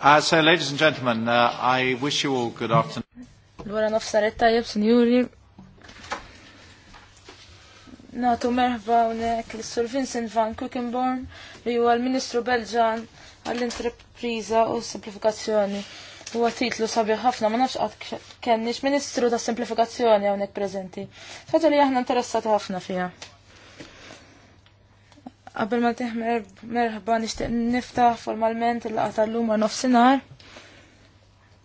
Uh, so, ladies and gentlemen, uh, I wish you all good afternoon. tajjeb, senjuri. Natu merħba unek l-Sur Vincent Van Kukenborn li huwa l-Ministru Belġan għall-Intrepriza u Simplifikazzjoni. Huwa titlu sabi ħafna ma nafx qatt kenniex Ministru ta' Simplifikazzjoni hawnhekk preżenti. Ħaġa li aħna interessati ħafna fiha. Qabel ma teħmer merħba nixtieq niftaħ formalment il-laqa tal-lum għal nofsinhar.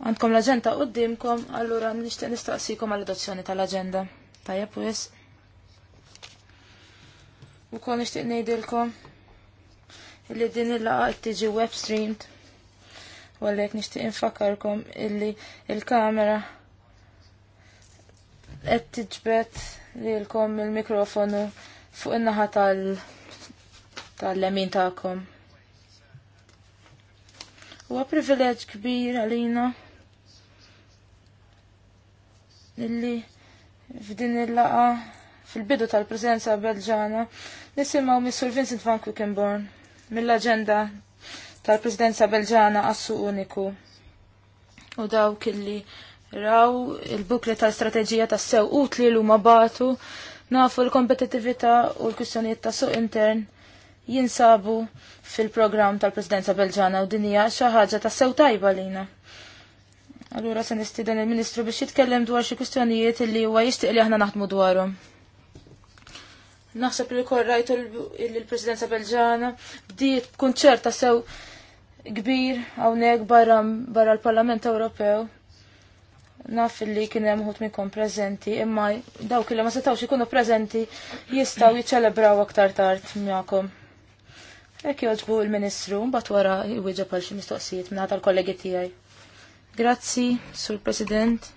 Għandkom l-aġenda qudiemkom, allura nixtieq nistaqsikom għall-adozzjoni tal-aġenda. Tajjeb wis. kol nishtiq nejdilkom illi din il-laqa tiġi web streamed. U għalhekk nixtieq infakkarkom illi il-kamera qed tiġbed lilkom il-mikrofonu fuq in-naħa tal- tal-lemin ta'kom. Huwa privileġġ kbir għalina illi f'din il-laqa fil-bidu tal-prezenza belġana nisimaw Missur Vincent Van Quickenborn mill-agenda tal-Presidenza Belġana għassu uniku. U dawk illi raw il-bukli tal-strategija tas sew utli l umabatu batu nafu l-kompetitivita u l-kwistjonijiet ta' suq intern jinsabu fil-programm tal-Presidenza Belġana u dinija xi ħaġa ta' sew tajba lina. Allura se dan il-Ministru biex jitkellem dwar xi kwistjonijiet li huwa jixtieq li aħna naħdmu dwarhom. Naħseb li korrajtu l-Presidenza Belġana bdiet kunċert ta' sew kbir hawnhekk barra barra l-Parlament Ewropew naf li kien hemm ħut minnkom preżenti, imma dawk li ma setgħux ikunu preżenti jistgħu jiċċelebraw aktar tard miegħkom. Ek joġbu il-Ministru, bat wara jwieġa għal xi mistoqsijiet minn tal-kollegi tiegħi. Grazzi, Sur President,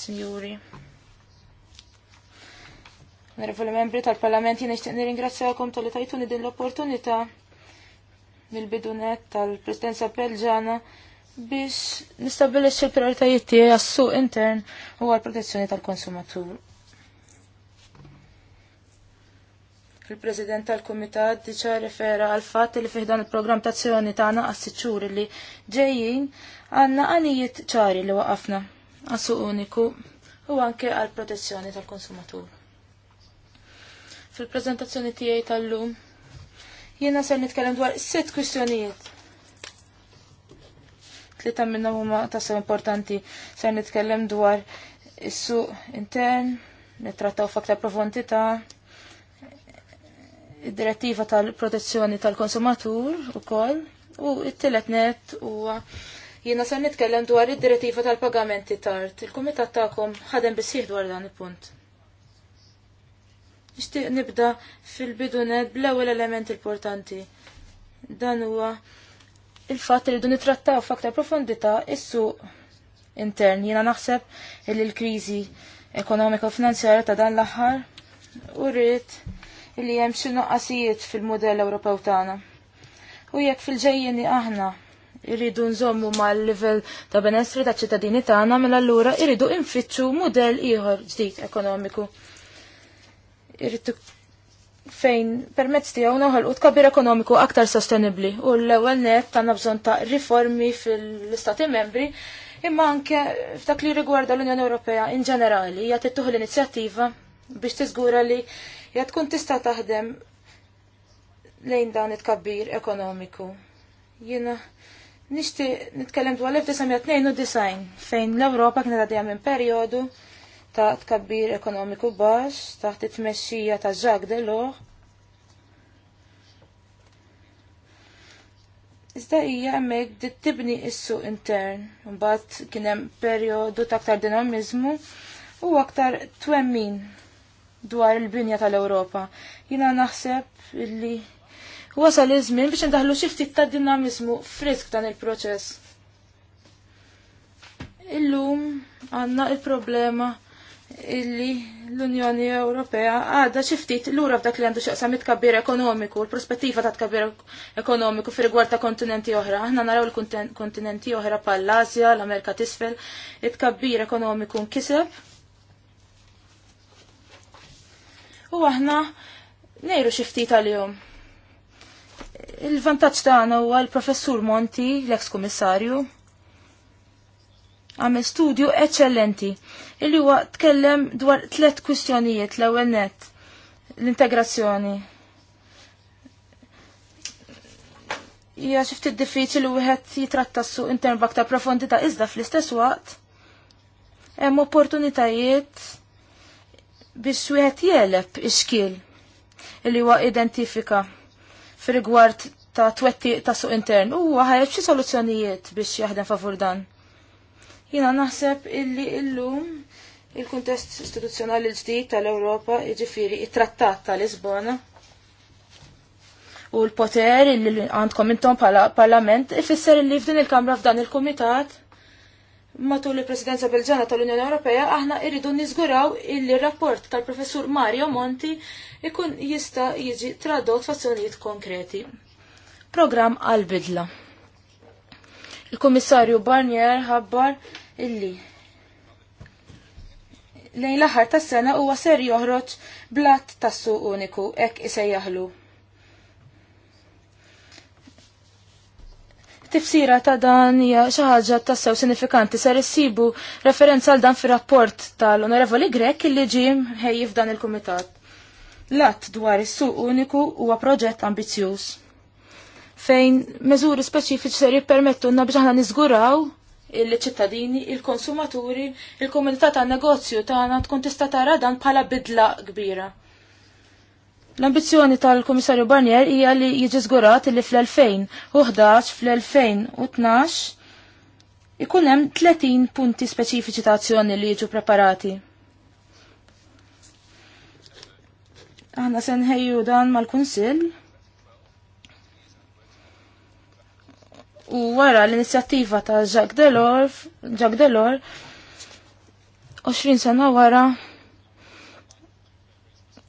Signori. Nerfu membri tal-Parlament jien nixtieq nirringrazzjakom tal-li tajtuni din l-opportunità mill-bidunet tal-Presidenza Belġana biex nistabilixxi l-prioritajiet tiegħi għassu suq intern u għall-protezzjoni tal-konsumatur. Il-President tal-Kumitat diċa refera għal fatt li fiħdan il-programm ta' azzjoni tagħna għas-siċċur li ġejjin għandna għanijiet ċari li waqafna għassu uniku u anke għal protezzjoni tal-konsumatur. Fil-prezentazzjoni tiegħi tal-lum jiena se nitkellem dwar sitt kwistjonijiet. Tlieta minnhom huma tassew importanti ser nitkellem dwar is-suq intern, nittrattaw f'aktar profondità, id-direttiva tal-protezzjoni tal-konsumatur u kol, u it-telet net u jiena ser nitkellem dwar id-direttiva tal-pagamenti tard. Il-kumitat tagħkom ħadem bisih dwar dan il-punt. Nixtieq nibda fil-bidunet bl-ewwel element importanti. Dan huwa il-fatt li dun it-trattaw f'aktar profondità is-suq intern. Jiena naħseb li l-kriżi ekonomika u finanzjara ta' dan l-aħħar u rrit li hemm xi noqqasijiet fil-mudell Ewropew tagħna. U jekk fil-ġejjeni aħna irridu nżommu mal-livell ta' benessri ta' ċittadini tagħna mill mela allura irridu infittxu mudell ieħor ġdid ekonomiku. Irridu fejn permezz tiegħu noħolqu tkabbir ekonomiku aktar sostenibbli u l-ewwel net tagħna bżonn ta' riformi fil-Istati membri imma anke f'dak li rigwarda l-Unjoni Ewropea in ġenerali hija tittuħ l-inizjattiva biex tiżgura li Ja tkun tista' taħdem lejn dan it-kabbir ekonomiku. Jiena nishti nitkellem dwar 1992 fejn l-Ewropa kienet għadija minn perjodu ta' tkabbir ekonomiku baxx taħt it-tmexxija ta' Jacques Delors. Iżda hija hemmhekk dit tibni issu intern, mbagħad kien hemm perjodu ta' aktar dinamiżmu u aktar twemmin dwar il-binja tal-Ewropa. Jina naħseb illi wasal iż-żmien biex ndaħlu xi ftit ta' dinamizmu frisk dan il-proċess. Illum għandna il-problema illi l-Unjoni Ewropea għadha xi ftit lura f'dak li għandu xaqsam it-kabbir ekonomiku, l-prospettiva ta' tkabbir ekonomiku fi rigward ta' kontinenti oħra. Aħna naraw il-kontinenti oħra pal l-Asja, l-Amerika t'isfel, it-kabbir ekonomiku nkiseb u aħna nejru xifti tal jum Il-vantaċ tagħna huwa l-professur Monti, l-eks komissarju, għamel studju eccellenti illi huwa tkellem dwar tlet kwistjonijiet l-ewwel net l-integrazzjoni. Hija xi ftit diffiċli wieħed jitratta su intern bakta profondità iżda fl-istess waqt hemm opportunitajiet biex wieħed jeleb iskil li huwa identifika fir-rigward ta' twetti ta' suq intern u ħajb xi soluzzjonijiet biex jaħdem favur dan. Jiena naħseb illi illum il-kuntest istituzzjonali l-ġdid tal-Ewropa, jiġifieri it-Trattat tal-Lisbona, u l-poter li għandkom intom parlament ifisser li f'din il-kamra f'dan il-komitat Matul il-Presidenza Belġana tal-Unjoni Ewropea aħna irridu niżguraw il-rapport tal-Professur Mario Monti ikun jista jiġi tradott f'azzjonijiet konkreti. Program għal-bidla. Il-Kummissarju Barnier ħabbar illi lejn l-aħħar tas-sena huwa ser joħroġ blatt tas-suq uniku hekk isejjaħlu. Tifsira ta' dan hija xi ħaġa tassew sinifikanti ser issibu referenza għal dan fir-rapport tal-Onorevoli Grek illi ġie ħejji f'dan il-Kumitat. L-att dwar is-suq uniku huwa proġett ambizzjuż fejn meżuri speċifiċi ser jippermettu na biex aħna niżguraw il-ċittadini, il-konsumaturi, il-komunità ta' negozju tagħna tkun tista' tara dan bħala bidla kbira. L-ambizjoni tal-Komissarju Barnier hija li jiġi żgurat li fl-2011 fl-2012 ikun hemm 30 punti speċifiċi ta' azzjoni li jiġu preparati. Aħna se nħejju dan mal-Kunsill u wara l-inizjattiva ta' Jacques Delors, Jacques Delors 20 sena wara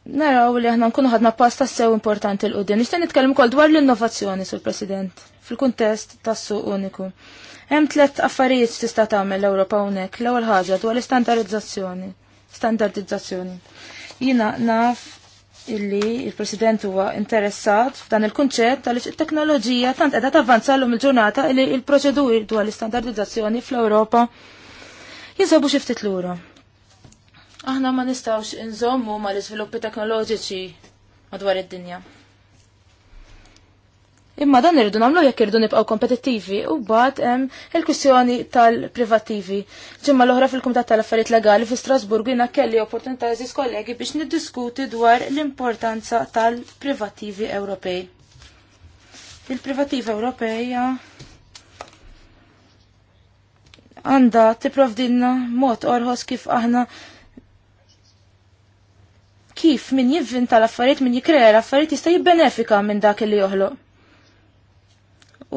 naraw li aħna nkunu ħadna pass tassew importanti l-qudiem. Nixtieq nitkellem kol dwar l-innovazzjoni sur President fil-kuntest tas-suq uniku. Hemm tliet affarijiet tista' tagħmel l-Ewropa hawnhekk. L-ewwel ħaġa dwar l-istandardizzazzjoni. Standardizzazzjoni. Jiena naf illi il-President huwa interessat f'dan il-kunċett għaliex it-teknoloġija tant qiegħda tavvanzalhom il-ġurnata li l-proċeduri dwar l-istandardizzazzjoni fl-Ewropa jinsabu xi ftit lura aħna ma nistawx inżommu ma l-iżviluppi teknoloġiċi madwar id-dinja. Imma dan irridu nagħmlu jekk irridu nibqgħu kompetittivi u bad hemm il-kwistjoni tal-privattivi. Ġimma l-oħra fil-Kumitat tal-Affarijiet Legali fi Strasburg jiena kelli opportunità eżis kollegi biex niddiskuti dwar l-importanza tal-privattivi Ewropej. Il-privattiva Ewropeja għandha tipprovdinna mod orħos kif aħna kif min jivvinta l-affarijiet, min jikrea l-affarijiet jista' jibbenefika minn dak li joħloq.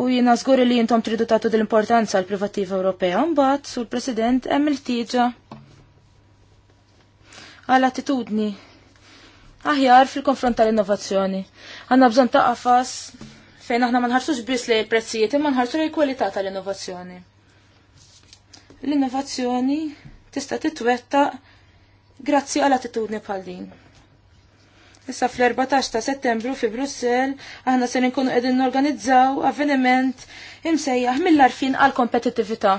U jina żgur li jintom tridu tagħtu l-importanza l privattiva Ewropea mbagħad sur President hemm il-tieġa għal attitudni aħjar fil-konfront tal-innovazzjoni. Għandna bżonn ta' qafas fejn aħna ma nħarsux biss lejn prezzijiet imma nħarsu lejn kwalità tal-innovazzjoni. L-innovazzjoni tista' titwettaq grazzi għal attitudni bħal din. Issa fl-14 ta' settembru fi Brussel, aħna se nkunu qegħdin norganizzaw avveniment imsejjaħ mill-arfin għal kompetittività.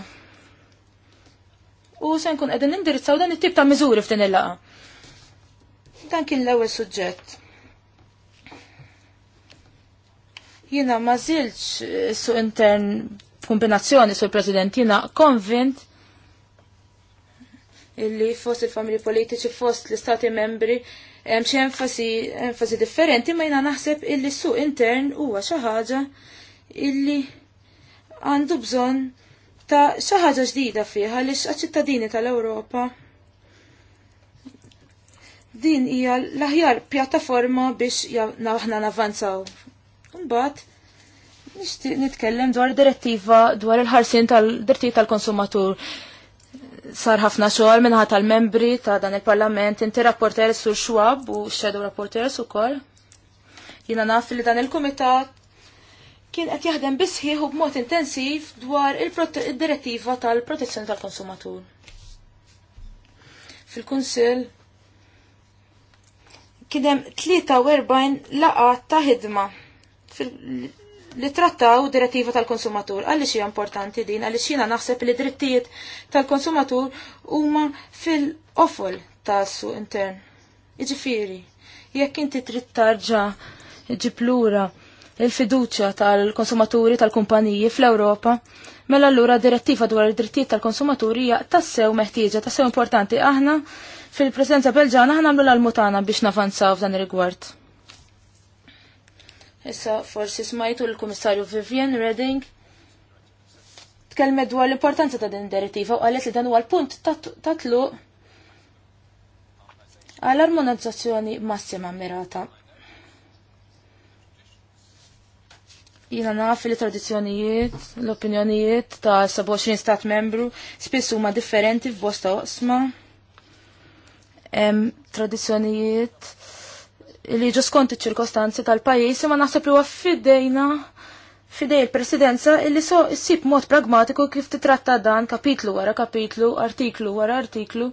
U se nkun qegħdin indirizzaw dan it-tip ta' miżuri f'din il-laqa. Dan kien l-ewwel suġġett. Jiena ma żilx eh, su intern kombinazzjoni sur President, jiena konvint illi fost il-familji politiċi fost l-istati membri hemm xi enfasi enfasi differenti ma jiena naħseb illi suq intern huwa xi ħaġa illi għandu bżonn ta' xi ħaġa ġdida fiha għaliex għaċ-ċittadini tal-Ewropa din hija l-aħjar pjattaforma biex aħna navanzaw. Mbagħad nixtieq nitkellem dwar direttiva dwar il-ħarsien tal-drittijiet tal-konsumatur. tal drittijiet tal konsumatur sar ħafna xogħol minħat tal-membri ta' dan il-Parlament, inti rapporter sur Schwab u shadow rapporters ukoll. Jiena naf li dan il-Kumitat kien qed jaħdem bisħieħ u b'mod intensiv dwar il-direttiva tal-protezzjoni tal-konsumatur. Fil-Kunsill kien hemm 43 laqgħat ta' ħidma li trattaw direttiva tal-konsumatur. Għalli xie importanti din, għalli xina naħseb li drittijiet tal-konsumatur huma fil-ofol su intern. Iġifiri, jekk inti trid tarġa ġiplura il-fiduċa tal-konsumaturi tal-kumpaniji fl-Ewropa, mela allura direttiva dwar id-drittijiet tal-konsumaturi hija tassew meħtieġa, tassew importanti. Aħna fil-presenza Belġana aħna nagħmlu l-almutana biex nafanzaw f'dan ir-rigward. Issa forsi smajtu l-Kummissarju Vivian Redding tkellmet dwar l-importanza ta' din direttiva u qalet li dan huwa l-punt ta' tluq għal armonizzazzjoni massima mirata. Jina naf li tradizzjonijiet, l-opinjonijiet ta' 27 stat membru spiss huma differenti f'bosta oqsma. Tradizzjonijiet li ġu skont iċ-ċirkostanzi tal-pajjiż imma naħseb li huwa fidejna fidej il-presidenza illi so ssib mod pragmatiku kif titratta dan kapitlu wara kapitlu, artiklu wara artiklu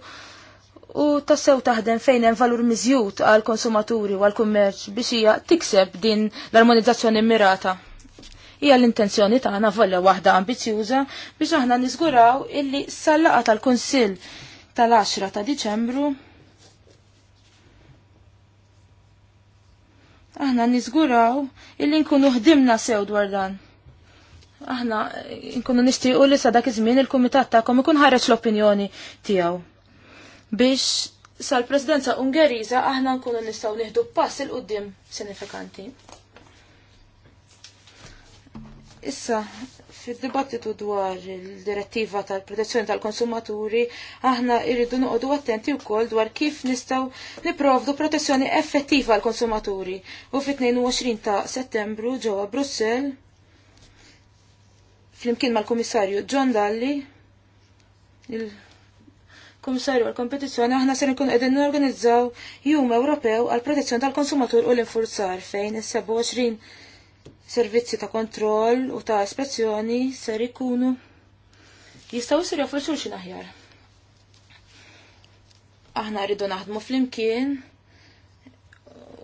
u tassew taħdem fejn hemm valur miżjut għal konsumaturi u għal kummerċ biex hija tikseb din l-armonizzazzjoni mirata. Hija l-intenzjoni tagħna volja waħda ambizjuża biex aħna niżguraw illi s-sallaqa tal-Kunsill tal-10 ta' Diċembru Aħna nizguraw illi nkunu ħdimna sew dwar dan. Aħna nkunu nixtiequ li sa dak iż-żmien il-kumitat tagħkom ikun ħareġ l-opinjoni tiegħu. Biex sal-Presidenza Ungeriża aħna nkunu nistgħu nieħdu pass il qudiem sinifikanti. Issa, fid-dibattitu dwar il-direttiva tal-protezzjoni tal-konsumaturi, aħna irridu noqogħdu attenti wkoll dwar kif nistgħu niprovdu protezzjoni effettiva għal konsumaturi U fit-22 ta' Settembru ġewwa Brussell flimkien mal-Kummissarju John Dalli, il-Kummissarju għal-Kompetizzjoni, aħna ser nkun qegħdin norganizzaw Jum Ewropew għal protezzjoni tal-konsumatur u l-infurzar fejn is-27 servizzi ta' kontroll u ta' ispezzjoni ser ikunu jistaw sir joffru xulxin aħjar. Aħna rridu naħdmu flimkien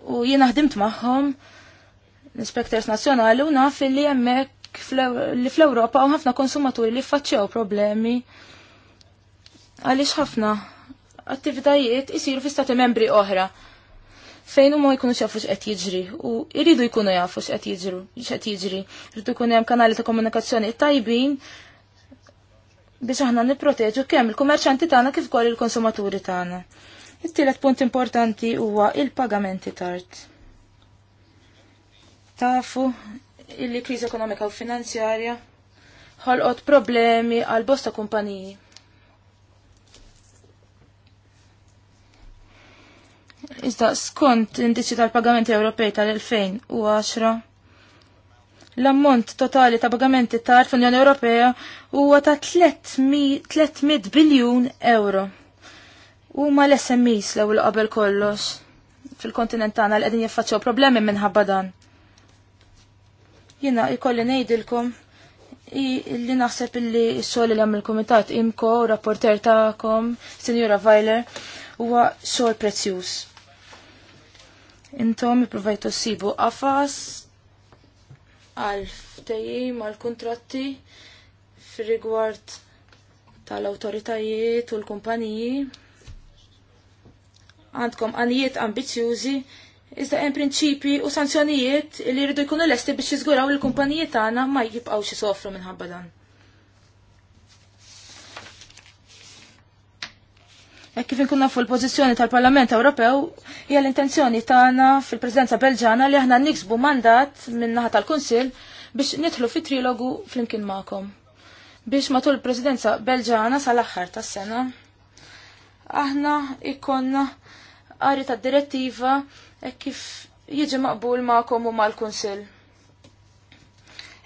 u jien ħdimt magħhom l-inspektors nazzjonali u naf li hemmhekk li fl-Ewropa hawn ħafna konsumaturi li faċċew problemi għaliex ħafna attivitajiet isiru fi stati membri oħra fejn huma jkunu jafu x'qed jiġri u jridu jkunu jafu x'qed jiġru x'qed jiġri. Jridu jkun hemm kanali ta' komunikazzjoni tajbin biex aħna nipproteġu kemm il-kummerċanti tagħna kif ukoll il-konsumaturi tagħna. It-tielet punt importanti huwa il-pagamenti tard. Tafu il-kriżi ekonomika u finanzjarja ħolqot problemi għal bosta kumpaniji Iżda skont l-indiċi tal-pagamenti Ewropej tal-2010, l-ammont totali ta' pagamenti tar fl-Unjoni Ewropea huwa ta' 300 biljun euro. Huma l-SMEs l-ewwel qabel kollox fil-kontinent tagħna li qegħdin jaffaċċjaw problemi minħabba dan. Jiena jkolli ngħidilkom li naħseb illi x-xogħol li għamil kumitat imko, u rapporter tagħkom, Sinjura Vajler, huwa xogħol prezzjuż. Intom s-sibu għafas għal ftejim għal kuntratti fir-rigward tal-awtoritajiet u l-kumpaniji. Għandkom għanijiet ambizjużi, iżda hemm prinċipji u sanzjonijiet li jridu jkunu lesti biex jiżguraw il-kumpaniji tagħna ma xi sofru minħabba dan. E kif inkunna fuq l-pożizzjoni tal-Parlament Ewropew hija l-intenzjoni tagħna fil-Presidenza Belġana li aħna niksbu mandat min-naħa tal-Kunsill biex nidħlu fit trilogu flimkien magħkom. Biex matul il-Presidenza Belġana sal-aħħar tas-sena aħna ikonna qari ta' direttiva e kif jiġi maqbul magħkom u mal-Kunsill.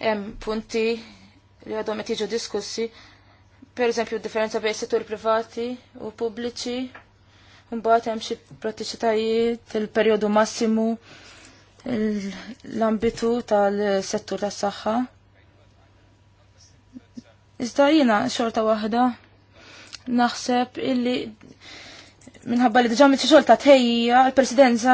Hemm punti li għadhom qed jiġu diskussi per eżempju differenza bejn settur privati u pubbliċi, mbagħad hemm xi pratiċitajiet il-perjodu massimu l-ambitu tal-settur tas-saħħa. Iżda jiena xorta waħda naħseb illi minħabba li diġa mitxi xogħol ta' tħejja l presidenza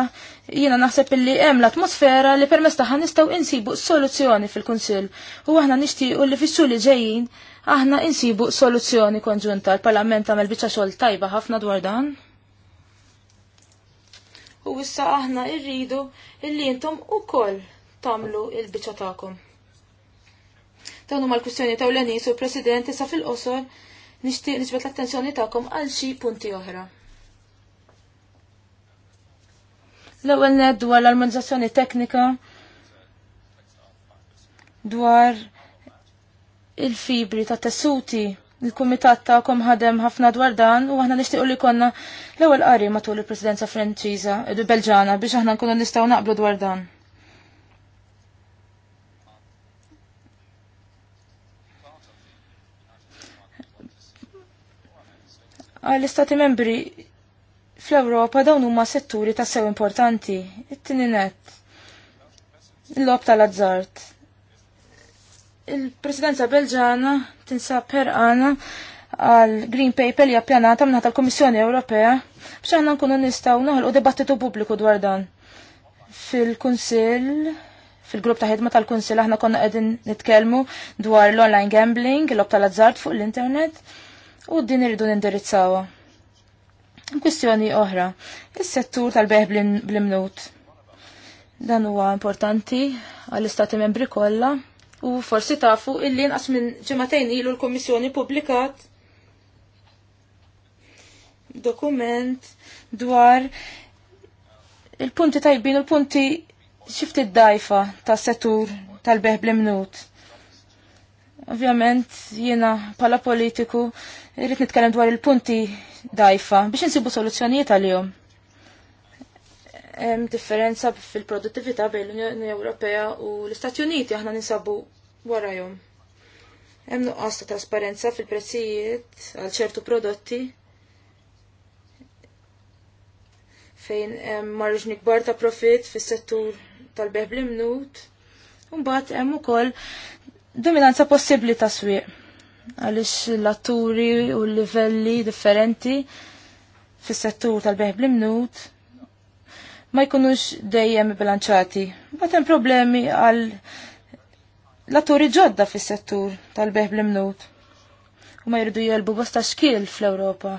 jiena naħseb li hemm l-atmosfera li permess taħħa nistgħu insibu soluzzjoni fil-Kunsill u aħna nixtiequ li fix li ġejjin aħna insibu soluzzjoni konġunta l-Parlament għamel biċċa xogħol tajba ħafna dwar dan. U issa aħna rridu illi intom ukoll tagħmlu il-biċċa tagħkom. Dawn huma l-kwistjoni tawlenin su President sa fil-qosor nixtieq nisbet l-attenzjoni tagħkom għal xi punti oħra. L-ewwel ned dwar l-armonizzazzjoni teknika dwar il-fibri ta' tessuti. Il-kumitat kom ħadem ħafna dwar dan u aħna nixtiequ li konna l-ewwel qari matul il-Presidenza Franċiża Belġana biex aħna nkunu nistgħu naqblu dwar dan. għal istati membri Fl-Ewropa dawn huma setturi ta' sew importanti. It-tieni net. Il-lob tal-azzart. Il-Presidenza Belġana tinsab perqana għal Green Paper li appjanata minna tal-Komissjoni Ewropea biex aħna nkunu nistgħu naħolqu dibattitu pubbliku dwar dan. Fil-Kunsill, fil-grupp ta' ħidma tal-Kunsill aħna konna qegħdin nitkellmu dwar l-online gambling, l lob tal-azzart fuq l-internet u din irridu nindirizzawha. Kwistjoni oħra, is-settur tal-beħ bl-imnut. Dan huwa importanti għall-istati membri kollha u forsi tafu illi inqas minn ġematejn ilu l-Kommissjoni publikat dokument dwar il-punti tajbin u l-punti xifti d-dajfa ta' settur tal-beħ bl-imnut. Ovvjament jiena pala politiku Irrid nitkellem dwar il-punti dajfa biex insibu soluzzjonijiet għalihom. Hemm differenza fil-produttività bejn l-Unjoni Ewropea u l-Istati Uniti aħna ninsabu warajhom. Hemm nuqqas ta' trasparenza fil-prezzijiet għal ċertu prodotti fejn marġni kbar ta' profit fis-settur tal-beħ bl-imnut. Mbagħad hemm ukoll dominanza possibbli ta' swieq għaliex l-atturi u l-livelli differenti fis-settur tal-beħ bl-imnut ma jkunux dejjem bilanċati. Batem problemi għal l-atturi ġodda fis-settur tal-beħ bl-imnut. U ma jridu jelbu bosta xkil fl-Ewropa.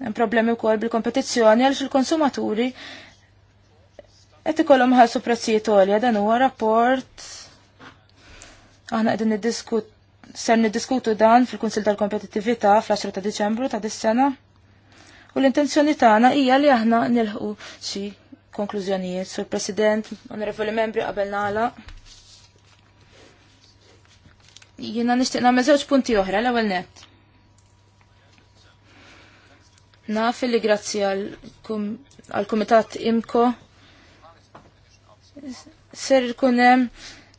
Hemm problemi wkoll bil-kompetizzjoni għalix l konsumaturi qed ikollhom ħarsu prezzijiet olja, dan huwa rapport aħna qegħdin niddiskutu ser niddiskutu dan fil-Kunsil tal-Kompetittività fl-10 ta' Diċembru ta' dis-sena. U l-intenzjoni tagħna hija li aħna nilħu xi konklużjonijiet sur President, onorevoli membri qabel nagħla. Jiena nixtieq nagħmel żewġ punti oħra l-ewwel nett. Naf li grazzi għal-Kumitat IMCO ser ikun hemm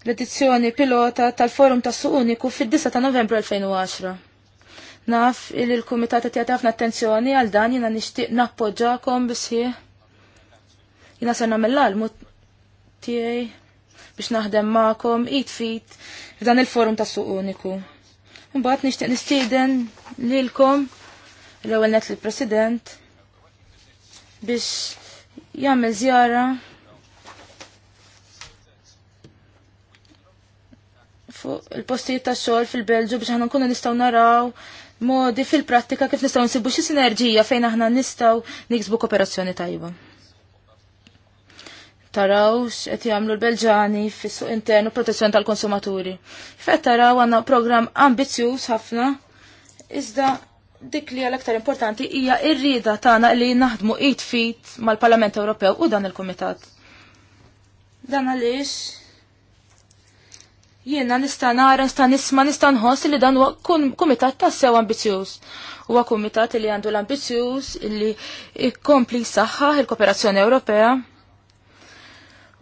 l-edizzjoni pilota tal-Forum ta' Suq Uniku fid-9 ta' Novembru 2010. Naf il il-Kumitat qed jagħti ħafna attenzjoni għal dan jiena nixtieq nappoġġakom bisħieħ. Jiena ser nagħmel l-almu tiegħi biex naħdem magħkom eat fit f'dan il-Forum ta' Suq Uniku. Imbagħad nixtieq nistieden lilkom l-ewwel net lill-President biex jagħmel żjara fuq il-postijiet ta' xogħol fil-Belġu biex aħna nkunu nistgħu naraw modi fil-prattika kif nistgħu nsibu xi sinerġija fejn aħna nistgħu niksbu kooperazzjoni tajba. Tarawx qed jagħmlu l-Belġani fis-suq internu protezzjoni tal-konsumaturi. Fett taraw għandna programm ambizzjuż ħafna iżda dik li għal-aktar importanti hija r-rieda tagħna li naħdmu qid fit mal-Parlament Ewropew u dan il-Kumitat. Dan għaliex Jiena nista' nara, nista' nisma', nista' nħoss li dan huwa kumitat tassew ambizzjuż. Huwa kumitat li għandu l-ambizzjuż li jkompli saħħaħ il-Kooperazzjoni Ewropea.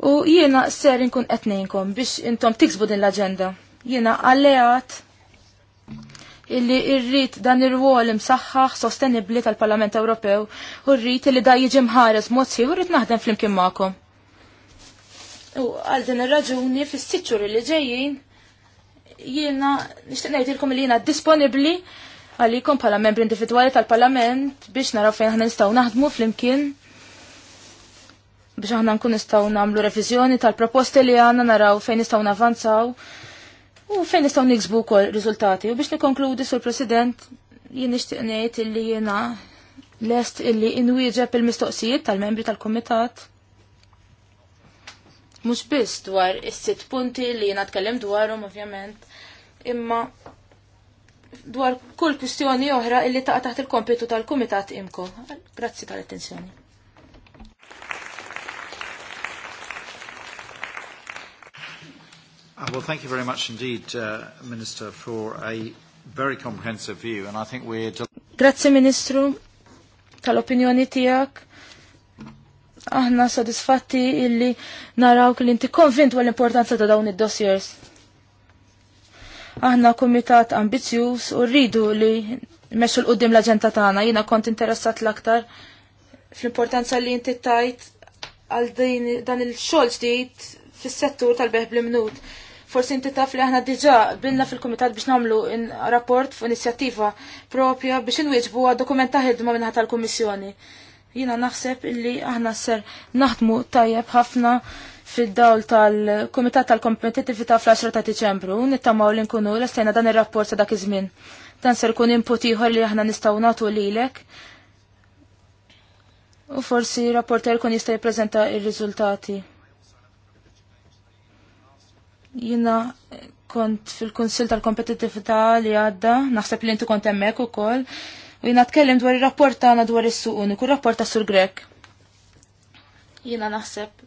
U jiena ser nkun qed ngħinkom biex intom tiksbu din l-aġenda. Jiena alleat illi irrit dan ir-rwol imsaħħaħ sostenibli tal-Parlament Ewropew u rrit illi da jiġi mħares mod u rrit naħdem flimkien magħkom. U għal din ir-raġuni fis-sitxur li ġejjin jiena nixtieq ngħidilkom li jiena disponibbli għalikom bħala membri individwali tal-Parlament biex naraw fejn aħna nistgħu naħdmu flimkien biex aħna nkun nistgħu nagħmlu reviżjoni tal-proposti li għandna naraw fejn nistgħu navanzaw u fejn nistgħu niksbu wkoll riżultati. U biex nikkonkludi sur President jien nixtieq ngħid illi jiena lest illi inwieġeb il-mistoqsijiet tal-membri tal-Kumitat mhux biss dwar is-sitt punti li jina tkellem dwarhom ovvjament, imma dwar kull kwistjoni oħra illi taqa' taħt il-kompetu tal-Kumitat Imko. Grazzi tal-attenzjoni. Ah, well, thank you very much indeed, uh, Minister, for a very comprehensive view, and I think we're... Grazie, Ministru, tal-opinjoni tijak aħna sodisfatti illi naraw li inti konvint għal importanza ta' dawn id-dossiers. Aħna kumitat ambizjuż u rridu li meċu l-qoddim l-agenda tagħna, jiena kont interessat l-aktar fl-importanza li inti tajt għal dan il-xogħol ġdid fis-settur tal-beħ bl-imnut. Forsi inti taf li aħna diġà bilna fil-kumitat biex nagħmlu rapport f'inizjattiva propja biex inwieġbu għad dokumenta ħidma minħa tal-Kummissjoni. Jina naħseb illi aħna ser naħdmu tajjeb ħafna fid-dawl tal-Komitat tal-Kompetitività fl-10 ta' Diċembru, nittamaw li nkunu l dan ir-rapport sa' dak iż-żmien. Dan ser kun input ieħor li aħna nistgħu nagħtu lilek. U forsi rapporter kun jista' jippreżenta ir-riżultati. Jina kont fil-Kunsil tal-Kompetitività li għadda, naħseb li inti kont hemmhekk ukoll, U jina tkellem dwar il-rapport tagħna dwar is-suq uniku, rapport ta' sur Grek. Jina naħseb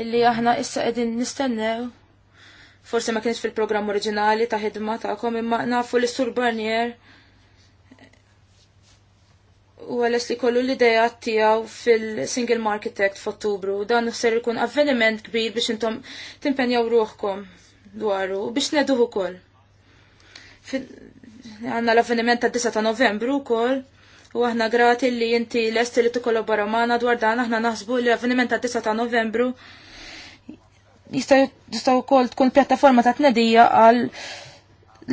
illi aħna issa qegħdin nistennew. Forse ma kienx fil-programm oriġinali ta' ħidma tagħkom imma nafu li sur Barnier u għales li kollu l-ideja tijaw fil-Single Market Act f'Ottubru. Dan ser ikun avveniment kbir biex intom timpenjaw ruħkom dwaru u biex neduhu kol għanna l-avveniment ta' 9 ta' novembru kol, u aħna grati li jinti lest li t-kollabora maħna dwar dan aħna naħsbu li l-avveniment ta' 9 ta' novembru jistaw kol tkun pjattaforma ta' tnedija għal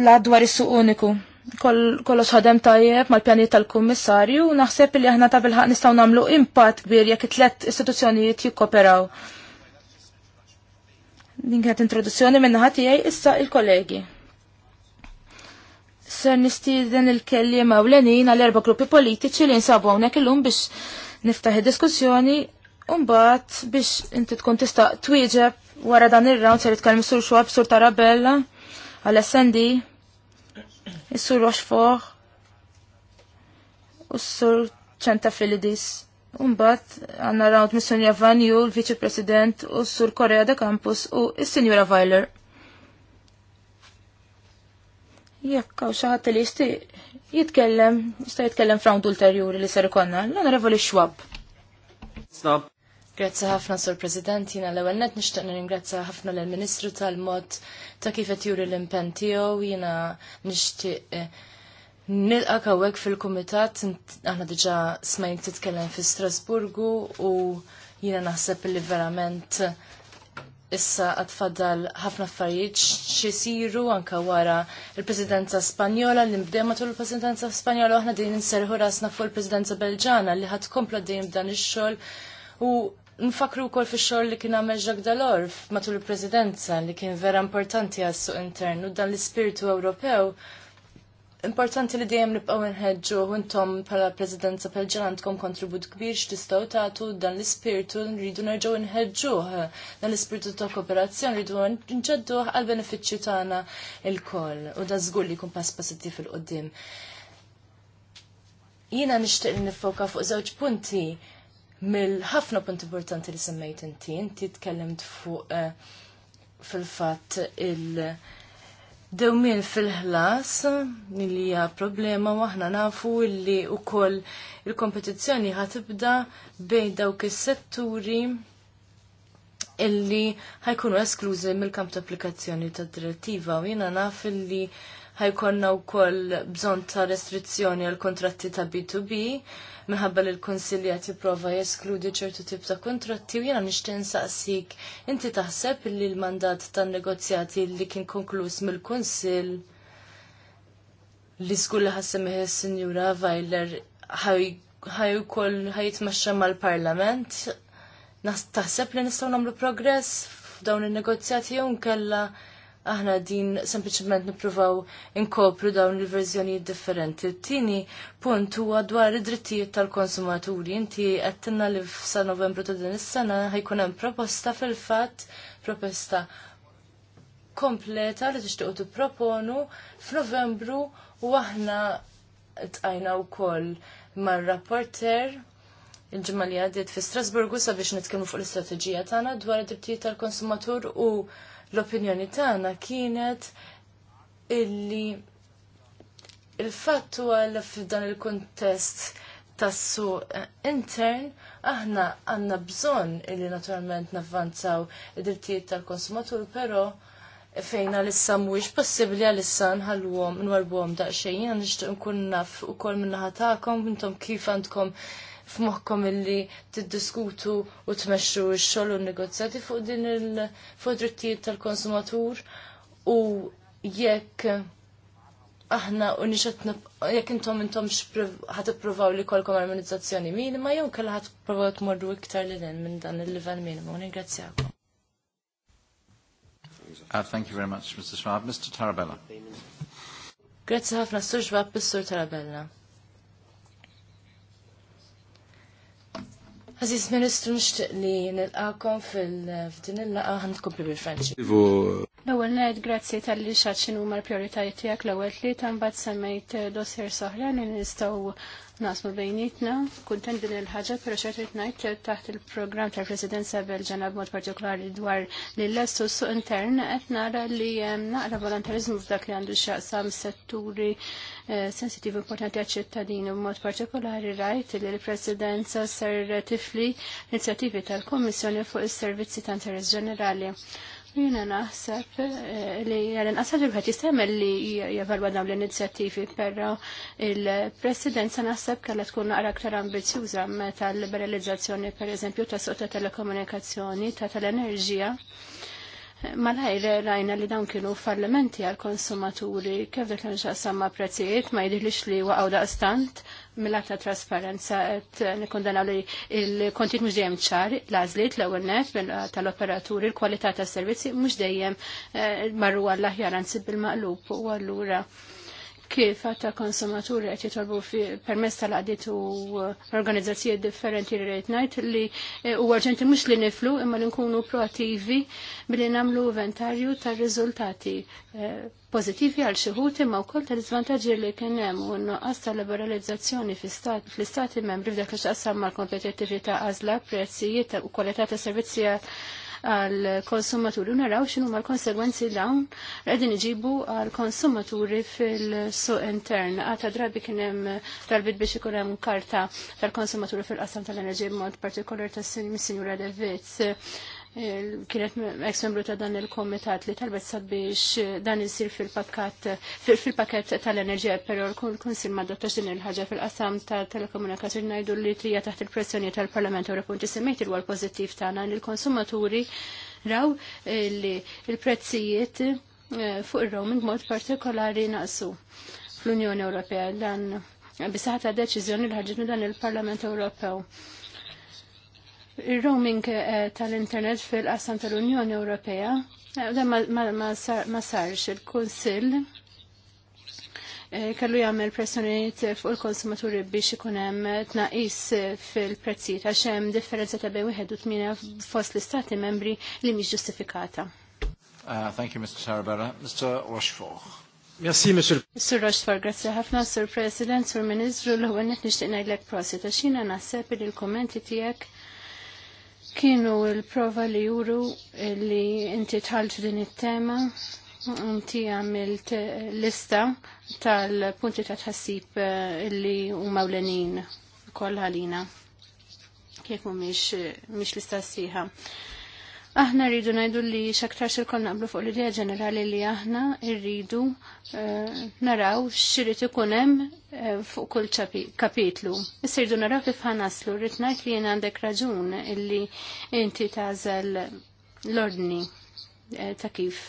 la dwar is-suq uniku Kollu xħadem tajjeb mal-pjaniet tal-kummissarju u naħseb li aħna ta' bilħaq nistgħu nagħmlu impatt kbir jekk it-tlet istituzzjonijiet jikkoperaw. Din kienet introduzzjoni minn naħa tiegħi issa il-kollegi ser nistieden il-kelliem ulenin għal erba' gruppi politiċi li nsabu hawnhekk illum biex niftaħ id-diskussjoni bat biex inti tkun tista' twieġeb wara dan ir-round ser jitkellem sur Xwab, sur Tarabella, għal SND, is-sur Roxfoħ, u s-sur Ċenta Filidis. un-bat għanna round missun Javan Vanju, l-Viċi President, u s-sur Korea de Campus u s-Sinjura Weiler. Jekk u xi ħadd li jisti jitkellem, jista' jitkellem f'rawnd ulterjuri li ser ikonna, l revoli xwab. Snab. Grazzi ħafna, Sur President, jina l-ewel net nishtiq ringrazzja ħafna l-Ministru tal-mod ta' kif qed juri l-impenn tiegħu, jina nixtieq eh, nilqa hawnhekk fil-kumitat, aħna diġa' smajn titkellem fi Strasburgu u jina naħseb li verament issa għatfadal ħafna affarijiet xisiru anka wara il-Presidenza Spanjola li mbdema tul il-Presidenza Spanjola aħna din nserħu rasna fuq il-Presidenza Belġana li ħad kompla din b'dan ix-xogħol u nfakru wkoll fix-xogħol li kien għamel Jacques Delors matul il-Presidenza li kien vera importanti għas-suq intern u dan l-ispirtu Ewropew Importanti li dejjem nibqgħu nħeġġu u intom bħala Presidenza Belġan għandkom kontribut kbir x'tistgħu tagħtu dan l-ispirtu nridu nerġgħu nħeġġuh dan l-ispirtu ta' kooperazzjoni rridu nġedduh għal benefiċċju tagħna lkoll u da żgur li jkun pass pożittiv il-qudiem. Jiena nixtieq nifoka fuq żewġ punti mill-ħafna punti importanti li semmejt inti, inti tkellimt fuq eh, fil-fatt il- dewmien fil-ħlas li hija problema waħna nafu li wkoll il-kompetizzjoni ħatibda bejn dawk is-setturi illi ħajkunu esklużi mill-kamp ta' applikazzjoni tad direttiva u jiena naf illi ħajkonna wkoll bżonn ta' restrizzjoni għal kontratti ta' B2B minħabba li l konsiljat jiprofa jeskludi ċertu tip ta' kontratti u jiena nixtieq saqsik inti taħseb li l-mandat tan-negozjati li kien konkluż mill-Kunsill li skull ħassem is-Sinjura Vajler ħaj ukoll ħajtmexxa mal-Parlament. Taħseb li nistgħu nagħmlu progress f'dawn in-negozjati jew nkella aħna din sempliċement nippruvaw inkopru dawn il-verżjonijiet differenti. Tini punt huwa dwar id-drittijiet tal-konsumaturi. Inti qed li f'sa Novembru ta' din is-sena ħajkun hemm proposta fil-fatt proposta kompleta li tixtiequ tipproponu f'Novembru u aħna tqajna wkoll mar-rapporter il-ġimma li għaddiet fi Strasburgu sabiex nitkellmu fuq l-istrateġija tagħna dwar id-drittijiet tal-konsumatur u L-opinjoni tagħna kienet illi il-fatt għal f'dan il-kuntest tassu eh, intern aħna għanna bżon illi naturalment navvanzaw id-drittijiet tal-konsumatur, pero fejna l-issa mhuwiex possibbli għal-issa nħalluhom nwarbuhom daqsxejn għan nixtieq nkun naf ukoll kol tagħkom intom kif għandkom f'moħħkom illi tiddiskutu u tmexxu x-xogħol u n-negozjati fuq din il fuq drittijiet tal-konsumatur u jekk aħna u nixet jekk intom intom ħat ippruvaw li kolkom armonizzazzjoni minima jew kellha ħat ippruvaw tmorru iktar lil hemm minn dan il-livell minimu. Ningrazzjakom. Uh, thank you very much, Mr. Schwab. Mr. Tarabella. Grazie ħafna, Sur Schwab, Sur Tarabella. Aziz Ministru, nishtiq li nilqakom fil ftin il-laqa ħankompli bil-Franċi. L-ewwel ngħid grazzi tal-li xaċin u l-prijoritajiet tiegħek l-ewwel li bat semmejt dossier soħra li nistgħu nasmu bejnietna. Kuntan din il-ħaġa, però xejn najt ngħid taħt il-programm tal-Presidenza Belġana b'mod partikolari dwar lill l u su intern qed nara li naqra volontarizmu f'dak li għandu x'aqsam setturi Eh, sensitiv importanti għal ċittadini u mod partikolari rajt li l-Presidenza ser tifli inizjattivi tal komissjoni fuq is-servizzi ta' interess ġenerali. Jina naħseb eh, li għalin qasab il-ħat jistamel li javalwa dawn l-inizjattivi, pero il-presidenza naħseb kalla tkun naqra aktar ambizjuża meta l-liberalizzazzjoni, per eżempju, ta' sota telekomunikazzjoni, ta' tal-enerġija. tal enerġija Malajr rajna li dawn kienu fallimenti għal konsumaturi kif dak samma prezzijiet ma jidilix li waqgħu daqstant mill-għata trasparenza qed nikkondenaw li il-kontit mhux dejjem ċar l-għażliet l-ewwel net tal-operaturi l-kwalità tas-servizzi mhux dejjem eh, marru għall-aħjar anzi bil-maqlub u għallura kif għatta konsumaturi għet jitolbu permess tal-għadit u organizzazzjoni differenti li rejt najt li eh, u għarġenti mux li niflu imma li nkunu proattivi billi namlu inventarju tal-rizultati eh, pozitivi għal xuħut imma u koll tal-izvantagġi li kienem u n-nuqqas tal-liberalizzazzjoni fl-istati membri f'dak li xaqsam mal-kompetitivita għazla, prezzijiet u kwalità ta' servizzi għal-konsumaturi. Naraw xinu ma l-konsegwenzi dawn għedin iġibu għal-konsumaturi fil-suq intern. Għata drabi kienem drabi biex ikunem karta tal-konsumaturi fil-qasam tal-enerġi mod partikolar tas-sinjura Davids kienet ex membru ta' dan il-komitat li talbet sabiex eh, dan isir fil-pakket fil-pakket tal-enerġija, però l-Kunsil ma dottax din il-ħaġa fil-qasam ta' telekomunikazzjoni ngħidu li trija taħt il-pressjoni tal-Parlament Ewropew inti semmejt il għal pozittiv tagħna li il konsumaturi raw eh, li l-prezzijiet eh, fuq ir-roaming mod partikolari naqsu fl-Unjoni Ewropea dan bisaħta deċiżjoni l ħarġitnu dan il-Parlament Ewropew il-roaming eh, tal-internet fil-qasam tal-Unjoni Ewropea. Eh, da ma sarx il-Kunsill eh, kellu jagħmel pressjonijiet fuq il-konsumaturi biex ikun hemm tnaqis fil-prezzijiet għax hemm differenza ta' bejn wieħed u tmien fost l-istati membri li mhix ġustifikata. Uh, thank you, Mr. Sarabella. Mr. Rochefort. Merci, Monsieur. Sur Rochefort, grazie ħafna, Sur President, Sur Ministru, l-ewwel nixtieq ngħidlek prosit għax jiena naħseb li l-kummenti tiegħek kienu l-prova li juru li inti tħalġ din it-tema, inti għamilt lista tal-punti ta' tħassib eh, li huma mawlenin kollha għalina kieku miex lista siħa. Aħna rridu najdu li xaktar xilkom naqblu fuq l-idea ġenerali li aħna rridu uh, naraw xirrit ikunem uh, eh, fuq kull kapitlu. Issa rridu naraw kif ħanaslu, rrit najt li jena għandek raġun illi inti tażel l-ordni uh, ta' kif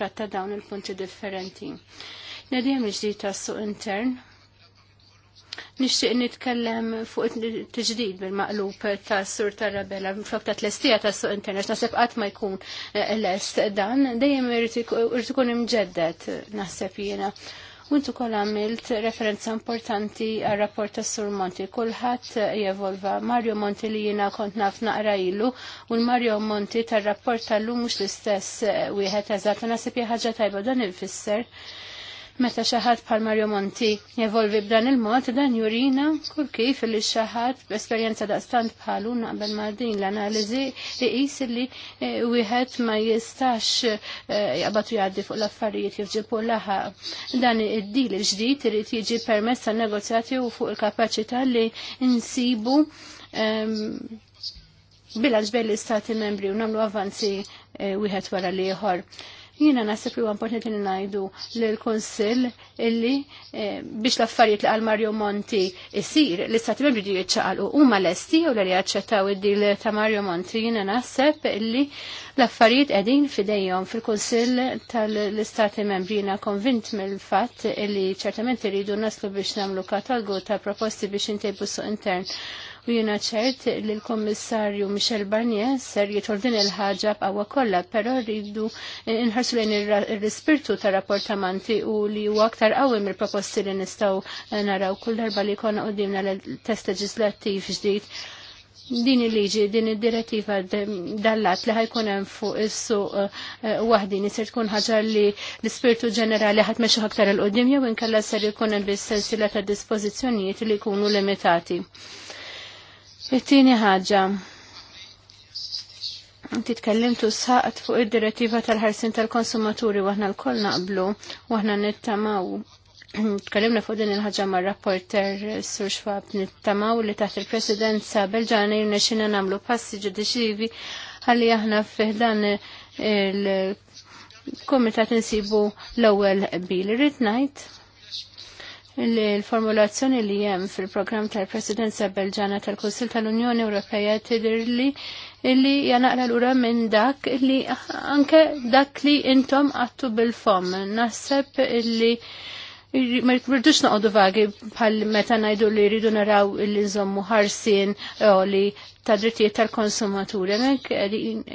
tratta dawn il-punti differenti. Nedijem iġdita tas-suq intern Nixtieq nitkellem fuq it-tġdid bil-maqlub ta' Sur Tarabella flok ta' tlestija ta' suq internet naħseb qatt ma jkun eh, lest dan dejjem irid ikun imġeddet naħseb jiena. Untu kol għamilt referenza importanti għal rapport ta' Sur Monti. Kulħadd eh, jevolva Mario Monti li jiena kont naf naqra ilu u l-Mario Monti tar rapport tal-lum mhux l-istess eh, wieħed eżatt. Naħseb hija ħaġa tajba dan il-fisser Meta xi ħadd bħal Mario Monti jevolvi b'dan il-mod, dan jurina kull kif li xi ħadd da' stand bħalu naqbel ma' din l-analiżi jis li eh, wieħed ma jistax eh, jaqbatu jgħaddi fuq l-affarijiet jirġibu laħa. Dan id-dil il-ġdid irid jiġi permess tan-negozjati u fuq il-kapaċità li insibu ehm, bilanċ bejn l-istati membri u nagħmlu avanzi eh, wieħed wara li ieħor. Jiena naħseb li huwa importanti li ngħidu lill kunsill illi eh, biex l-affarijiet li għal Mario Monti isir li stati membri di jitċaqalqu huma lesti u li jaċċettaw id-dil ta' Mario Monti jina naħseb illi l-affarijiet qegħdin fidejhom fil-Kunsill tal-Istati Membri jina konvint mill-fatt illi ċertament iridu naslu biex nagħmlu katalgu ta' proposti biex intejbu suq intern u jina ċert li l komissarju Michel Barnier ser jitol din il-ħagġa b'għawa kollha, però rridu inħarsu lejn ir-rispirtu ta' rapportamanti u li huwa aktar qawwi mill-proposti li nistgħu naraw kull darba li jkollna qudiemna l-test leġislattiv ġdid din il-liġi, din il-direttiva dallat li ħajkun hemm fuq is-suq eh, waħdin tkun ħaġa li l-ispirtu ġenerali ħadd meċu aktar il qoddim jew inkella ser ikun hemm bis-sensiela ta' dispożizzjonijiet li jkunu limitati. It-tieni ħaġa. Inti tkellimtu sħaqt fuq id-direttiva tal-ħarsin tal-konsumaturi waħna l-koll naqblu waħna nittamaw. Tkellimna fuq din il-ħaġa mar rapporter Sur Schwab nittamaw li taħt il-presidenza Belġana jirnexina namlu passi ġudicivi għalli aħna fiħdan il-komitat nsibu l-ewwel bil. Irrid ngħid l-formulazzjoni li jem fil-program tal-Presidenza Belġana tal-Konsil tal-Unjoni Ewropea li illi janaqra l-ura minn dak li anke dak li intom għattu bil-fom. Nasseb illi ma rridux noqogħdu vagi bħal meta ngħidu li rridu naraw li nżommu ħarsien eh, li ta' drittijiet tal-konsumaturi. Mek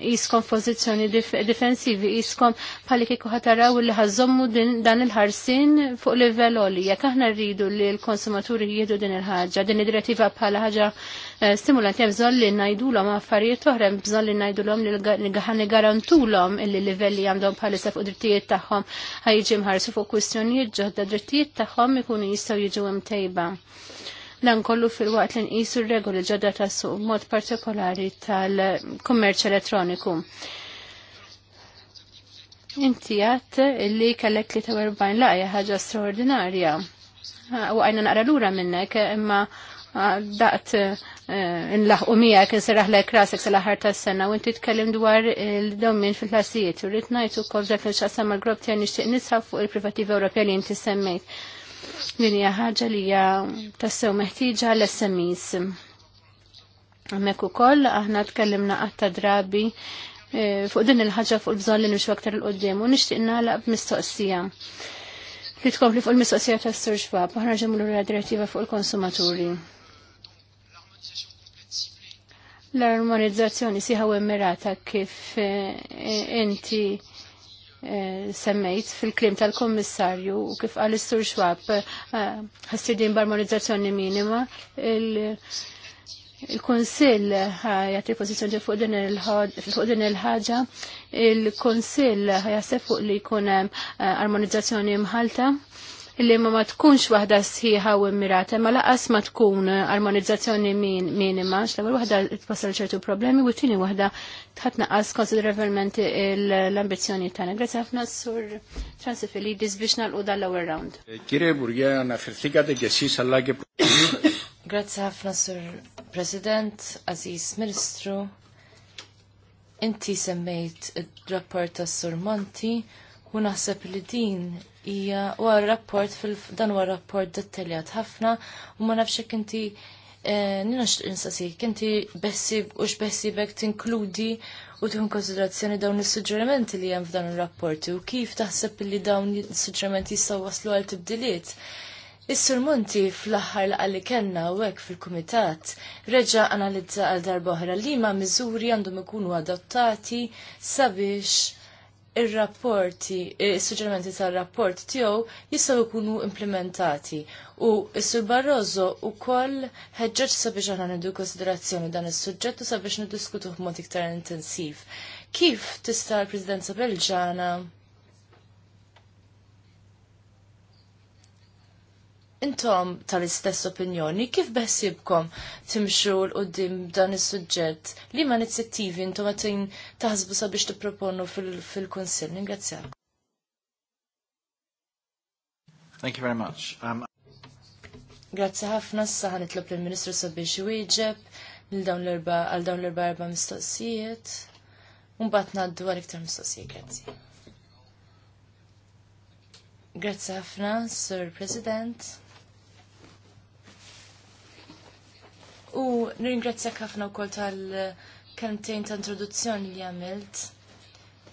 jiskom eh, pozizjoni defensivi, difensivi, jiskom pali kiku ħataraw li ħazzommu dan il-ħarsin fuq livell oli. Jek aħna rridu li l-konsumaturi jiedu din il-ħagġa, din id-direttiva bħala ħagġa eh, stimulant jem bżon li najdulom affarijiet oħra, bżon li l-om li l-om il livelli għandhom bħalissa fuq drittijiet tagħhom ħajġim mħarsu fuq kwistjonijiet ġodda drittijiet tagħhom ikunu jistgħu jiġu imtejba. Dan kollu fil-waqt li nqisu r-regoli ġodda ta' suq mod partikolari tal-kummerċ elettroniku. Inti għat li kellek li ta' warbajn laqja ħaġa straordinarja. U għajna naqra l-ura minnek, imma daqt mija eh, miegħek inseraħ lek rasek laħar ta' tas-sena u inti tkellem dwar il-domin fil-ħlasijiet u rritnajtu ngħid ukoll dak li x'qasam mal-grupp tiegħi nixtieq fuq il-privativi Ewropej li inti semmejt. Din hija ħaġa li hija tassew meħtieġa l SMEs. Hemmhekk ukoll aħna tkellimna qatta drabi e, fuq din il-ħaġa fuq il-bżonn li nimxu aktar il-qoddim u nixtieq nagħlaq b'mistoqsija. Li tkompli fuq il-mistoqsija tas sur Xwab, aħna ġemmu l direttiva fuq il-konsumaturi. L-armonizzazzjoni siħaw immirata kif e, inti Eh, semmejt fil-klim tal-Kommissarju u kif għal sur Xwab għastridin eh, barmonizzazzjoni minima il-Konsil ħajat il-pozizjoni fuq din il-ħaġa il-Konsil għajasef fuq li jkun eh, armonizzazzjoni mħalta li ma tkunx waħda sħiħa u immirata, ma laqas ma tkun armonizzazzjoni min, minima, l-ewwel waħda tfassal ċertu problemi u t-tieni waħda tħatnaqas konsiderevolment l-ambizzjoni tagħna. Grazzi ħafna sur Transifilidis biex nagħlqu dan l-ewwel round. Eh, kire Burja nafirtikate ġesis għallagi. Grazzi ħafna sur President, Aziz Ministru. Inti semmejt id-rapport tas Sur Monti u naħseb li din hija huwa rapport fil-dan huwa rapport dettaljat ħafna u ma nafx jekk inti eh, nina xtinsasik, kinti bessib u xbessibek tinkludi u tuħun konsiderazzjoni dawn is-suġġerimenti li hemm f'dan ir-rapporti u kif taħseb li dawn is-suġġerimenti jistgħu waslu għal tibdiliet. Is-Sur Monti fl-aħħar li għalli kellna u hekk fil-Kumitat reġa' analizza għal darba oħra li ma miżuri għandhom ikunu adottati sabiex ir-rapporti, is-suġġerimenti tal-rapport tiegħu jistgħu jkunu implementati. U s-Sur Barroso wkoll ħeġġeġ sabiex aħna nidu konsiderazzjoni dan is-suġġett u sabiex niddiskutu f'mod iktar intensiv. Kif tista' l-Presidenza Belġana intom tal-istess opinjoni, kif beħsibkom timxu l-qoddim dan is-suġġett li ma nizzettivi intom għatin taħsbu sabiex tipproponu fil-Konsil? Ningrazzja. Thank you very much. Um... Grazzi ħafna, s-saħan itlob l-Ministru sabiex wieġeb għal dawn l-erba erba mistoqsijiet. mbagħad naddu għal iktar mistoqsijiet, grazzi. Grazie ħafna, Sir President. U nirringrazzjak ħafna wkoll tal-kemtejn ta' introduzzjoni li għamilt.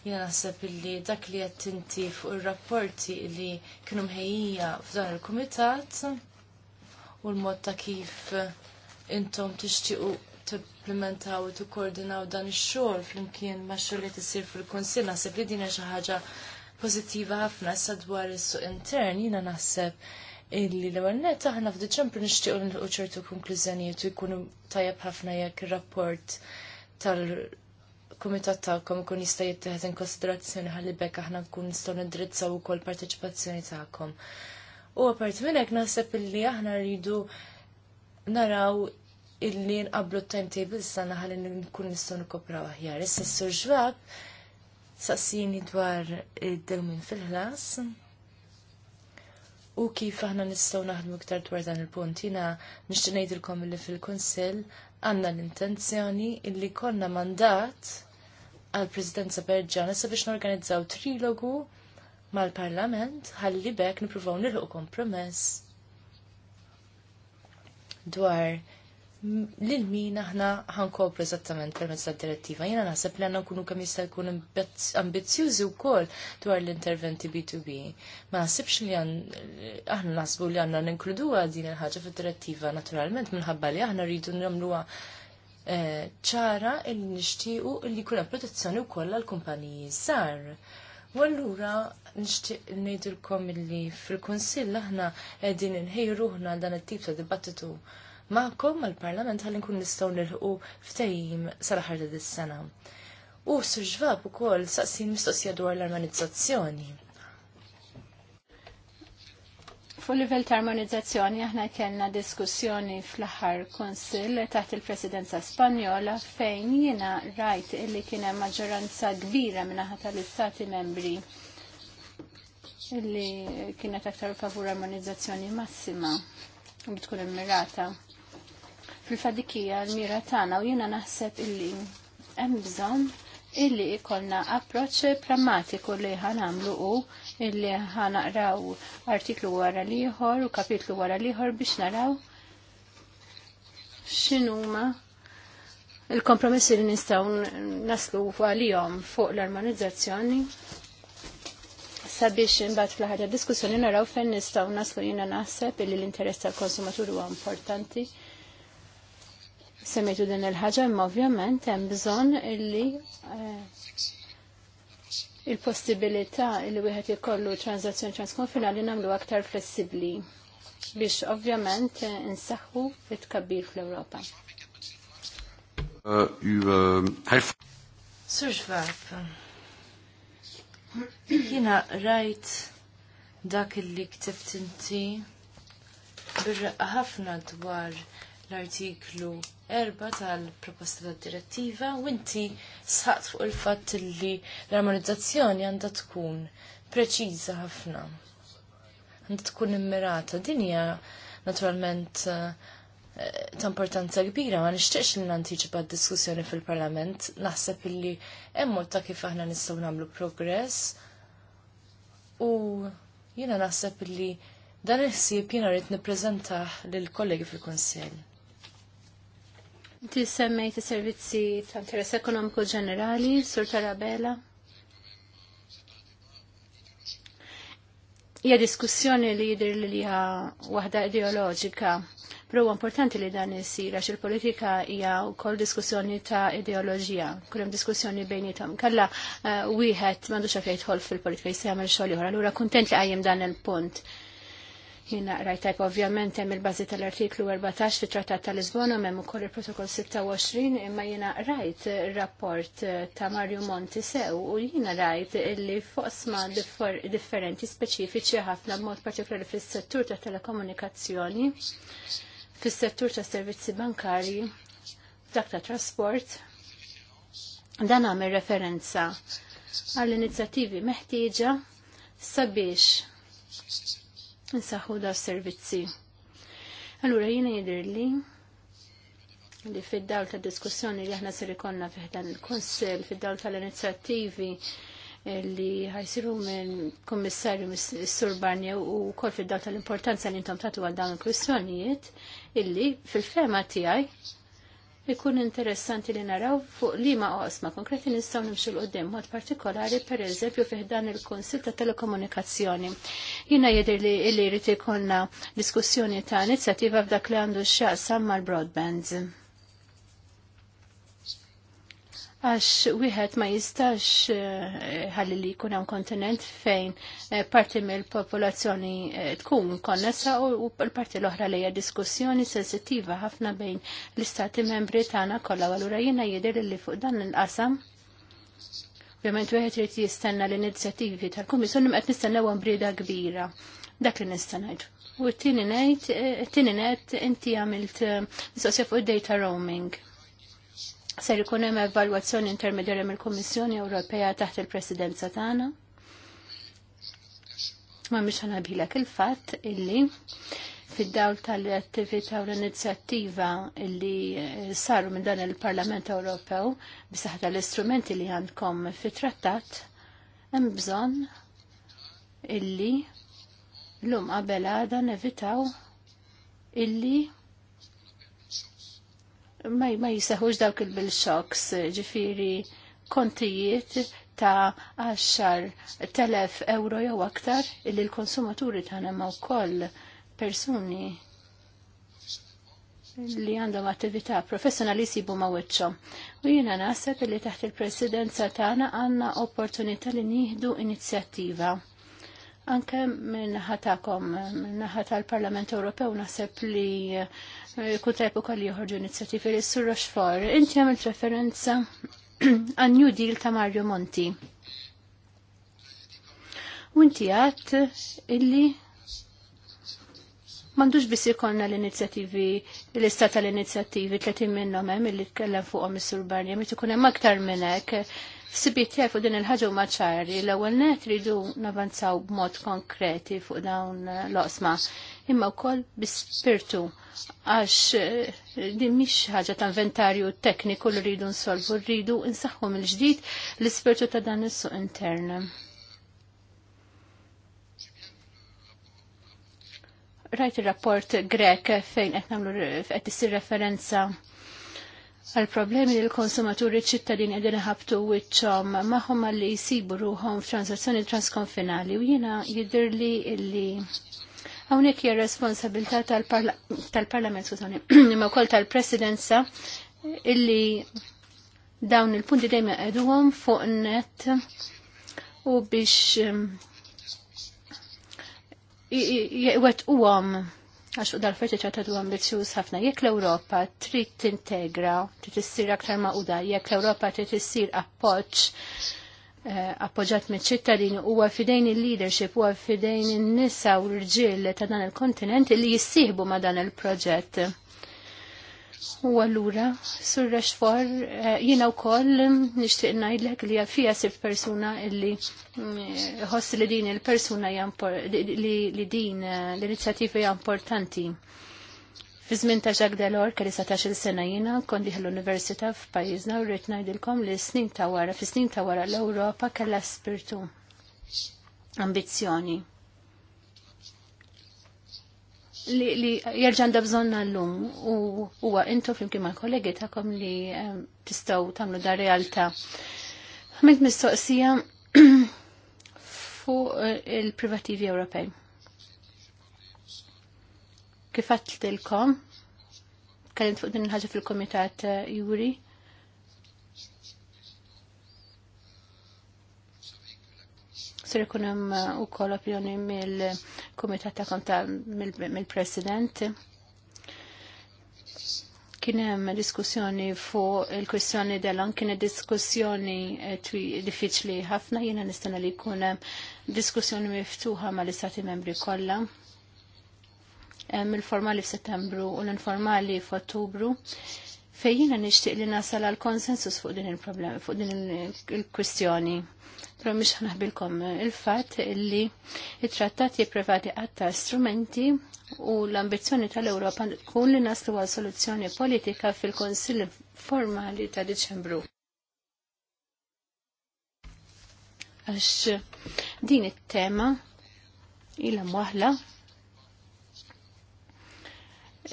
Jena naħseb illi dak li qed inti fuq ir-rapporti li kienu mħejjija f'dan il-kumitat u l-mod ta' kif intom tixtiequ tipplementaw u tikkoordinaw dan ix-xogħol flimkien ma' xogħol li tisir fil-kunsill naħseb li din xi ħaġa pożittiva ħafna issa dwar is-suq intern jiena naħseb illi li ewwel taħna aħna nishtiq nixtiequ nilqu ċertu konklużjonijiet u jkunu tajjeb ħafna jekk ir-rapport tal-kumitat tagħkom ikun jista' jittieħed in konsiderazzjoni ħalli bekk aħna nkun nistgħu nidrizzaw ukoll parteċipazzjoni tagħkom. U apart minn hekk naħseb illi aħna rridu naraw illi nqablu timetable sana ħalli nkun nistgħu nikkopraw aħjar. Issa s-sur ġwab saqsini dwar id-dewmin fil-ħlas u kif aħna nistgħu naħdmu iktar dwar dan il-punt. Jiena nixtieq ngħidilkom li fil-Kunsill għandna l-intenzjoni illi konna mandat għall presidenza Berġana sabiex norganizzaw trilogu mal-Parlament ħalli bekk nippruvaw nilħu kompromess dwar lil min aħna ħankopru eżattament permezz tad-direttiva. Jiena naħseb li għandna nkunu kemm jista' jkun ambizzjużi wkoll dwar l-interventi B2B. Ma naħsibx li aħna naħsbu li għandna ninkluduha din il-ħaġa fid-direttiva naturalment minħabba li aħna rridu nagħmluha eh, ċara il nixtiequ li kuna protezzjoni protezzjoni wkoll għall-kumpaniji sar. U allura nixtieq ngħidilkom li fil-Kunsill aħna qegħdin inħejruħna dan it-tip ta' dibattitu ma'kom l parlament ħalli nkun nistgħu nilħu ftehim sal-aħħar ta' dis-sena. U s-sġvab u ukoll saqsin mistoqsija dwar l-armonizzazzjoni. Fu livell ta' armonizzazzjoni aħna kellna diskussjoni fl-aħħar konsil taħt il-Presidenza Spanjola fejn jiena rajt illi kien hemm maġġoranza kbira minaħa tal-Istati membri illi kienet aktar favur armonizzazzjoni massima u tkun immirata. Fil-fadikija l-mira tagħna u jiena naħseb illi hemm bżonn illi ikolna approċ prammatiku li ħanamlu u illi ħanaqraw artiklu wara liħor u kapitlu wara liħor biex naraw xinuma il-kompromessi li nistaw naslu għalihom fuq l-armonizzazzjoni sabiex imbagħad fl ħadja diskussjoni naraw fejn nistgħu naslu jiena naħseb illi l-interess tal-konsumatur huwa importanti semmejtu din il-ħaġa, imma ovvjament hemm bżonn illi eh, il-possibilità li wieħed ikollu transazzjoni transkonfinali nagħmlu aktar flessibbli biex ovvjament eh, insaħħu it-kabbir fl-Ewropa. Sur Xvab, jina rajt dak li ktibt inti ħafna dwar l-artiklu 4 tal-proposta tad direttiva u inti saqt fuq il-fatt li l-armonizzazzjoni għandha tkun preċiża ħafna. Għandha tkun immirata. Din hija naturalment eh, ta' importanza kbira, ma nixtieqx li nantiċipa d-diskussjoni fil-Parlament, naħseb illi hemm ta' kif aħna nistgħu nagħmlu progress. U jiena naħseb illi dan il-ħsieb jiena rrid nippreżentah lill kollegi fil-Kunsell. Tisemmejt semmejt is-servizzi ta' interess ekonomiku ġenerali, Sur Tarabella. Hija diskussjoni li jidher li hija waħda ideoloġika. Pro importanti li dan isir għax il-politika hija wkoll diskussjoni ta' ideoloġija. Kull hemm diskussjoni bejnietom. Kalla eh, wieħed m'għandux għaf jgħidħol fil-politika jista' jagħmel xogħol ieħor. Allura kuntent li qajjem dan il-punt. Jina rajtek ovvjament hemm il-bażi tal-artiklu 14 fit-Trattat tal-Lisbona hemm ukoll il-Protokoll 26 imma jina rajt rapport eh, ta' Mario Monti sew u jina rajt illi fosma differenti speċifiċi ħafna b'mod partikolari fis-settur ta' telekomunikazzjoni, fis-settur ta' servizzi bankari, dak ta' trasport. Dan għamil referenza għall-inizjattivi meħtieġa sabiex nsaħħu da servizzi. Allura jiena jidirli li fid-dawl ta' diskussjoni li aħna ser ikonna fiħdan il konsell fid-dawl tal-inizjattivi eh, li ħajsiru minn kommissarju Sur Barnier u kol fid-dawl tal-importanza li intom tatu għal dawn il-kwistjonijiet illi fil-fema tiegħi ikun interessanti li naraw fuq li ma oqsma konkreti nistaw nimxu l-qoddim mod partikolari per eżempju fih dan il-Konsil ta' Telekomunikazzjoni. Jina jidher li li rriti konna diskussjoni ta' inizjattiva f'dak li għandu xaqsam mal-broadbands għax wieħed ma jistax eh, ħalli li jkun hemm kontinent fejn eh, parti mill-popolazzjoni eh, tkun konnessa u l-parti l-oħra li hija diskussjoni sensittiva ħafna bejn l-istati membri tagħna kollha allura jiena jidher li fuq dan il-qasam Ovvjament wieħed irid jistenna l-inizjattivi tal-Kummissjoni qed nistennew brida kbira. Dak li nista' ngħid. U t-tieni ngħid, t-tieni ngħid inti għamilt mistoqsija fuq id-data roaming ser ikun hemm evalwazzjoni intermedjarja mill-Kummissjoni Ewropea taħt il-Presidenza tagħna. Ma mhix ħanabilek il-fatt illi fid-dawl tal-attività u l-inizjattiva li eh, saru minn dan il-Parlament Ewropew bisaħ tal-istrumenti li għandkom fit-trattat hemm bżonn illi l-lum qabel għada nevitaw illi ma, ma jisaħux dawk il-bil-shocks, ġifiri kontijiet ta' 10.000 euro jew aktar illi l-konsumaturi tagħna ma' wkoll persuni li għandhom attività professjonali sibu ma' wiċċhom. U jiena naħseb li taħt il-presidenza tagħna għandna opportunità li nieħdu inizjattiva. Anke minn ħatakom, minn ħata l-Parlament Ewropew naħseb li kun tajb ukoll joħorġu inizjattivi li sur xfar. Inti għamilt referenza għan New Deal ta' Mario Monti. U inti għat illi mandux biss ikonna l-inizjattivi, l-istat tal-inizjattivi, 30 minnom hemm illi tkellem fuqhom is-sur Barnier, meta ikun hemm aktar minn hekk. Sibiet fuq din il-ħagġa maċari, maċċari, l-ewwel net ridu navanzaw b'mod konkreti fuq dawn l-osma imma wkoll koll bispirtu għax eh, din mhix ħaġa ta' inventarju tekniku li rridu nsolvu, rridu nsaħħu mill-ġdid l-ispirtu ta' dan is-suq intern. Rajt ir-rapport Grek fejn qed nagħmlu qed issir referenza għal problemi li l-konsumaturi ċittadini għedin ħabtu wiċċhom maħom għalli jisibu ruħom f'transazzjoni transkonfinali u jina jidhirli illi Hawnhekk hija responsabilità tal-Parlament tal imma wkoll tal-Presidenza illi dawn il-punti dejjem qegħduhom fuq net u biex jwettquhom um, għax u dal-ferti ċata du ambizjuż ħafna. Jekk l-Ewropa trid tintegra, trid issir aktar maquda, jekk l europa trid issir appoġġ Eh, appoġġat mill ċittadini huwa fidejn il-leadership huwa fidejn in-nisa u l rġil ta' dan il-kontinent li jissieħbu ma' dan il-proġett. U allura, sur xfor, eh, jina u koll nishtiq najdlek li għafija sif persuna illi mm, ħoss li din il-persuna li din eh, l inizjativi importanti. Fi żmien ta' Jacques Delors kelli satax-il sena jina, kondiħ l-Università f'pajjiżna u rrid ngħidilkom li snin ta' wara, fi snin ta' wara l-Ewropa kellha spirtu ambizzjoni li, li jirġan da bżonna l-lum u huwa intu flimkien mal kollegi ta'kom li um, ehm, tistaw tamlu da realtà. Għamilt mistoqsija fuq eh, il-privativi Ewropej. Kif għattilkom, kallin fuq din ħaġa fil-komitat eh, juri. Sir ikun hemm eh, ukoll opinjoni mill-Kumitat ta' Konta mill-President. Kien hemm diskussjoni fuq il-kwistjoni delan kien diskussjoni eh, diffiċli ħafna jiena nistana li jkun hemm diskussjoni miftuħa mal-istati membri kollha Eh, mill-formali f'Settembru u l-informali f'Ottubru fejjina nixtieq li nasal għal konsensus fuq din il problemi fuq din il-kwistjoni. Pero mhix ħanaħbilkom eh, il-fatt li it-trattati privati għatta strumenti u l-ambizzjoni tal-Ewropa tkun li naslu għal soluzzjoni politika fil-Konsill formali ta' Diċembru. Għax din it-tema ilha waħla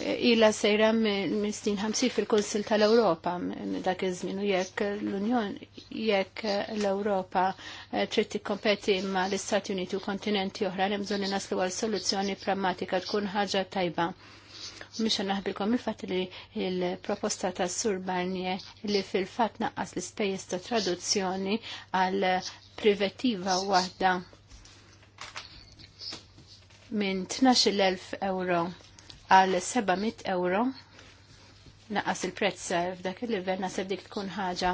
ila sejra minn snin 50 fil-Konsil tal-Europa dak iż-żmien u jekk l-Unjon jekk l-Europa eh, trid tikkompeti ma l-Istati Uniti u kontinenti oħra hemm bżonn naslu għal soluzzjoni prammatika tkun ħaġa tajba. Mhix naħbilkom il-fatt li l-proposta ta' Sur Barnier li fil-fatt naqqas l-ispejjeż ta' traduzzjoni għal privettiva waħda minn 12.000 euro għal 700 euro naqas il-prezz f'dak il-livell naħseb dik tkun ħaġa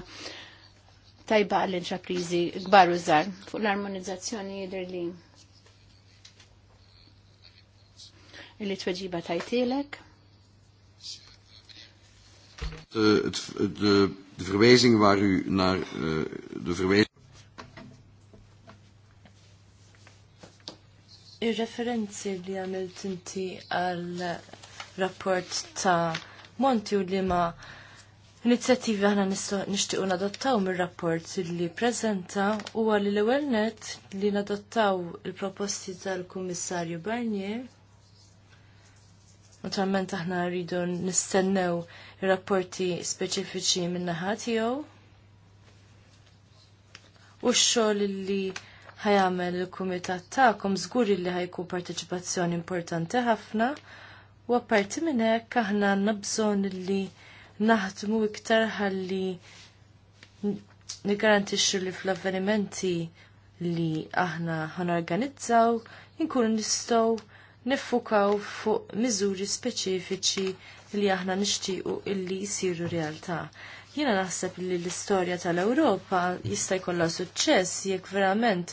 tajba għall intraprizi kbar u żgħar fuq l-armonizzazzjoni jidher li li tweġiba tajtilek. De verwijzing waar u naar eh, de verwijzing Ir-referenzi li għamilt inti għal rapport ta' Monti u li ma' Inizjattivi għana nishtiqu nadottaw mir-rapport li prezenta u għalli l-ewel li nadottaw il-proposti tal-Kummissarju Barnier. Naturalment aħna rridu nistennew rapporti speċifiċi minnaħa tiegħu. U x-xogħol li ħajamel il-kumitat ta'kom żgur li ħajku parteċipazzjoni importanti ħafna u apparti minn hekk aħna għandna bżonn li naħdmu iktar ħalli nigarantixxu li fl-avvenimenti li aħna ħanorganizzaw nkunu nistgħu niffukaw fuq miżuri speċifiċi li aħna nixtiequ illi jsiru realtà. Jiena naħseb li l-istorja tal-Ewropa jista' jkollha suċċess jekk verament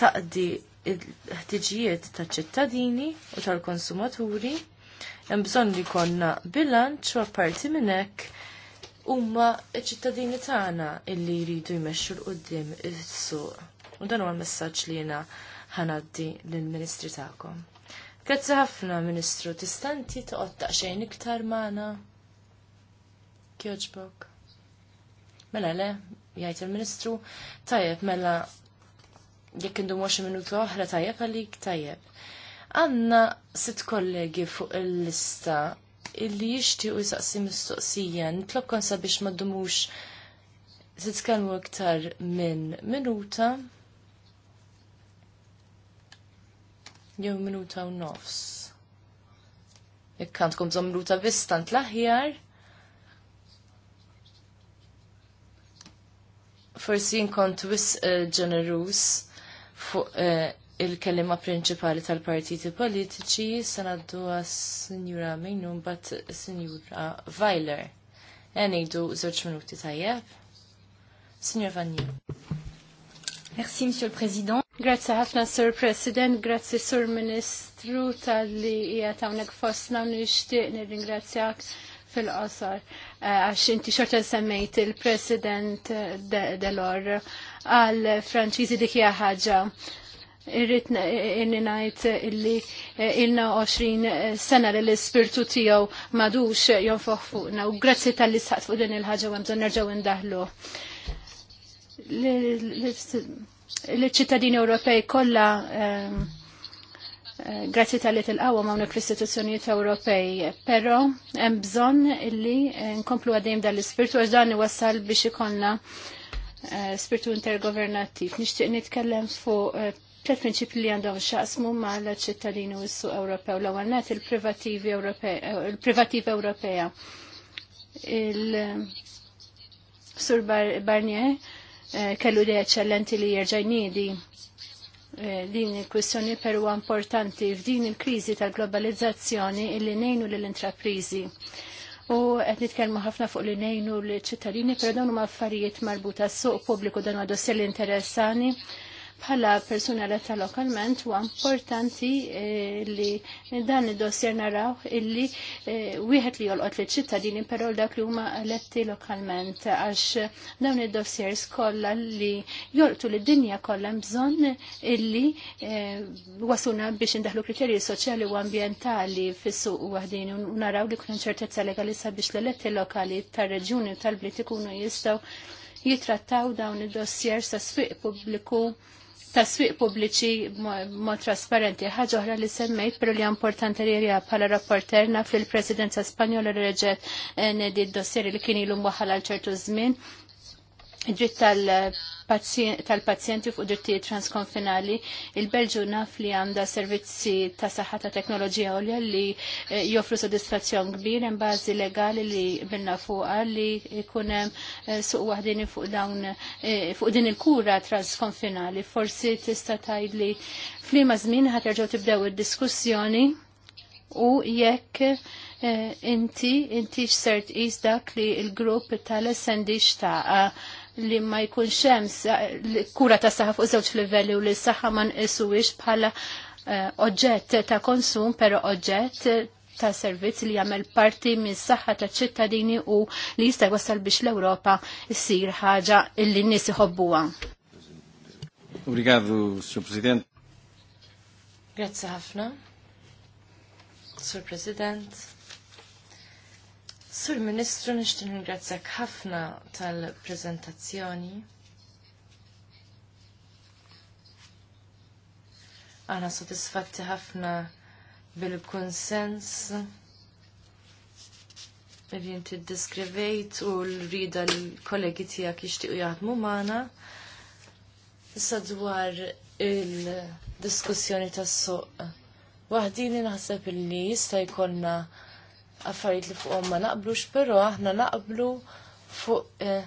taqdi l-ħtiġijiet taċ-ċittadini u tal-konsumaturi. Hemm bżonn li jkollna bilanċ u apparti minn hekk huma ċ-ċittadini tagħna illi jridu jmexxu l qudiem is-suq. U dan huwa l-messaġġ li jiena ħanaddi lill-Ministri tagħkom. Grazzi ħafna, Ministru, tistanti toqgħod taqxejn iktar magħna? Kjoġbok. Mela le, jgħid il-Ministru, tajjeb mela jekk indu xi minutu oħra tajjeb għalik tajjeb. Għanna sitt kollegi fuq il-lista illi jixtiequ jisaqsi mistoqsija, nitlobkom sabiex ma ddumux kalmu iktar minn minuta jew minuta u nofs. Jekk għandkom żomm minuta biss tant l-aħjar. forsi nkont wis eh, ġenerus fuq eh, il-kelima prinċipali tal-partiti politiċi sanaddu għas-Sinjura Mejnum bat Sinjura Weiler. E Għanidu zoċ minuti tajjeb. Sinjura Vanni. Merci, Monsieur le Président. Grazie ħafna, Sir President, grazie, Sir Ministru, tal-li jgħatawnek fosna, nishtiq nir-ringrazzjak fil-qosor għax inti xorta semmejt il-President Delor għal Franċiżi dik hija ħaġa irrit inni najt illi ilna 20 sena li l-spirtu tijaw madux jonfoħ fuqna u grazzi tal-li saqt fuq din il-ħagġa u bżonn nerġaw indahlu. L-ċittadini Ewropej kolla Grazzi tal-li til-qawa mawnek fl-istituzzjonijiet Ewropej, pero hemm bżonn illi nkomplu għadejm dal-ispirtu għax dan iwassal biex ikollna eh, spirtu intergovernattiv. Nixtieq nitkellem fuq eh, tal prinċipji li għandhom xaqsmu mal ċittadini u s-suq Ewropew. L-ewwel net eh, il privativ Ewropea. Il-Sur Barnier kellu li eċċellenti li jerġajnidi Eh, din il-kwistjoni peru importanti f'din il-krizi tal-globalizzazzjoni illi nejnu l-intraprizi. U qed nitkellmu ħafna fuq li nejnu l-ċittadini, però dawn huma affarijiet marbuta s-suq pubbliku dan għadu s-sell interessani bħala persuna lokalment huwa importanti eh, li dan id-dossier naraw illi eh, wieħed li jolqot li ċittadini però dak li huma eletti lokalment għax dawn id dossier kollha li jolqtu lid dinja kollha bżonn illi eh, wasuna biex indaħlu kriterji soċjali u ambjentali fis-suq waħdin u naraw li kun ċertezza legali sabiex l-eletti lokali tar-reġjuni tal-bliet ikunu jistgħu jitrattaw dawn id-dossier sa' sfiq pubbliku tasfiq pubbliċi mod trasparenti. Ħaġa oħra li semmejt, pero li importanti li hija bħala rapporterna fil-Presidenza Spanjola li reġgħet eh, nedi d-dossier li kien ilu mwaħħal għal ċertu żmien. dritt tal tal-pazjenti fuq drittijiet transkonfinali, il-Belġu naf li għandha servizzi ta' saħħa ta' teknoloġija għolja li eh, joffru sodisfazzjon kbir hemm bażi legali li binna fuqha li jkun hemm eh, suq waħdini fuq dawn eh, fuq din il-kura transkonfinali. Forsi tista' tgħidli f'liema żmien ħad terġgħu tibdew id-diskussjoni u jekk inti inti tqis dak li l-grupp tal-SND xtaqa li ma jkunx xem kura ta' saħaf fuq żewġ livelli u li s-saħħa ma nqisuwix bħala eh, oġġett ta' konsum, pero oġġett ta' servizz li jagħmel parti mis saħħa ta' ċittadini u li jista' jwassal biex l-Ewropa ssir ħaġa illi n-nies iħobbuha. Obrigado, Sr. President. Grazie ħafna. Sur President. Sur Ministru, nishtin ringrazzjak ħafna tal-prezentazzjoni. Għana sodisfatti ħafna bil-konsens li inti deskrivejt u l-rida l-kollegi tijak jishtiqu jaħdmu maħna. Issa dwar il-diskussjoni tas-suq. Waħdini naħseb li jista' jkollna affarijiet li fuqhom ma naqblux, però aħna naqblu fuq eh,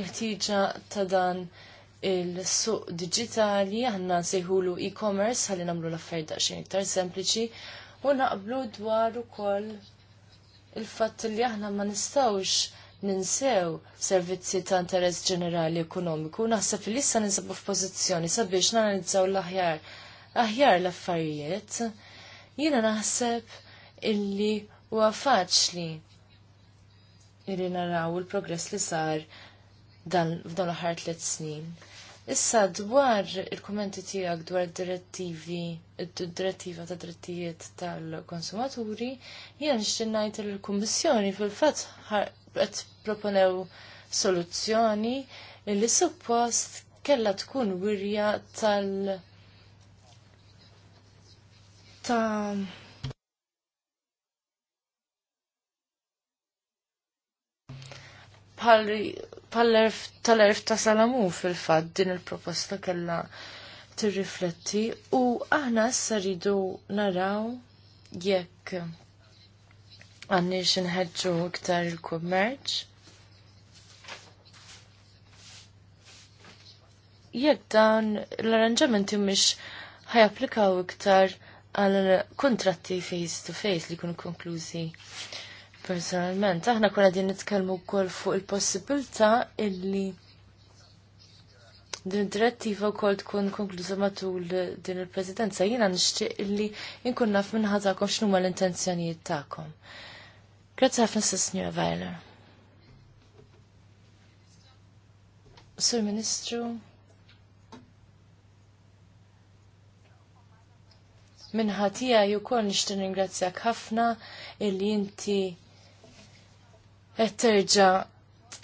il-ħtiġa ta' dan il-suq digitali, aħna nsejħulu e-commerce ħalli nagħmlu l-affarijiet daqsxejn iktar sempliċi u naqblu dwar ukoll il-fatt li aħna ma nistgħux ninsew servizzi ta' interess ġenerali ekonomiku, naħseb li issa ninsabu f'pożizzjoni sabiex nanalizzaw l-aħjar aħjar l-affarijiet. Jiena naħseb illi u faċli irri naraw il-progress li sar dan f'dan l-ħar tliet snin. Issa dwar il-kommenti tiegħek dwar direttivi, id-direttiva ta' drittijiet tal-konsumaturi, jien nixtieq ngħid il-Kummissjoni fil-fatt qed proponew soluzzjoni li suppost kella tkun wirja tal- ta' pal tal-erf ta' salamu fil fad din il-proposta kella tirrifletti u aħna issa naraw jekk għanniex xinħedġu iktar il-kummerċ. Jekk dan l-arranġamenti mhix ħajapplikaw iktar għal kontratti face to face li kunu konklużi personalment. Aħna kuna din nitkellmu wkoll fuq il-possibilità illi din direttiva kol tkun konkluża matul din il-presidenza, jina nixtieq illi inkun naf minn x'nu ma l-intenzjonijiet tagħkom. Grazzi ħafna s-Sinjora Weiler. Sur Ministru, minnħatija ju kol nixtieq ringrazzjak ħafna illi inti etterġa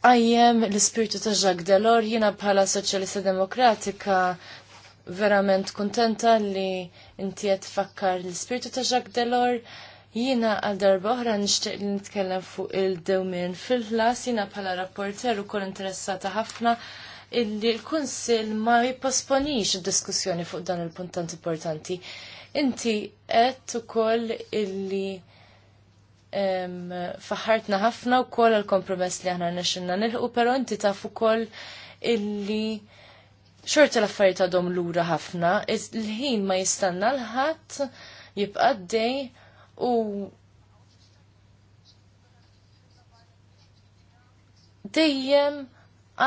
terġa' l-ispirtu ta' Jacques Delors jiena bħala Soċjalista Demokratika verament kuntenta li inti qed tfakkar l spiritu ta' Jacques Delors Jina għal darba oħra nixtieq li nitkellem fuq il-dewmien fil-ħlas jina bħala rapporter ukoll interessata ħafna illi l-Kunsill ma jipposponix id-diskussjoni fuq dan il puntant importanti. Inti qed ukoll illi faħartna ħafna u koll l-kompromess li aħna nixinna nilħu, pero inti taf u koll illi xorta l-affarijiet għadhom lura ħafna, l-ħin ma jistanna l-ħadd jibqa' dej u dejjem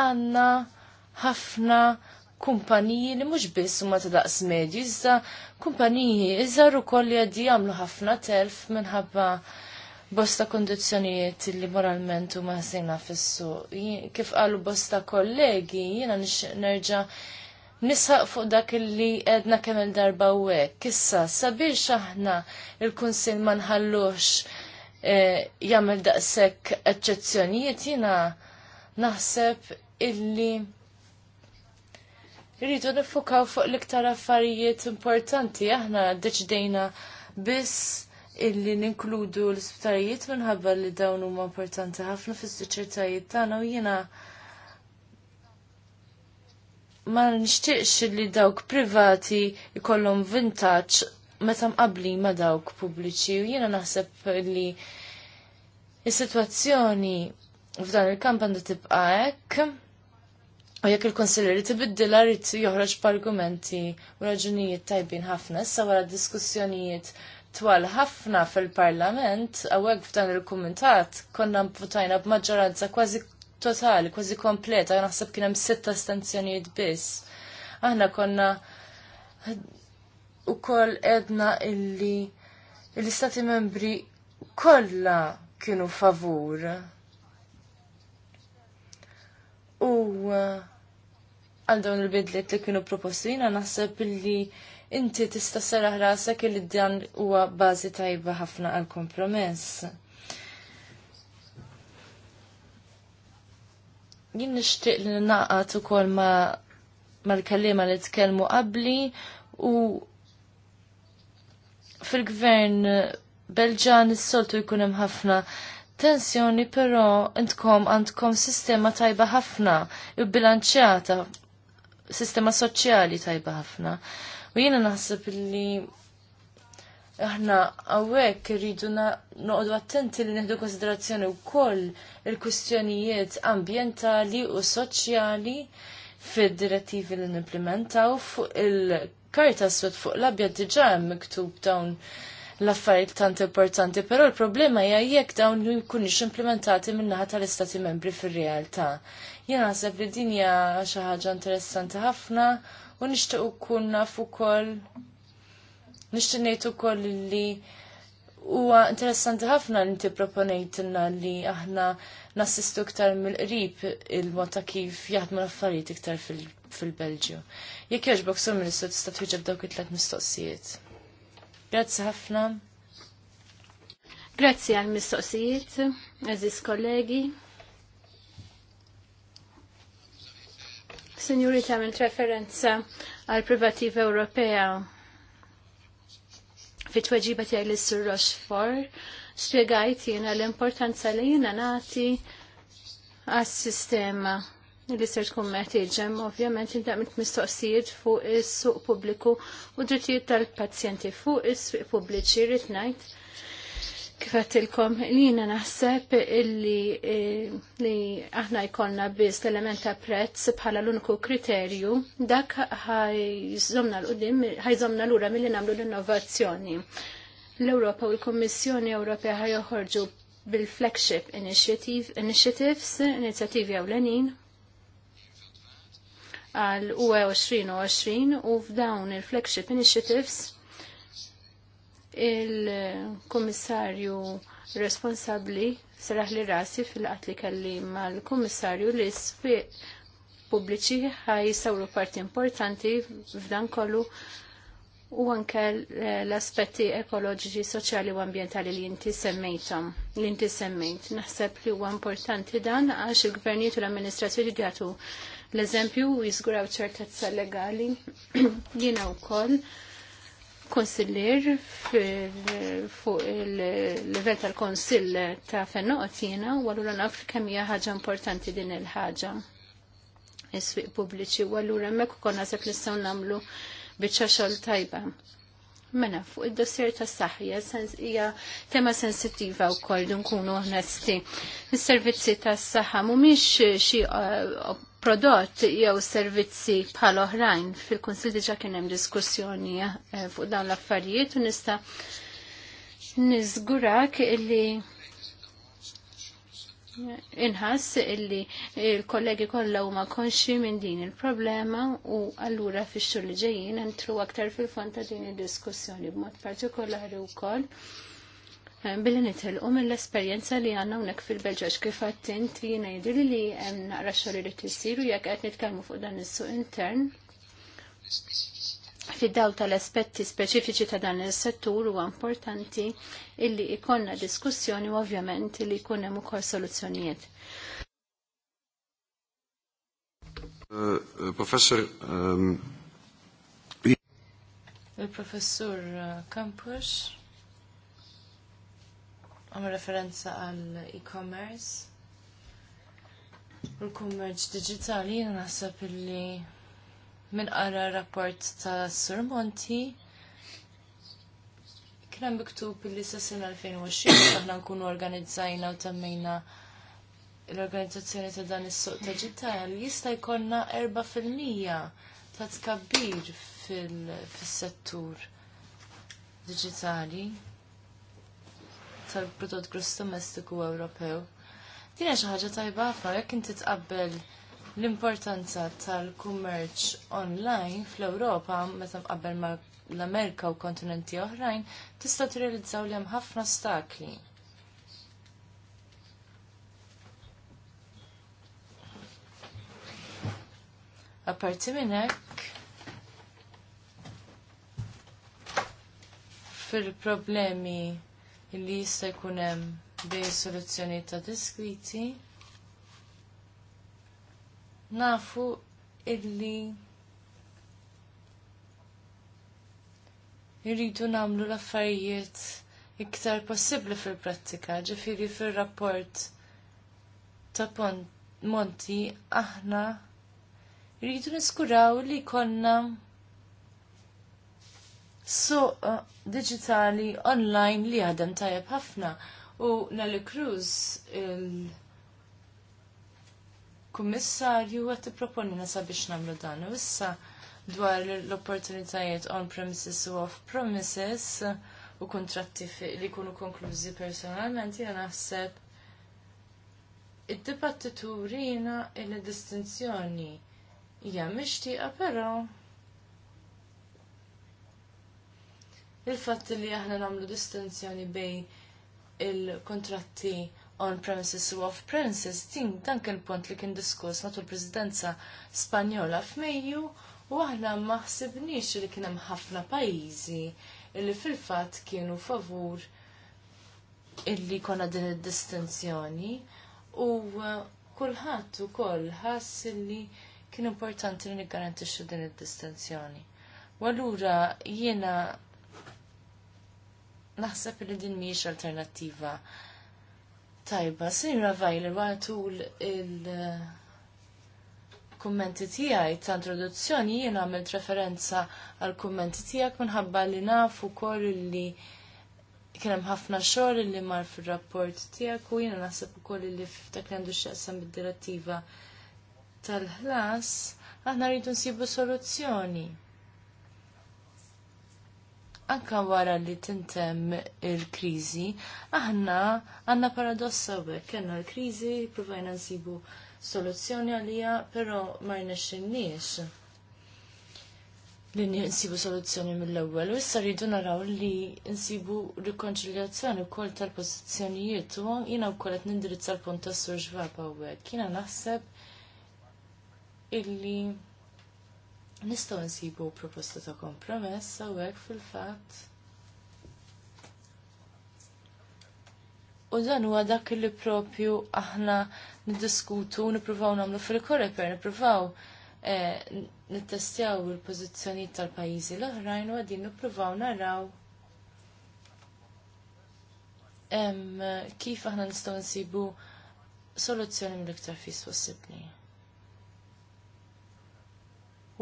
għanna ħafna kumpaniji li mhux biss ma ta' daqs medji, iżda kumpaniji iżgħar ukoll li għaddi jagħmlu ħafna telf minħabba bosta kondizjonijiet li moralment u maħsina fissu. Kif qalu bosta kollegi, jina nerġa nisħaq fuq dak li edna kemm il-darba u Kissa, sabiex aħna il-kunsil ma nħallux e, jagħmel daqshekk eċċezzjonijiet jina naħseb illi Rridu nifukaw fuq l-iktar affarijiet importanti, aħna deċdejna biss illi ninkludu l-isptarijiet minħabba li dawn huma importanti ħafna fis-soċjetajiet tagħna u jiena ma nixtieqx li dawk privati jkollhom vintaġġ meta mqabbli ma dawk pubbliċi u jiena naħseb li is-sitwazzjoni f'dan il-kamp għandha tibqa' hekk. U jekk il-konsiljeri tibiddilha rrid joħroġ b'argumenti u raġunijiet tajbin ħafna issa wara diskussjonijiet twal ħafna fil-parlament, għawek f'dan il-kumentat, konna mputajna b'maġġoranza kważi totali, kważi kompleta, naħseb kien hemm sitta stanzjoniet biss. Aħna konna ukoll edna illi l-istati membri kollha kienu favur. U uh, għal dawn il bidlet li kienu proposti, naħseb illi inti tista' saraħ rasek li dan huwa bażi tajba ħafna għal kompromess. Jien nixtieq li naqgħat ukoll ma mal-kalima li tkellmu qabli u fil-gvern Belġan is-soltu jkun hemm ħafna tensjoni, però intkom għandkom sistema tajba ħafna, u bilanċjata, sistema soċjali tajba ħafna. U jiena naħseb li aħna għawek rridu noqdu attenti li neħdu konsiderazzjoni u koll il-kustjonijiet ambientali u soċjali fid direttivi li nimplementaw fuq il-karta s-sud fuq l-abja diġa miktub dawn l-affarijiet tant importanti, però l-problema hija jekk dawn li jkunux implementati min-naħa tal-Istati membri fir-realtà. Jien naħseb li din hija xi ħaġa interessanti ħafna u nixtieq ukoll naf ukoll nixtieq ngħid ukoll li huwa interessanti ħafna li inti proponejtilna li aħna nassistu iktar mill-qrib il-mod ta' kif jaħdmu l-affarijiet iktar fil-Belġju. Jekk jogħġbok sur Ministru tista' twieġeb dawk it-tlet mistoqsijiet. Grazzi ħafna. Grazzi għal mistoqsijiet, eżis kollegi. Sinjuri tagħmel referenza għal privativa Ewropea fi tweġiba tiegħi lis sur Rochefort spjegajt jiena l-importanza li jiena nagħti għas-sistema li ser tkun meħtieġem ovvjament intaqmet mistoqsijiet fuq is-suq pubbliku u drittijiet tal-pazjenti fuq is-suq pubbliċi rid ngħid kifetilkom li jina naħseb illi eh, li aħna jkollna biss l-element ta' prezz bħala l-uniku kriterju dak ħajżomna l-qudim, ħajżomna l-ura mill-li namlu l-innovazzjoni. L-Europa u l-Kommissjoni Ewropea ħajoħorġu bil-flagship initiative, initiatives, inizjativi lenin? għal UE 2020 u f'dawn il-flagship initiatives il-komissarju responsabli saraħ li rasi fil-qat li kelli mal-komissarju li s fiq pubbliċi ħaj jistawru parti importanti f'dan kollu u anke l-aspetti ekoloġiċi, soċjali u ambientali li inti semmejtom, li inti semmejt. Naħseb li huwa importanti dan għax il-gvernijiet u l-amministrazzjoni jagħtu l-eżempju u jizguraw ċertezza legali jiena wkoll konsillir fuq il-level tal-konsill ta' fennoqot jena u għallura naf kemm hija ħaġa importanti din il-ħaġa. Is-swieq pubbliċi u għallura hemmhekk ukoll sepp nistgħu nagħmlu biċċa xogħol tajba. Mena, fuq id-dossier ta' saħja, hija tema sensitiva u koll nkunu onesti. Is-servizzi ta' saħħa mhumiex xi uh, prodott jew servizzi bħal oħrajn fil-Kunsil diġà kien hemm diskussjoni eh, fuq dawn l-affarijiet u nista' niżgurak illi inħass illi il-kollegi kollha huma konxi minn din il-problema u allura fix-xhur li ġejjin entru aktar fil-fond ta' din id-diskussjoni b'mod partikolari wkoll eh, billi nitilqu mill-esperjenza li għandna hawnhekk fil-Belġaġ kif qatt int ngħidili li hemm naqra xogħol irid isiru jekk qed nitkellmu fuq dan is-suq intern fid-daw tal-aspetti speċifiċi ta' dan il-settur huwa importanti illi ikonna diskussjoni u ovvjament illi jkun hemm ukoll soluzzjonijiet. Eh, eh, professor ehm, Il-professur eh, Campus għam referenza għal e-commerce u l commerce digitali naħseb illi minn qara rapport ta' Sur Monti kien hemm miktub li sa sena 2020 aħna nkunu organizzajna u temmejna l-organizzazzjoni ta' dan is-suq ta' ġittal jista' jkollna 4% ta' tkabbir fis settur diġitali tal-prodott gross domestiku Ewropew. Dina xi ħaġa tajba ħafna jekk inti tqabbel l-importanza tal-kummerċ online fl-Ewropa meta mqabbel ma' l-Amerika u kontinenti oħrajn tista' tirrealizzaw li hemm ħafna ostakli. Apparti minn hekk fil-problemi li jista' jkun hemm bejn soluzzjonijiet ta' diskriti nafu illi jridu namlu l-affarijiet iktar possibli fil-prattika, ġifiri fil-rapport ta' Monti, aħna jridu niskuraw li konna suq digitali online li għadem tajab ħafna u Nelly Cruz il- kummissarju għet t nasa biex namlu dan. U issa dwar l-opportunitajiet on-premises u off-premises u kontratti li kunu konklużi personalment, jena naħseb id dipattiturina il-distinzjoni hija mixtieqa però il-fatt li aħna nagħmlu distinzjoni bejn il-kontratti on-premises u off-premises, din dan kien punt li kien diskuss matul presidenza Spanjola f'Mejju u aħna ma ħsibniex li kien hemm ħafna pajjiżi illi fil-fatt kienu favur illi konna din id-distinzjoni u uh, kulħadd ukoll ħass illi kien importanti li niggarantixxu din id-distinzjoni. U allura jiena naħseb li din mhijiex alternattiva Tajba, Sinra Vajler, għatul il-kommenti tijaj ta' introduzzjoni jien għamilt referenza għal kommenti tijak minħabba li nafu kol li kienem ħafna xor li mar fil-rapport tijak u jien nasib u kol li f'dak li għandu xaqsam bid-direttiva tal-ħlas, aħna rridu nsibu soluzzjoni anka wara li tintem il-krizi, aħna għanna paradossa għek, kena l-krizi, provajna nsibu soluzzjoni għalija, pero marna xinniex li nsibu soluzzjoni mill-ewwel. U issa rridu naraw li nsibu rikonċiljazzjoni wkoll tal-pożizzjonijiet u jiena wkoll qed nindirizza l-punt tas-sur ġvab hawnhekk. Jina naħseb illi Nistgħu nsibu proposta ta' kompromess hawnhekk fil-fatt. U dan huwa dak li propju aħna niddiskutu, nippruvaw nagħmlu fil-koreper, nippruvaw eh, nittestjaw il-pożizzjonijiet tal-pajjiżi l-oħrajn u għadin nippruvaw naraw kif aħna nistgħu nsibu soluzzjoni mill-iktar fis possibbli.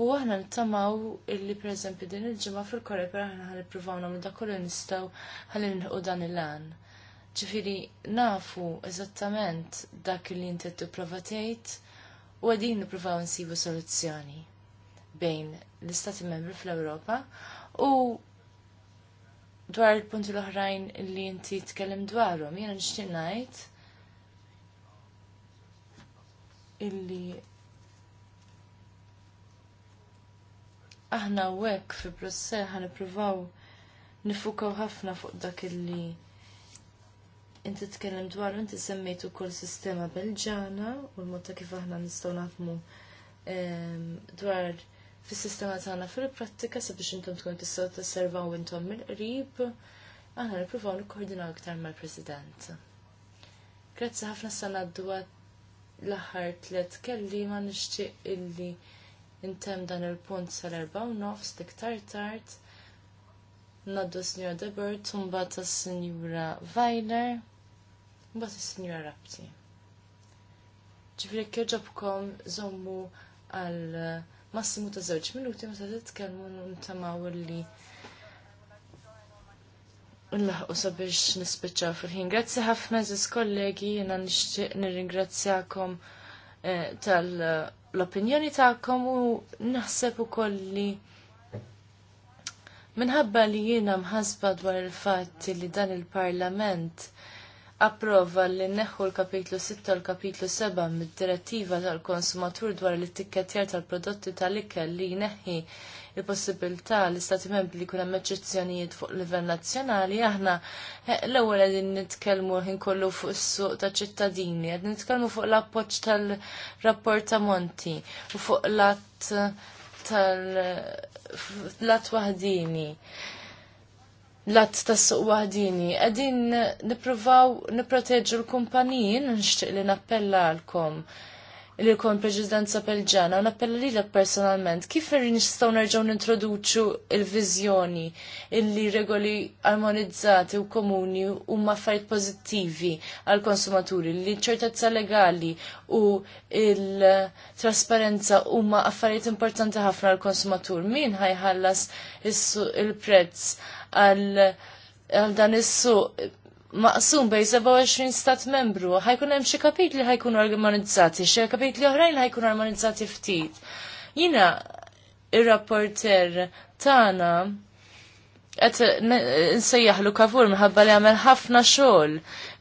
U aħna nittamaw illi pereżempju din il-ġimgħa fil-koreper aħna ħanippruvaw nagħmlu dak kollu nistgħu ħalli nħu dan il lan Ġifieri nafu eżattament dak li inti tipprova tgħid u għadin nippruvaw nsibu soluzzjoni bejn l-Istati Membri fl-Ewropa u dwar il-punti l-oħrajn li inti tkellem dwarhom jiena nixtieq ngħid illi aħna hekk fi Brussell ħanippruvaw nifukaw ħafna fuq dak illi inti tkellem dwar inti semmejt ukoll sistema Belġana u l motta kif aħna nistgħu naħdmu ehm, dwar fis-sistema tagħna fil-prattika sabiex intom tkun tistgħu tisservaw intom mill-qrib, aħna nippruvaw nikkoordinaw iktar mal-President. Grazzi ħafna sa ngħaddu l-aħħar tliet ma nixtieq illi intem dan il-punt sal-erba' u nofs diktar tard. Naddu s-Sinjora Debert, tumba ta' s-Sinjora Weiler, ta' s sinjora Rabti. Ġifri kieġobkom zommu għal uh, massimu ta' żewġ minuti meta titkellmu tamaw li Nlaħqu sabiex nispiċċaw fil-ħin. Grazzi ħafna eżis kollegi, jena nir nirringrazzjakom eh, tal- l-opinjoni tagħkom u naħseb u kolli minħabba li jiena mħasba dwar il-fatt li dan il-Parlament approva li neħu l-kapitlu 6 u l-kapitlu 7 mid-direttiva tal-konsumatur dwar l etikettjar tal-prodotti tal-ikel li jneħħi il-possibilità li stati membri li kunem eċezzjonijiet fuq livell nazzjonali, aħna eh, l-ewwel qegħdin nitkellmu ħin kollu fuq is-suq ta' ċittadini, qed nitkellmu fuq l-appoġġ tal-rapport ta' Monti u fuq l-att tal-lat waħdini l-att tas-suq waħdini, qegħdin nippruvaw nipproteġu l-kumpanijin nixtieq li nappella għalkom li kon preġidenza belġana un nappella li personalment kif nistgħu nerġgħu nintroduċu il-viżjoni illi regoli armonizzati u komuni u affarijiet pożittivi għal konsumaturi li ċertezza legali u il-trasparenza huma affarijiet importanti ħafna għal konsumatur min ħajħallas il-prezz għal dan is-suq maqsum bej 27 stat membru, ħajkun hemm xi kapitli ħajkunu armonizzati, xi kapitli oħrajn ħajkunu armonizzati ftit. Jina ir-rapporter tagħna qed nsejjaħlu kavur minħabba li għamel ħafna xogħol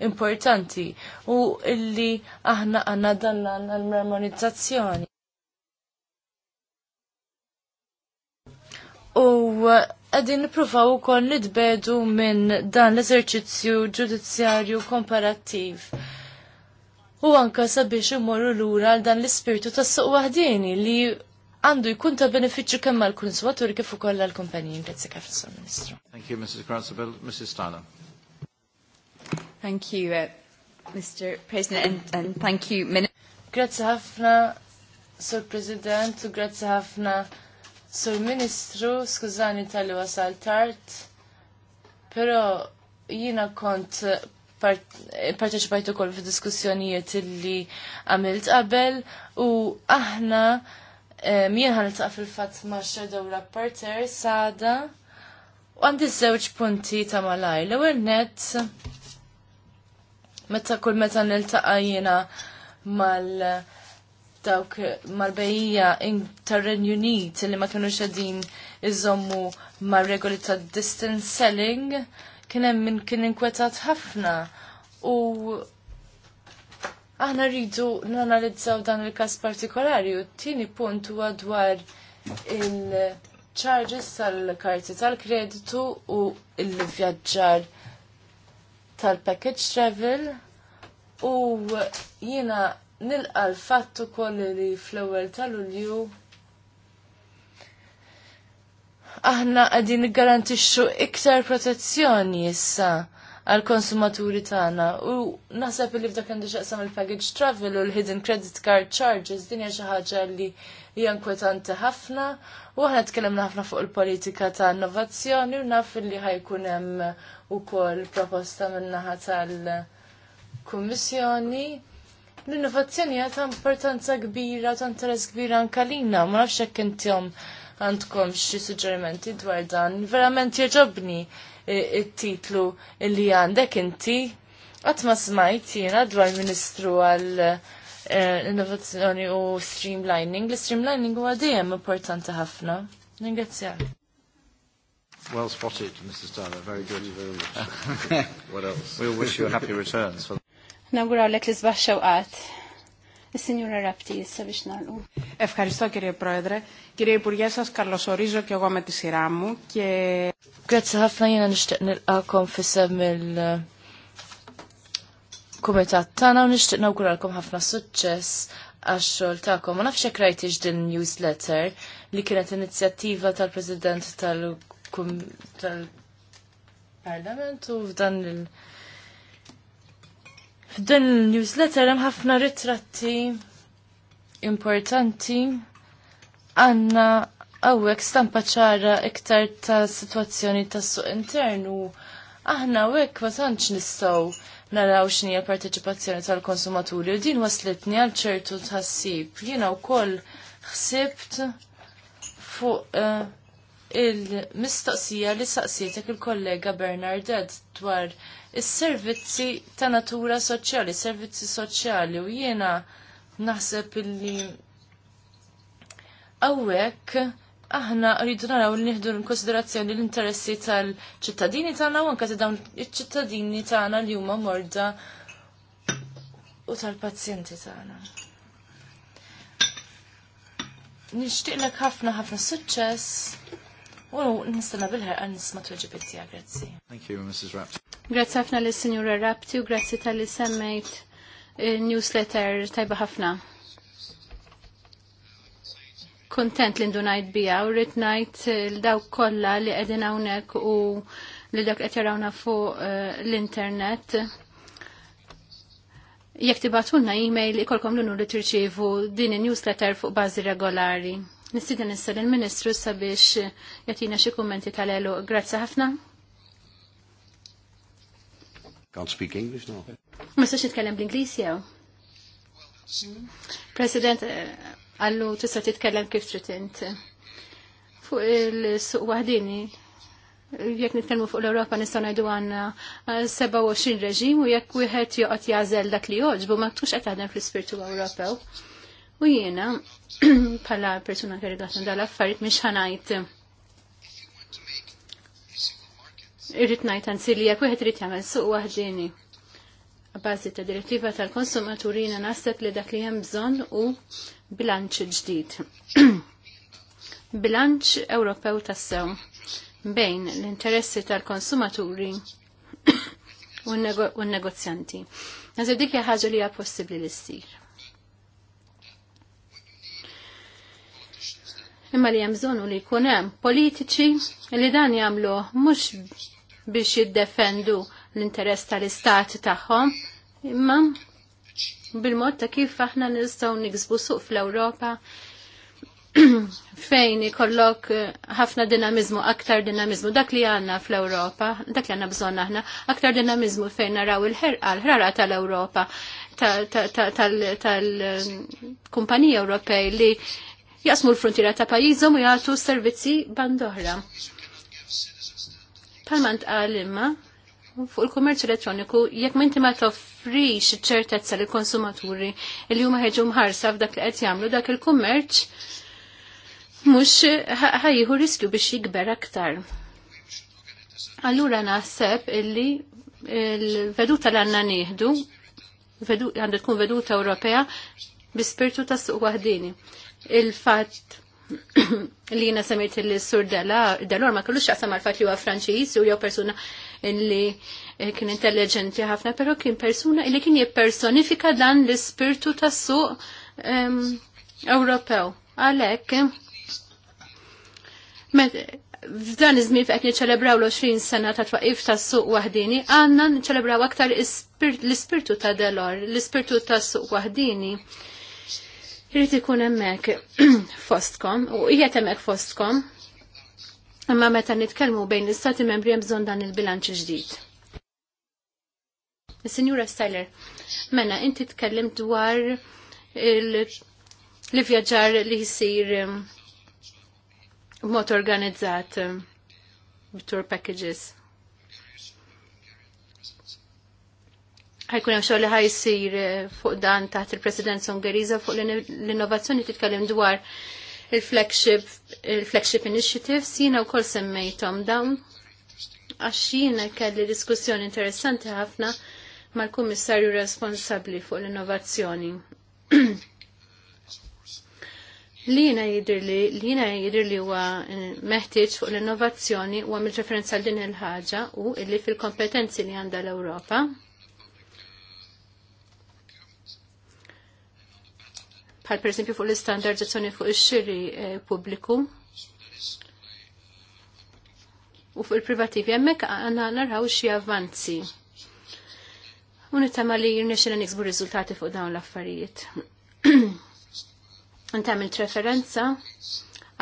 importanti u illi aħna għandna dan l-armonizzazzjoni. U għedin niprufaw u kon nidbedu minn dan l-eżerċizzju ġudizzjarju komparattiv. U anka sabiex imorru lura għal dan l-ispirtu ta' suq wahdini li għandu jkun ta' beneficju kemm għal konsumatur kif ukoll għal kompanijin. Grazie kif Ministru. Thank you, Mrs. Gransabel. Mrs. Stana. Thank you, uh, Mr. President, and, and thank you, Minister. Grazie ħafna, Sir President, u grazie ħafna Sur Ministru, skużani tal-li wasal tard, pero jina kont parteċipajtu kol fi diskussjonijiet li għamilt qabel u aħna jien eh, ħaniltaq fil-fatt ma' Shadow Rapporter sada u għandi żewġ punti ta' malaj. L-ewwel net meta kull meta niltaqa' jina mal- dawk mal-bejja tar-Renju Unit li ma kienu xedin iżommu mar regoli ta' distance selling kien hemm min kien inkwetat ħafna u aħna rridu nanalizzaw dan il-każ partikolari u t-tieni punt huwa dwar il-charges tal-karti tal-kreditu u il-vjaġġar tal-package travel u jiena nilqa l-fatt ukoll li fl-ewwel tal-Ulju aħna qegħdin niggarantixxu iktar protezzjoni issa għal konsumaturi tagħna u naħseb li f'dak għandu xaqsam il-package travel u l-hidden credit card charges din hija xi ħaġa li hija inkwetanti ħafna u aħna tkellimna ħafna fuq il-politika ta' innovazzjoni u naf li ħajkun hemm ukoll proposta min-naħa tal-Kummissjoni L-innovazzjoni għat importanza kbira, ta' interes kbira anka ma nafx jekk intjom għandkom xi suġġerimenti dwar dan. Verament jogħġobni eh, it-titlu li għandek inti. Qatt ma smajt jiena dwar Ministru għal eh, innovazzjoni u streamlining. L-streamlining huwa dejjem importanti ħafna. Ringrazzjak. Well spotted, Mr. Tyler. Very good. What else? We'll wish you happy returns. For nawguraw lek li zbaħ xewqat. Il-Signora Rapti, issa biex nagħlqu. Ευχαριστώ κύριε Πρόεδρε. Κύριε Υπουργέ, σας καλωσορίζω και εγώ με τη σειρά μου. Και... Grazie ħafna jiena nixtieq nilqakom fisem il-kumitat tagħna u nixtieq nawguralkom ħafna suċċess għax-xogħol tagħkom. Ma nafxek hekk rajtix din newsletter li kienet inizjattiva tal-President tal-Parlament u f'dan il- F'din il-newsletter hemm ħafna ritratti importanti għandna hawnhekk stampa ċara iktar ta' sitwazzjoni tas-suq internu. Aħna hawnhekk ma tantx nistgħu naraw x'inhi l-parteċipazzjoni tal-konsumaturi u din waslitni għal ċertu tħassib. Jiena wkoll ħsibt fuq uh, il-mistoqsija li saqsietek il-kollega Ed dwar is-servizzi ta' natura soċjali, servizzi soċjali u jiena naħseb illi għawek aħna rridu naraw li nieħdu l-konsiderazzjoni l-interessi tal-ċittadini tagħna u anke dawn iċ-ċittadini tagħna li huma morda u tal-pazjenti tagħna. lek ħafna ħafna suċċess U nistenna bil-ħerqa nisma tweġibit grazzi. Thank you, Mrs. Rapti. Grazzi ħafna lis sinjura Rapti u grazzi tal-li semmejt eh, newsletter tajba ħafna. Kontent li ndunajt bija u rrit ngħid eh, l-dawk kollha li qegħdin hawnhekk u li dak qed jarawna fuq eh, l-internet. Jekk tibatulna mail ikolkom l-unur li tirċievu din il newsletter fuq bażi regolari. Nistiden issa il-Ministru sabiex jatina xi kummenti tal-elu. Grazzi ħafna. Can't speak English now. Ma sax nitkellem bl-Ingliż jew. President, eh, għallu tista' titkellem kif trid int. Fuq il-suq waħdini, jekk nitkellmu fuq l-Ewropa nistgħu ngħidu għandna 27 eh, reġim u jekk wieħed joqgħod jażel dak li joġbu ma tux qed taħdem fl-ispirtu Ewropew. U jiena bħala persuna karigata dal-affarijiet mish ħanajt irrid ngħid għan li jekk wieħed rrit jagħmel suq waħdini. Għabazi ta' direttiva tal-konsumaturina naħseb li dak li hemm bżonn u bilanċ ġdid. bilanċ Ewropew tassew bejn l-interessi tal-konsumaturi u n-negozjanti. Nażib dik hija li hija possibbli li imma li jemżon u li kunem politiċi li dan jamlu mux biex jiddefendu l-interess tal-istat tagħhom, imma bil-mod ta' kif aħna nistgħu niksbu suq fl-Ewropa fejn ikollok ħafna dinamizmu, aktar dinamizmu, dak li għanna fl-Europa, dak li għanna bżonna aħna, aktar dinamizmu fejn naraw il-ħerqa, l-ħrara tal-Europa, tal-kumpanija Ewropej li jasmu l-frontiera ta' pajizom u jagħtu servizzi bandohra. Palmant qal imma fuq il-kummerċ elettroniku jekk minti ma toffrix ċertezza lill konsumaturi li huma ħeġu mħarsa f'dak li qed jagħmlu dak il-kummerċ mhux ħajjieħu riskju biex jikber aktar. Allura naħseb illi il-veduta l għanna nieħdu, għandu tkun veduta Ewropea, bi spiritu ta' suq wahdini il-fatt li jina semmejt il sur Delor ma kellux xaqsam għal-fat li huwa Franċiż u jew persuna li eh, kien intelligenti ħafna, però kien persuna li kien jippersonifika dan l-ispirtu tas-suq ehm, Ewropew. Għalhekk f'dan iż-żmien qed niċċelebraw l-20 sena ta' twaqif tas-suq waħdini, għandna niċċelebraw aktar l-ispirtu ta' Delor, l-ispirtu tas-suq waħdini Rrit ikun hemmhekk fostkom u jiet hemmhekk fostkom. Imma meta nitkellmu bejn l-istati membri hemm bżonn dan il-bilanċ ġdid. Signora Steller, mena inti tkellim dwar l-vjaġġar li jsir um, mot organizzat um, tour packages ħajkun hemm xogħol li ħajsir eh, fuq dan taħt il-Presidenza Ungeriża fuq l-innovazzjoni titkellem dwar il-flagship il-flagship initiatives jiena wkoll semmejthom dawn għax jiena kelli diskussjoni interessanti ħafna mal-Kummissarju responsabbli fuq l-innovazzjoni. Lina jidir li lina jidir huwa eh, meħtieġ fuq l-innovazzjoni u għamil referenza għal din il-ħaġa u illi fil-kompetenzi li għandha l-Ewropa bħal per esempio fuq l standardizzazzjoni fuq ix-xiri eh, pubbliku u fuq il-privativi hemmhekk għandna naraw xi avvanzi. U nittama li jirnexxina niksbu riżultati fuq dawn l-affarijiet. Ntagħmel referenza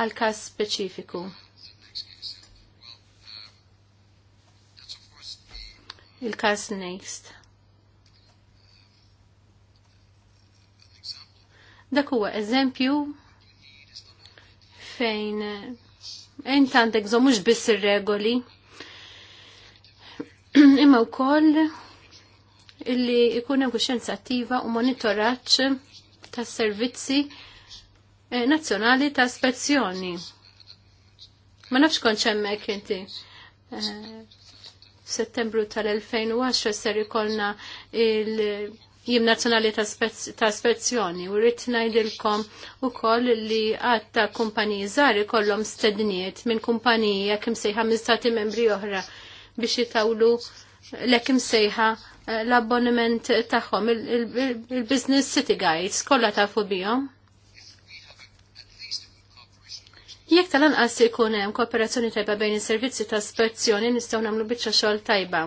għal każ speċifiku. Il-każ next. Dak huwa eżempju fejn int għandek żom mhux biss ir-regoli imma wkoll illi ikun hemm kuxjenza attiva u monitoraġġ tas-servizzi eh, nazzjonali ta' spezzjoni. Ma nafx kont hemmhekk inti. Eh, settembru tal-2010 ser ikolna il- jim nazjonali ta' spezzjoni u rrit najdilkom u koll li għatta kumpaniji zari kollom stedniet minn kumpaniji jakim sejħa minn stati membri oħra biex jitawlu l sejħa eh, l-abboniment taħħom il-business city guides kolla ta' fubijom. Jek tal-anqas ikun hemm kooperazzjoni tajba bejn is-servizzi ta' spezzjoni nistgħu nagħmlu biċċa xogħol tajba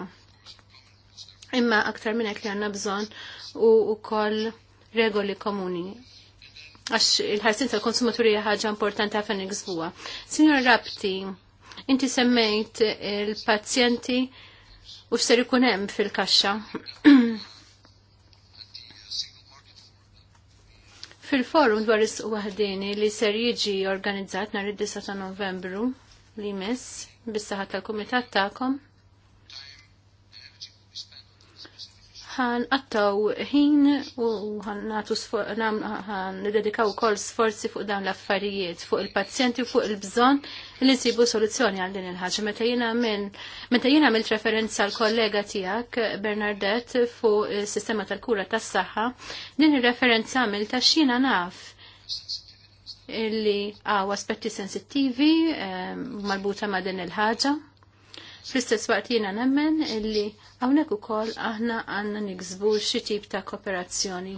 imma aktar minn hekk li għandna bżonn u wkoll regoli komuni għax il-ħarsin tal-konsumaturi ħaġa importanti għafan iżbuwa. Signor Rapti, inti semmejt il-pazjenti u x'ser ikun hemm fil-kaxxa. Fil-forum dwar is waħdini li ser jiġi organizzat nhar id-9 ta' Novembru li jmiss bis-saħat tal-kumitat tagħkom. Ta ħan għattaw ħin u ħan dedikaw kol sforzi fuq dawn l-affarijiet, fuq il-pazzjenti u fuq il-bżon li nsibu soluzzjoni għal din il-ħagġa. Meta jina għamilt referenza l kollega tijak, Bernardet, fuq sistema tal-kura tas-saħħa, din il-referenza għamilta xina naf illi għaw aspetti sensittivi eh, marbuta ma' din il-ħagġa Fl-istess waqt jiena nemmen illi hawnhekk ukoll aħna għandna niksbu xi tip ta' kooperazzjoni.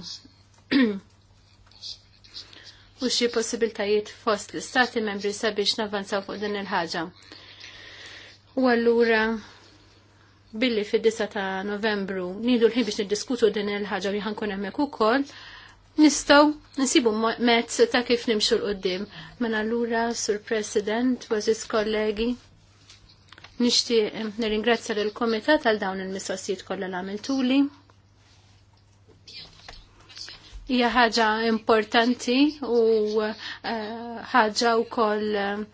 u xi possibiltajiet fost l-istati membri sabiex navvanzaw fuq din il-ħaġa. U allura billi fid-9 ta' Novembru nidu l-ħin biex niddiskutu din il-ħaġa li ħankun hemmhekk ukoll nistgħu nsibu mezz ta' kif nimxu l-qoddim. Mela allura, Sur President, Wazis kollegi, Nixtieq eh, nirringrazzja lill komitat għal dawn il-mistoqsijiet kollha li għamiltuli. Hija ħaġa importanti u eh, ħaġa wkoll eh,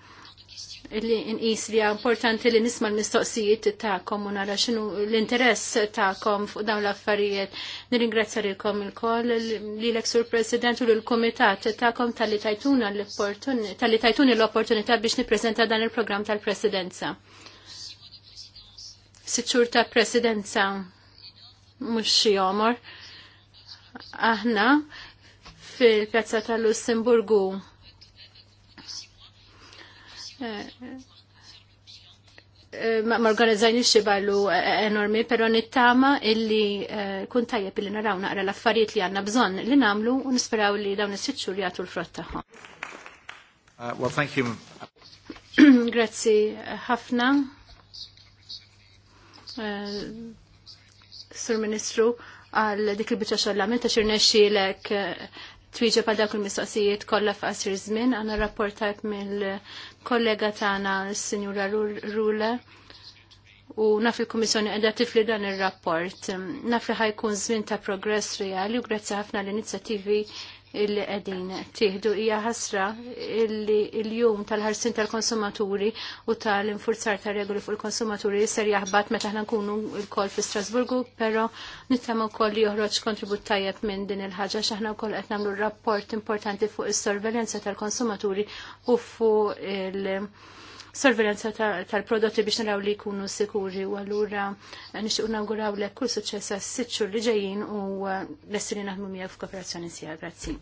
li nqis li importanti li nisma' l-mistoqsijiet tagħkom u nara x'inhu l-interess tagħkom fuq dawn l-affarijiet. Nirringrazzja lilkom ilkoll lilek sur President u l-Kumitat tagħkom tal-li tajtuna tal-li tajtuni l-opportunità biex nippreżenta dan il-programm tal-Presidenza siċur ta' presidenza mux xi omor. Aħna fil-Pjazza ta' lussemburgu eh, eh, ma organizzajni xiballu eh, enormi, pero nittama illi kun tajjeb illi naraw naqra l-affarijiet li għanna bżon li namlu u nisperaw li dawn is-sitxur jagħtu l-frott tagħhom. Uh, well, thank you. Grazzi ħafna Eh, Sur Ministru, għal dik il-bicċa xollament ta' xirna xilek eh, twiġa pa' dak il-mistoqsijiet kollha f'qasir żmien, għanna rapportajt mill-kollega tagħna s-Sinjura Rule u naf il-Kummissjoni qiegħda tifli dan ir-rapport. Naf li ħajkun żmien ta' progress reali u grazzi ħafna l-inizjattivi illi għedin tiħdu hija ħasra illi il jum tal-ħarsin tal-konsumaturi u tal-infurzar tal-regoli fuq il-konsumaturi jisser jaħbat meta aħna nkunu l-kol fi Strasburgu, pero nittama wkoll li joħroġ kontribut tajjeb minn din il-ħaġa x'aħna wkoll qed nagħmlu rapport importanti fuq is-sorveljanza tal-konsumaturi u fuq il- sorveljanza tal-prodotti biex naraw li jkunu sikuri u allura nixtieq nawguraw lek kull suċessa s sitt xhur li ġejjin u eh, lesti li naħdmu miegħek f'kooperazzjoni sija. Grazzi.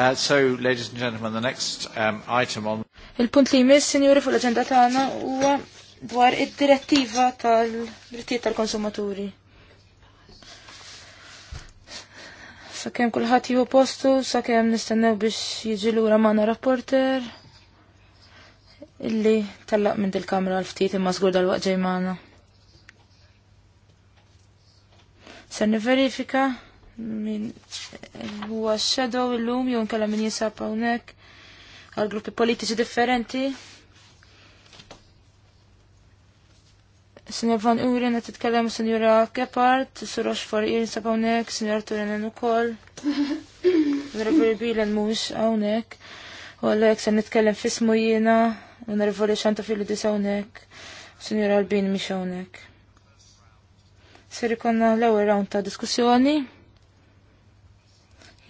Uh, so, ladies and gentlemen, the next um, item on... Il-punt li jmiss, sinjuri, fuq l-agenda tagħna huwa dwar id-direttiva tal-drittijiet tal-konsumaturi. Sakemm kulħadd jieħu postu, sakemm nistennew biex jiġi lura magħna rapporter illi tellaq minn il kamra l-ftit imma żgur dal-waqt ġej magħna. Ser niverifika min huwa shadow illum jew nkella min jisab hawnhekk għal gruppi politiċi differenti. Sinjor Van Uren qed titkellem Sinjura Gepard, Sur Rochefort jinsab hawnhekk, Sinjor Turenen ukoll. Onorevoli Bilen mhux hawnhekk. U għalhekk se nitkellem f'ismu jiena, Onorevoli Xanta dis hawnhekk, sinjur Albin mhix hawnhekk. Ser ikonna l-ewwel round ta' diskussjoni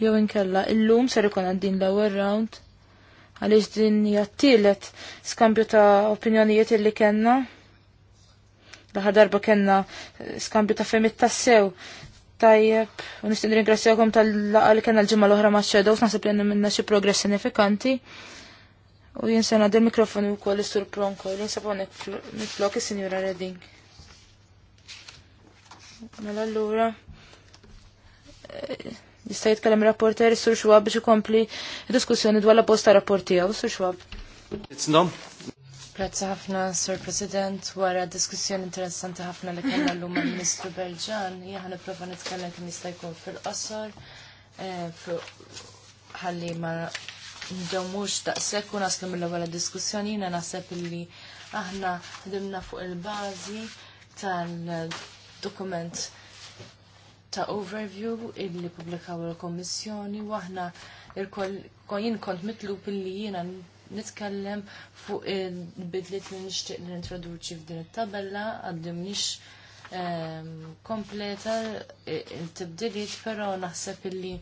jew inkella illum ser ikun għaddin l-ewwel round għaliex din hija t-tielet skambju ta' opinjonijiet illi kellna. L-aħħar darba kellna eh, skambju ta' femit tassew tajjeb u nistgħu nirringrazzjawkom tal-laqgħa li kellna l-ġimgħa l-oħra ma' Shadows naħseb li minna xi progress sinifikanti. U jinsena del mikrofonu wkoll is-sur Pronko, jinsab hawnhekk mitflok is-Sinjura Redding. Mela allura eh, Jista' jitkellem rapporter Sur Schwab biex ikompli diskussjoni dwar la posta għaw, Sur Schwab. Grazzi ħafna, Sur President, wara diskussjoni interessanti ħafna li kellna l-lum mal-Ministru Belġan, jien ħaniprofa nitkellem kemm jista' jkun fil-qosor, eh, ħalli ma ndewmux daqshekk u naslu mill-ewwel diskussjoni jiena naħseb illi aħna ħdimna fuq il-bażi tal-dokument ta' overview illi publikaw il-Kommissjoni u aħna jien kont mitlub illi jiena nitkellem fuq il-bidliet li nixtieq li nintroduċi f'din it-tabella għaddim nix ehm, kompleta il-tibdiliet, però naħseb illi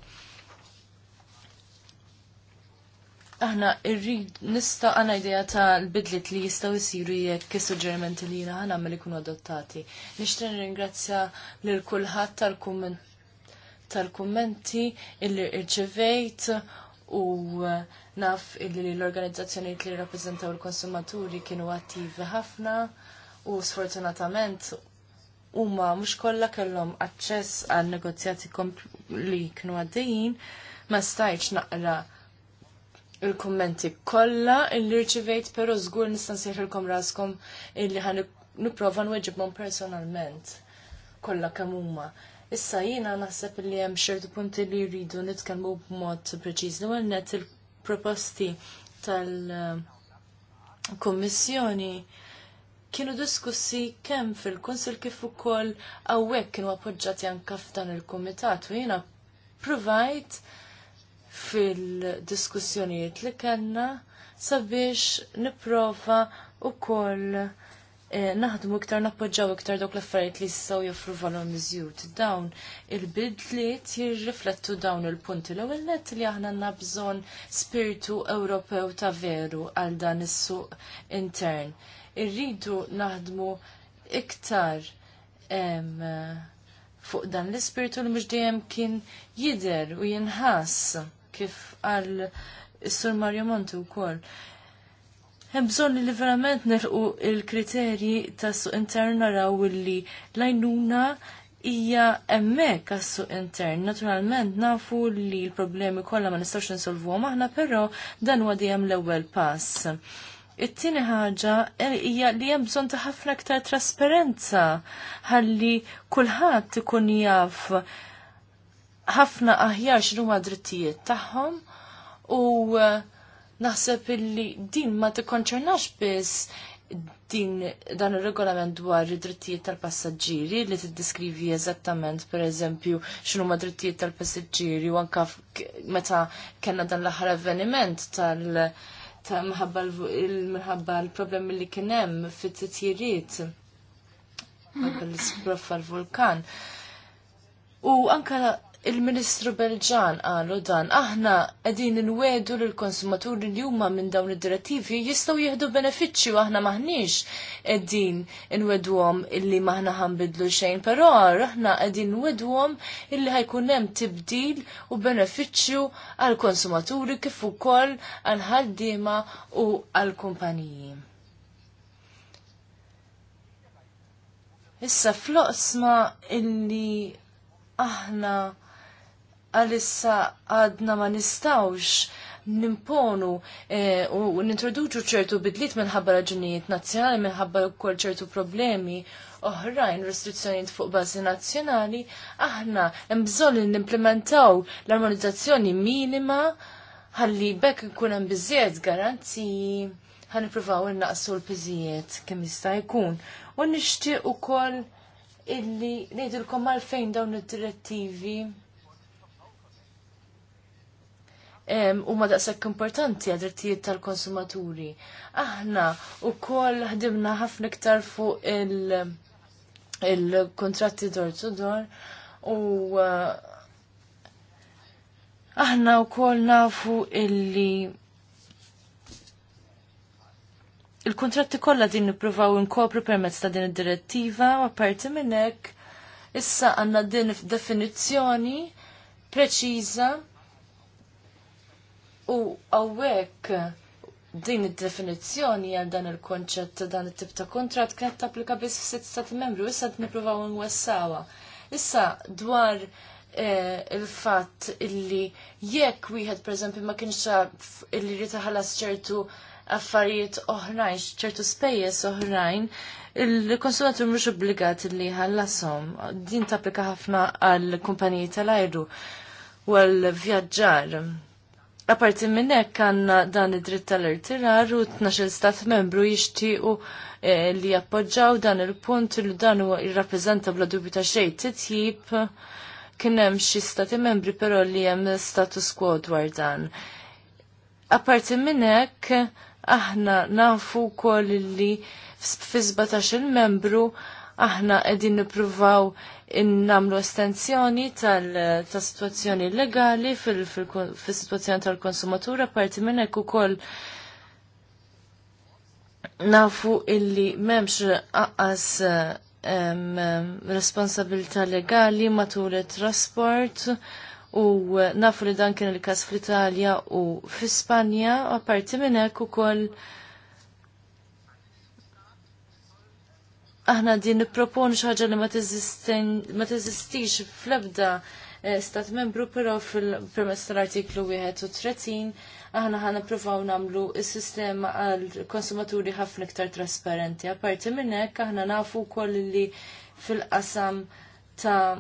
Aħna irrid nista' għana idea ta' l-bidlit li jistgħu jsiru jek kisu suġġerimenti li jina għana mill ikunu adottati. Nixtieq nirringrazzja lil kulħadd tal-kummenti illi irċevejt u naf illi l-organizzazzjonijiet li rappresentaw il-konsumaturi kienu attivi ħafna u sfortunatament huma mhux kollha kellhom aċċess għal negozjati li kienu għaddejjin ma stajtx naqra' il-kommenti kollha il-lirċivejt, però żgur nista' nsejħilkom raskom illi ħan nipprova nweġibhom personalment kollha kemm huma. Issa jiena naħseb li hemm xertu punti li jridu nitkellmu b'mod preċiż. L-ewwel net il-proposti tal-Kummissjoni kienu diskussi kemm fil-Kunsil kif ukoll hawnhekk kienu appoġġjati anke f'dan il-Kumitat u jiena provajt fil-diskussjonijiet li kellna sabiex nipprova wkoll koll eh, naħdmu iktar nappoġġaw iktar dawk l-affarijiet li jistgħu joffru valur miżjud. Dawn il-bidliet jirriflettu dawn il-punti l-ewwel nett li aħna għandna bżonn spiritu Ewropew ta' veru għal dan is-suq intern. Irridu naħdmu iktar em, fuq dan l-ispiritu li mhux dejjem kien jidher u jinħass kif għal Sur Mario Monti u kol. Hebżon li verament nerqu il-kriterji ta' suq interna raw li lajnuna ija emmek su intern. Naturalment nafu li l-problemi kollha ma nistax insolvu maħna, però dan huwa dejjem l-ewwel pass. It-tieni ħaġa hija li hemm bżonn ta' ħafna iktar trasparenza ħalli kulħadd ikun jaf ħafna aħjar ma drittijiet tagħhom u uh, naħseb illi din ma tikkonċernax biss din dan ir-regolament dwar id-drittijiet tal-passaġġieri li t-diskrivi eżattament pereżempju xinu ma drittijiet tal-passiġġieri u anke meta kellna dan l-aħħar avveniment tal- ta' l-problemi li kien hemm fit-titjiriet mm. l-isprof vulkan U anka il-Ministru Belġan għalu dan, aħna għedin n-wedu l-konsumaturi li huma minn dawn id-direttivi jistaw jihdu benefiċċju aħna maħniġ għedin n-wedu għom illi maħna bidlu xejn, pero aħna għedin n-wedu għom illi ħajkun hemm tibdil u benefiċċju għal-konsumaturi kif ukoll għal-ħaddiema u għal-kumpaniji. Issa floqsma illi aħna għalissa għadna ma nistawx nimponu eh, u nintroduċu ċertu bidliet minħabba raġunijiet nazzjonali minħabba wkoll ċertu problemi oħrajn restrizzjonijiet fuq bażi nazzjonali, aħna hemm bżonn nimplementaw l-armonizzazzjoni minima ħalli bekk ikun hemm biżjed garanziji ħanipruvaw innaqsu l-piżijiet kemm jista' jkun. U nixtieq ukoll illi ngħidilkom għalfejn dawn id-direttivi huma daqshekk importanti għad drittijiet tal-konsumaturi. Aħna wkoll ħdimna ħafna iktar fuq il-kontratti il Dor u eh, aħna u kol nafu illi il-kontratti kollha din niprufaw inkopru permezz ta' din id-direttiva, u apparti minn hekk issa għandna din f'definizzjoni preċiża U għawek din id-definizzjoni għal dan il-konċett ta' dan it-tip ta' kontrat kienet tapplika biss f'sitt stati membri u issa qed nippruvaw nwessawha. Issa dwar eh, il-fatt illi jekk wieħed pereżempju ma kienx illi rid iħallas ċertu affarijiet oħrajn, ċertu spejjeż oħrajn, il-konsumatur mhux obbligat illi jħallashom. Din tapplika ħafna għall kumpaniji tal-ajru u għall vjaġġar Aparti minn hekk għandna dan id-dritt tal-irtirar u 12 stat membru jixtiequ eh, li jappoġġaw dan il-punt li dan u jirrappreżenta bla dubju ta' xejn titjib kien hemm xi stati membri però li hemm status quo dwar dan. Apparti minn hekk aħna nafu wkoll li fi 17 membru aħna qegħdin nippruvaw innamlu estensjoni tal-situazzjoni legali fil-situazzjoni tal-konsumatura parti minn hekk ukoll nafu illi memx aqqas responsabilta legali matul it-trasport u nafu li dan kien il-kas fl-Italja u fl a apparti minn hekk ukoll aħna din nipproponu xi ħaġa li ma teżistix fl-ebda eh, stat membru, però fil-permess tal-artiklu 31 aħna ħana provaw namlu il-sistema għal konsumaturi ħafna iktar trasparenti. Aparti minnek, aħna nafu koll li fil-qasam ta'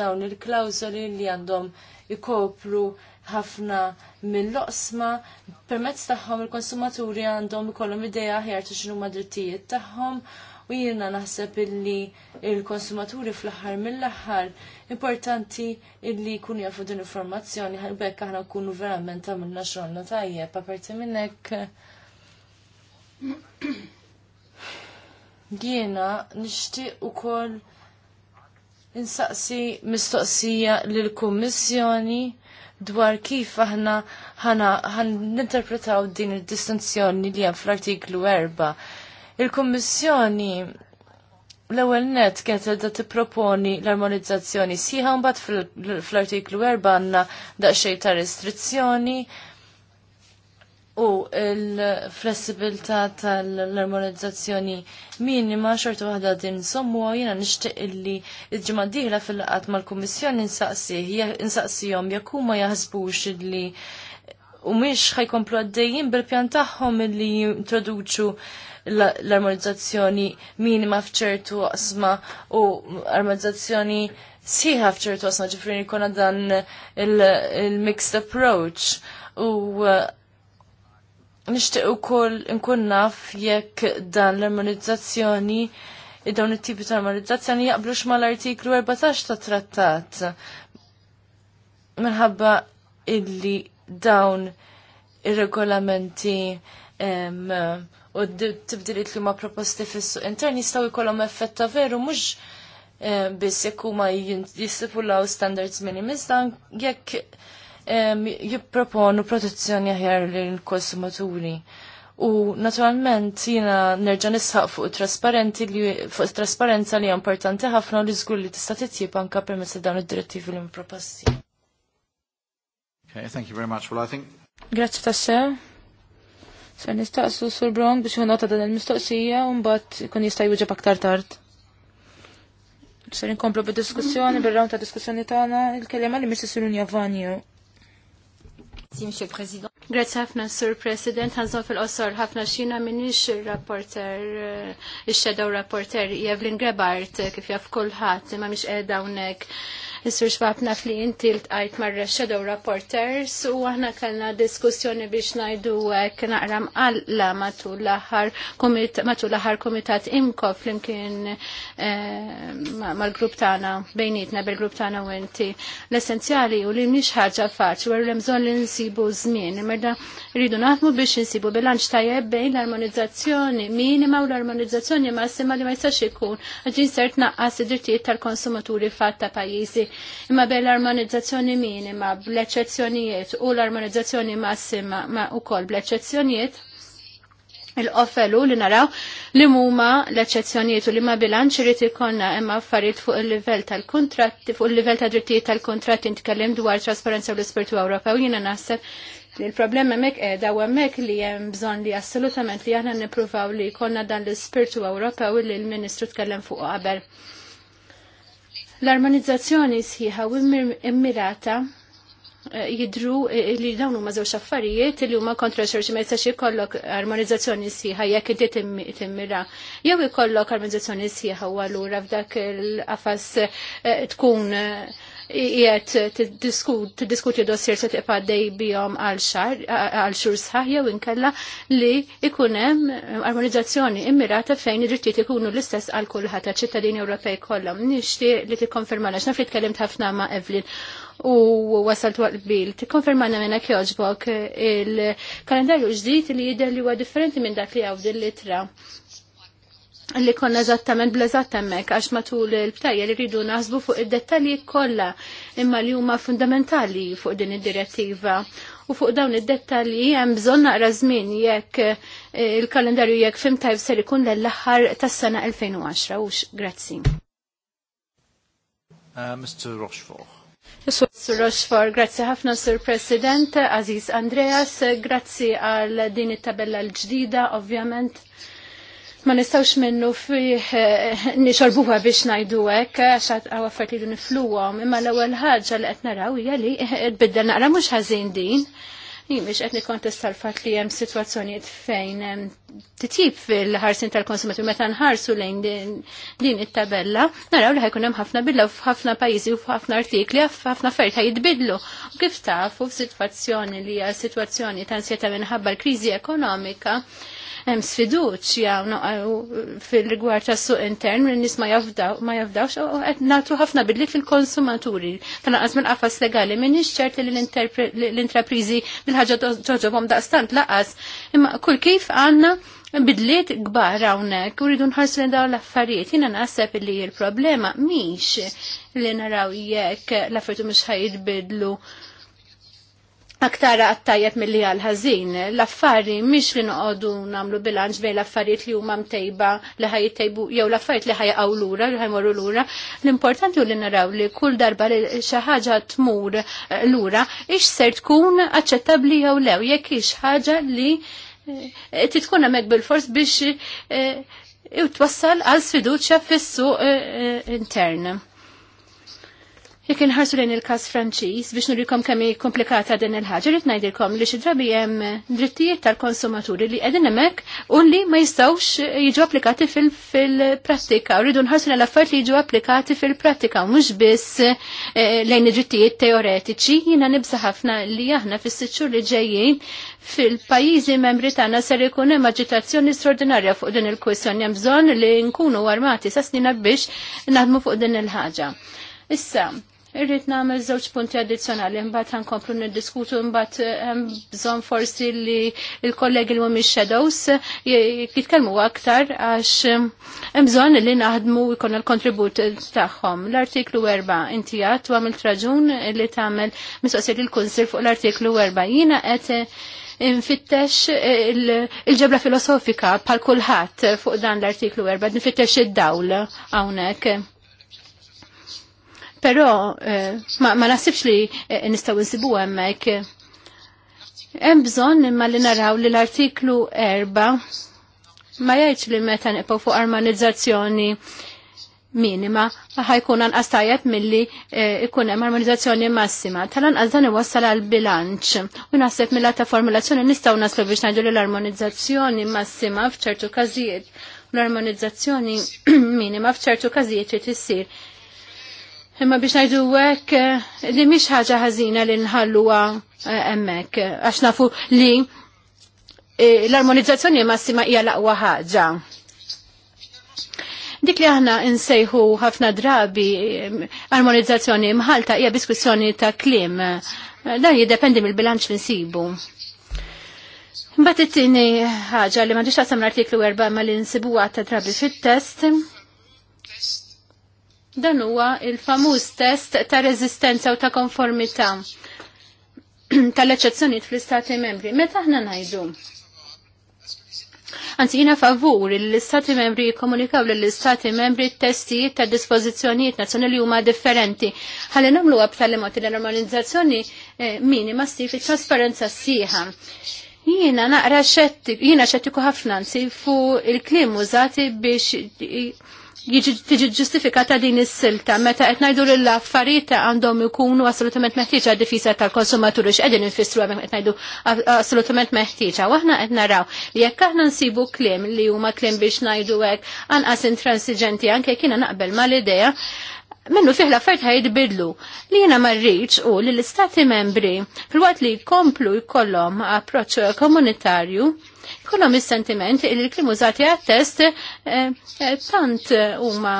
dawn il-klawzoli li għandhom ikopru ħafna mill-loqsma permezz tagħhom il-konsumaturi għandhom ikollhom idea ħjar ta' x'inhuma drittijiet tagħhom u jiena naħseb illi il-konsumaturi fl-aħħar mill-aħħar importanti illi kun jafu din informazzjoni ħalbek aħna nkunu verament għamilna xogħolna tajjeb aperti minn hekk. Jiena nixtieq ukoll insaqsi mistoqsija lill-Kummissjoni dwar kif aħna ħana ħan ninterpretaw din id-distinzjoni li hemm fl-artiklu 4 Il-Kummissjoni l-ewwel net kienet qiegħda tipproponi l-armonizzazzjoni sieħa mbagħad fl-artiklu 4 għandna daqsxejn ta' restrizzjoni u l-flessibilità tal-armonizzazzjoni minima xorta waħda din sommu jiena nixtieq illi l-ġimgħa dieħla fil-qatt mal-Kummissjoni nsaqsih jekk huma jaħsbux illi u miex ħajkomplu għaddejjin bil-pjan tagħhom li jintroduċu l-armonizzazzjoni minima fċertu qasma u armonizzazzjoni sħiħa fċertu qasma ġifrini jkun dan il-mixed approach u uh, nishtiq ukoll nkun naf jekk dan l-armonizzazzjoni id-dawn it-tipi ta' armonizzazzjoni jaqblux mal-artiklu 14 ta' trattat minħabba illi dawn ir-regolamenti u tibdilit li ma proposti fissu intern jistaw ikollhom effetta veru mhux biss jekk huma jistipulaw standards minimis dan jekk jipproponu protezzjoni aħjar lill-konsumaturi. U naturalment jina nerġa' nisħaq fuq trasparenti li fuq trasparenza li importanti ħafna li żgur li tista' titjib anke permezz dawn id-direttivi li proposti. Okay, thank you very much. Well, I think... Grazie tassew. Ser nistaqsu sur Bronk biex nota dan il-mistoqsija un bat kun jistaj jwieġeb aktar tart. Ser inkomplu bi diskussjoni bir-rawn ta' diskussjoni tagħna, il kelema li Mr. Sirunja Vanju. Grazie ħafna, Sur President. Għanżon fil-qosor ħafna xina minix il-rapporter, il-shadow rapporter Evelyn Grebart, kif jaf kullħat, ma miex edha unnek. Mr. sur naf li inti l-tqajt marra Shadow Reporters u aħna kellna diskussjoni biex najdu eh, kien naqram għalla matul l-aħħar komitat imko flimkien eh, mal-grupp tagħna bejnietna bil-grupp tagħna u inti. L-essenzjali u li mnix ħaġa faċ u l mżon li nsibu żmien, imma rridu naħdmu biex insibu bilanċ tajjeb bejn l-armonizzazzjoni minima u l-armonizzazzjoni massima li ma jistax ikun Għagġin sert naqqas id-drittijiet tal-konsumaturi fatta ta' pajjiżi Imma bej l-armonizzazzjoni minima bl-eċezzjonijiet u l-armonizzazzjoni massima ma u kol bl-eċezzjonijiet il-qofelu li naraw li muma l-eċezzjonijiet u li ma bilanċ irid konna imma affarijiet fuq il-livell tal-kontratti, fuq il-livell ta' drittijiet tal-kontratti intkellem dwar trasparenza u l-ispirtu Ewropew jiena naħseb li l-problema mek edha u mek li jem bżon li assolutament li aħna nipruvaw li konna dan l ispirtu Ewropew li l-Ministru tkellem fuq qabel. L-armonizzazzjoni sħiħa u immirata eh, jidru eh, li dawn huma żewġ affarijiet li huma kontra xorxi ma jistax ikollok armonizzazzjoni sħiħa jekk inti timmira. Jew ikollok armonizzazzjoni sħiħa u allura f'dak il-qafas eh, tkun qiegħed tiddiskuti dossier se tibqa' dej bijom għal xur għal xhur sħaħ jew inkella li ikun hemm armonizzazzjoni immirata fejn id ikunu l-istess għal għal ċittadini Ewropej kollha. Nixtieq li tikkonfermana x'naf li tkellimt ħafna ma' Evelyn u wasalt waqt bil. Tikkonfermana minna kjoġbok il-kalendarju ġdijt li jidher li huwa differenti minn dak li għaw din litra li konna eżattament bl-eżatt hemmhekk għax matul il-btajja li rridu naħsbu fuq id-dettalji kollha imma li huma fundamentali fuq din id-direttiva. U fuq dawn id-dettalji hemm bżonn naqra żmien jekk eh, il-kalendarju jekk fim tajb ser ikun l-aħħar tas-sena 2010. Ux, grazzi. Uh, Mr. Rochefort. Sur Rochefort, grazzi ħafna Sur President, Aziz Andreas, grazzi għal din it-tabella l-ġdida, ovvjament ma nistawx minnu fih eh, nixorbuha biex najdu hekk għax għaw affert li nifluhom, imma l-ewwel ħaġa li qed raw, hija id-bidda eh, eh, naqra mhux ħażin din. Jien għetni qed nikkontesta l-fatt li hemm sitwazzjonijiet fejn titjib fil-ħarsin tal-konsumatur meta nħarsu lejn din it-tabella, naraw li ħajkunem hemm ħafna billa f'ħafna pajjiżi u f'ħafna artikli f'ħafna affarijiet ħajjitbidlu. U kif tafu f'sitwazzjoni li hija sitwazzjoni ta' minħabba l-kriżi ekonomika, hemm sfiduċja fil-rigward tas-suq intern li nies ma jafdawx u qed nagħtu ħafna bidli fil-konsumaturi. Tanqas minn qafas legali min ċert li l-intrapriżi bil-ħaġa ġoġobhom daqstant laqas. Imma kull kif għandna bidliet gbar hawnhekk u rridu nħarsu lejn dawn l-affarijiet. Jiena naħseb li l-problema mhix li naraw jekk l-affarijiet mhux ħajjitbidlu aktar għattajab mill-li għal-ħazin. L-affari miex li noqodu namlu bilanċ bejn l li huma mtejba li ħaj tejbu, jew l li ħaj għawlura, lura, li ħaj morru lura. L-importanti u li naraw li kull darba li xaħġa tmur eh, lura, ix ser tkun aċċettabli jew lew, jekk ix ħaġa li eh, titkun għamek bil-fors biex u eh, t-wassal għal sfiduċja fis-suq intern. Jekk inħarsu lejn il-każ Franċiż biex nurikom kemm komplikata din il-ħaġa, rid ngħidilkom li xi drabi hemm drittijiet tal-konsumaturi li qegħdin hemmhekk u li ma jistgħux jiġu applikati fil-prattika. Rridu nħarsu lejn l-affarijiet li jiġu applikati fil-prattika mhux biss eh, lejn id-drittijiet teoretiċi. Jiena nibsa ħafna li aħna fis-sitxur li ġejjin fil-pajjiżi membri tagħna ser ikun hemm aġitazzjoni straordinarja fuq din il-kwistjoni hemm bżonn li nkunu armati sa snina biex naħdmu fuq din il-ħaġa. Issa, Irrid nagħmel żewġ punti addizzjonali għan komplu niddiskutu imbagħad eh, hemm bżonn forsi li l-kollegi li mhumiex shadows jitkelmu aktar għax eh, hemm bżonn li naħdmu jkun il-kontribut tagħhom. L-artiklu 4 inti għadd u għamilt raġun li tagħmel mistoqsijiet il kunsir fuq l-artiklu 4. Jiena qed eh, nfittex il-ġebla filosofika bħal kulħadd fuq dan l-artiklu 4, nfittex id-dawl hawnhekk Però eh, ma, ma nasibx li eh, nistaw nistgħu nsibu hemmhekk. Hemm bżonn imma li naraw li l-artiklu 4 ma jgħidx li meta nibgħu fuq armonizzazzjoni minima ħajkun anqas tajjeb milli eh, ikun hemm armonizzazzjoni massima. Tal-anqas dan iwassal għal bilanċ. U naħseb mill ta' formulazzjoni nistgħu naslu biex ngħidu li l-armonizzazzjoni massima f'ċertu każijiet l-armonizzazzjoni minima f'ċertu każijiet trid issir Imma biex najdu għek eh, li miex ħaġa ħazina li nħallu għemmek, eh, eh, għax nafu li l-armonizzazzjoni massima hija laqwa ħaġa. Dik li aħna nsejħu ħafna drabi armonizzazzjoni mħalta hija diskussjoni ta' klim. Dan jiddependi mill-bilanċ li nsibu. Mbagħad it-tieni ħaġa li m'għandix tasam l-artiklu 4 ma li nsibuha ta' drabi fit-test Dan huwa il-famuż test ta' reżistenza u ta' konformità tal-eċezzjoniet fl-istati membri. Meta aħna ngħidu Anzi, jina favur l-istati membri jikkomunikaw l-istati membri testijiet ta' dispożizzjonijiet nazzjonali huma differenti. Ħalli nagħmlu b'tali mod l-normalizzazzjoni eh, minima stif fi trasparenza sieħa. Jina naqra xettiku, jina xettiku ħafna nsifu il-klim użati biex tiġi ġustifikata din is-silta meta qed ngħidu lil l-affarijiet għandhom ikunu assolutament meħtieġa d-difisa tal-konsumaturi x'qegħdin infissru hemm qed ngħidu assolutament meħtieġa. Waħna qed naraw li jekk aħna nsibu kliem li huma kliem biex ngħidu hekk anqas intransiġenti anke kiena naqbel mal-idea minnu fiħ l-affarijiet ħajdbidlu. Li jiena marriċ u li l-istati membri fil-waqt li jkomplu jkollhom approċċ komunitarju Kollhom is-sentiment li l-klim użati għat-test eh, eh, tant eh, huma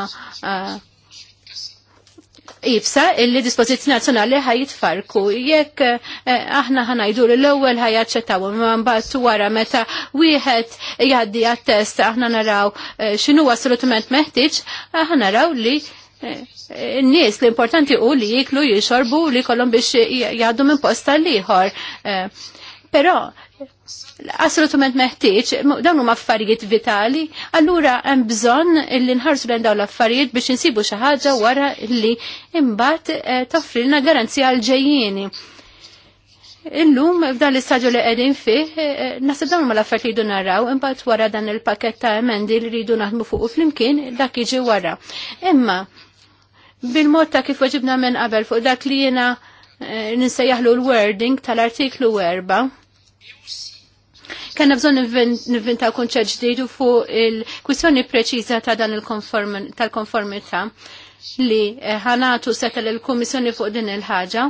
il li dispozizjoni ħajit farku. Jekk aħna ħanajdu l-ewwel ħajaċċettaw imma mbagħad wara meta wieħed jgħaddi għat-test aħna naraw xinu assolutament meħtieġ, aħna naraw li n-nies l-importanti u li jiklu jixorbu li kollhom biex jgħaddu minn posta liħor. Però assolutament meħtieġ, dawn huma affarijiet vitali, allura hemm bżonn li nħarsu lejn dawn l-affarijiet biex insibu xi ħaġa wara li imbagħad eh, toffrilna garanzija għal ġejjieni. Illum f'dan l istaġu li qegħdin fih, eh, naħseb dawn huma l-affarijiet li jridu naraw, imbagħad wara dan il-pakett ta' emendi li rridu naħdmu fuq flimkien dak jiġi wara. Imma bil-mod ta' kif weġibna minn qabel fuq dak li jiena eh, ninsejjaħlu l-wording tal-artiklu 4 Kanna bżon nivvinta kunċa ġdidu fuq il kwissjoni preċiża ta' dan tal-konformità li eh, ħanatu seta l-Komissjoni fuq din il-ħaġa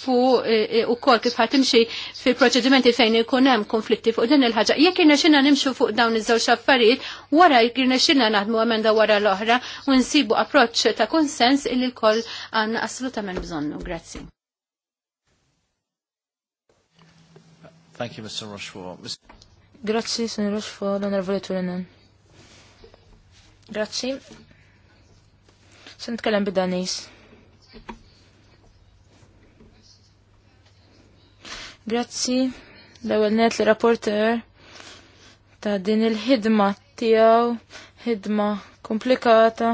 fu eh, u kol kif ħatimxie fil-proċedimenti fejn ikun hemm konflitti fuq din il-ħaġa. Jekk irnexxinna nimxu fuq dawn iż-żewġ affarijiet, wara jekk irnexxinna naħdmu emenda wara l-oħra u nsibu approċċ ta' konsens illi l għandna assolutament bżonnu. Grazzi. Thank you, Mr. Rochefort. Ms. Grazzi, Sr. Rochefort, l-onorevoli Turinen. Grazzi. Se bidanis. Grazie, Grazzi, l-ewwel net li rapporter ta' din il-ħidma tiegħu, ħidma komplikata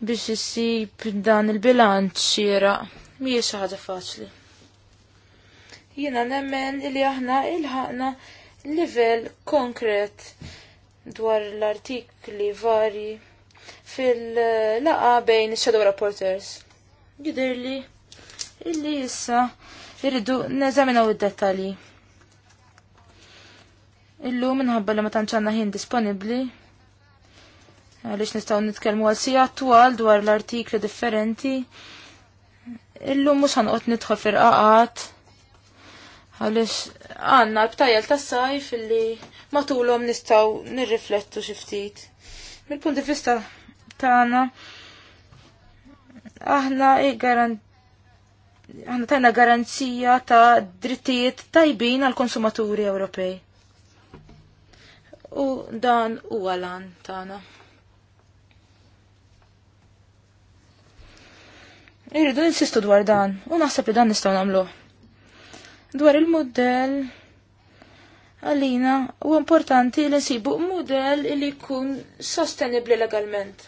biex isib dan il-bilanċ Mi Mhijiex ħaġa faċli. Jiena nemmen li aħna ilħaqna livell konkret dwar l-artikli vari fil-laqa bejn shadow rapporters. li illi issa irridu neżaminaw id-dettali. Illu minħabba li ma tantxanna ħin disponibbli għaliex nistgħu nitkellmu għal sija attual dwar l-artikli differenti. Illum mhux ħanqot nidħol firqaqat Għalix għanna l-btajjel ta' sajf illi matulhom nistaw nirriflettu xi ftit. Mill-punt di vista tagħna aħna aħna tajna garanzija ta' drittijiet tajbin għal konsumaturi Ewropej. U dan huwa lan tagħna. Iridu insistu dwar dan, u naħseb li dan nistgħu nagħmluh dwar il-modell għalina u importanti li nsibu modell li jkun sostenibli legalment.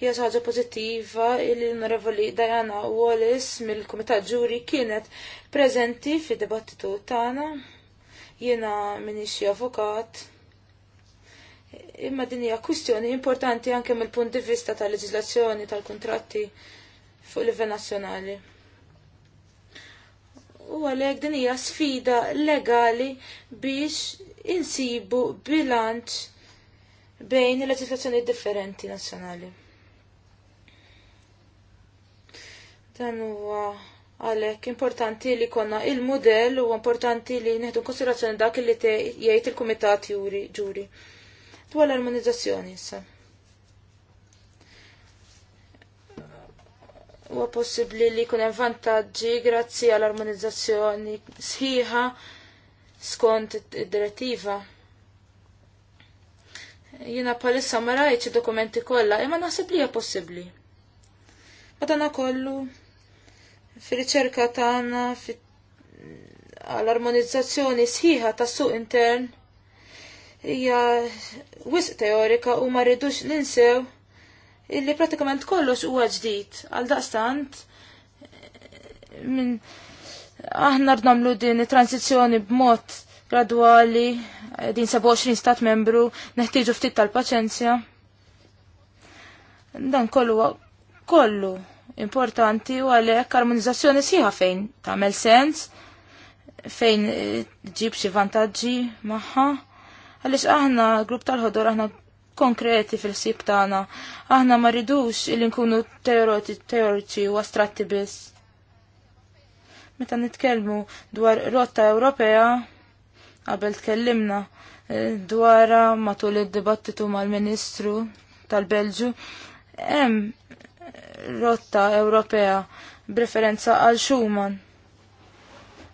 Hija ħaġa pożittiva li l-Onorevoli Diana Wallis mill-Kumitat Ġuri kienet preżenti fid-dibattitu tagħna. Jiena minix avukat imma din hija kwistjoni importanti anke mill-punt di vista tal-leġislazzjoni tal-kontratti fuq livell nazzjonali u għalhekk din hija sfida legali biex insibu bilanċ bejn il-leġislazzjoni differenti nazzjonali. Dan huwa għalek importanti li konna il-modell u importanti li neħdu konsiderazzjoni dak li jgħid il-Kumitat Ġuri. Dwar l-armonizzazzjoni issa. Huwa possibbli li jkun hemm vantaġġi grazzi għall armonizzazzjoni sħiħa skont id-direttiva. Jiena bħalissa ma rajtx id-dokumenti kollha, imma naħseb li hija possibbli. Madana kollu fir-riċerka tagħna għall-armonizzazzjoni sħiħa tas-suq intern hija wisq teorika u ma rridux ninsew illi pratikament kollox huwa ġdid għal daqstant minn aħna rnamlu din transizjoni b'mod gradwali din 27 stat membru neħtieġu ftit tal-paċenzja. Dan kollu kollu importanti u għalhekk armonizzazzjoni sieħa fejn tagħmel sens fejn ġib xi vantaġġi magħha. Għaliex aħna grupp tal-ħodor aħna konkreti fil-sib tagħna. Aħna ma rridux il nkunu teoriċi u astratti biss. Meta nitkellmu dwar rotta Ewropea, qabel tkellimna eh, dwar matul id-dibattitu mal-Ministru tal-Belġu, hemm rotta Ewropea b'referenza għal Schumann.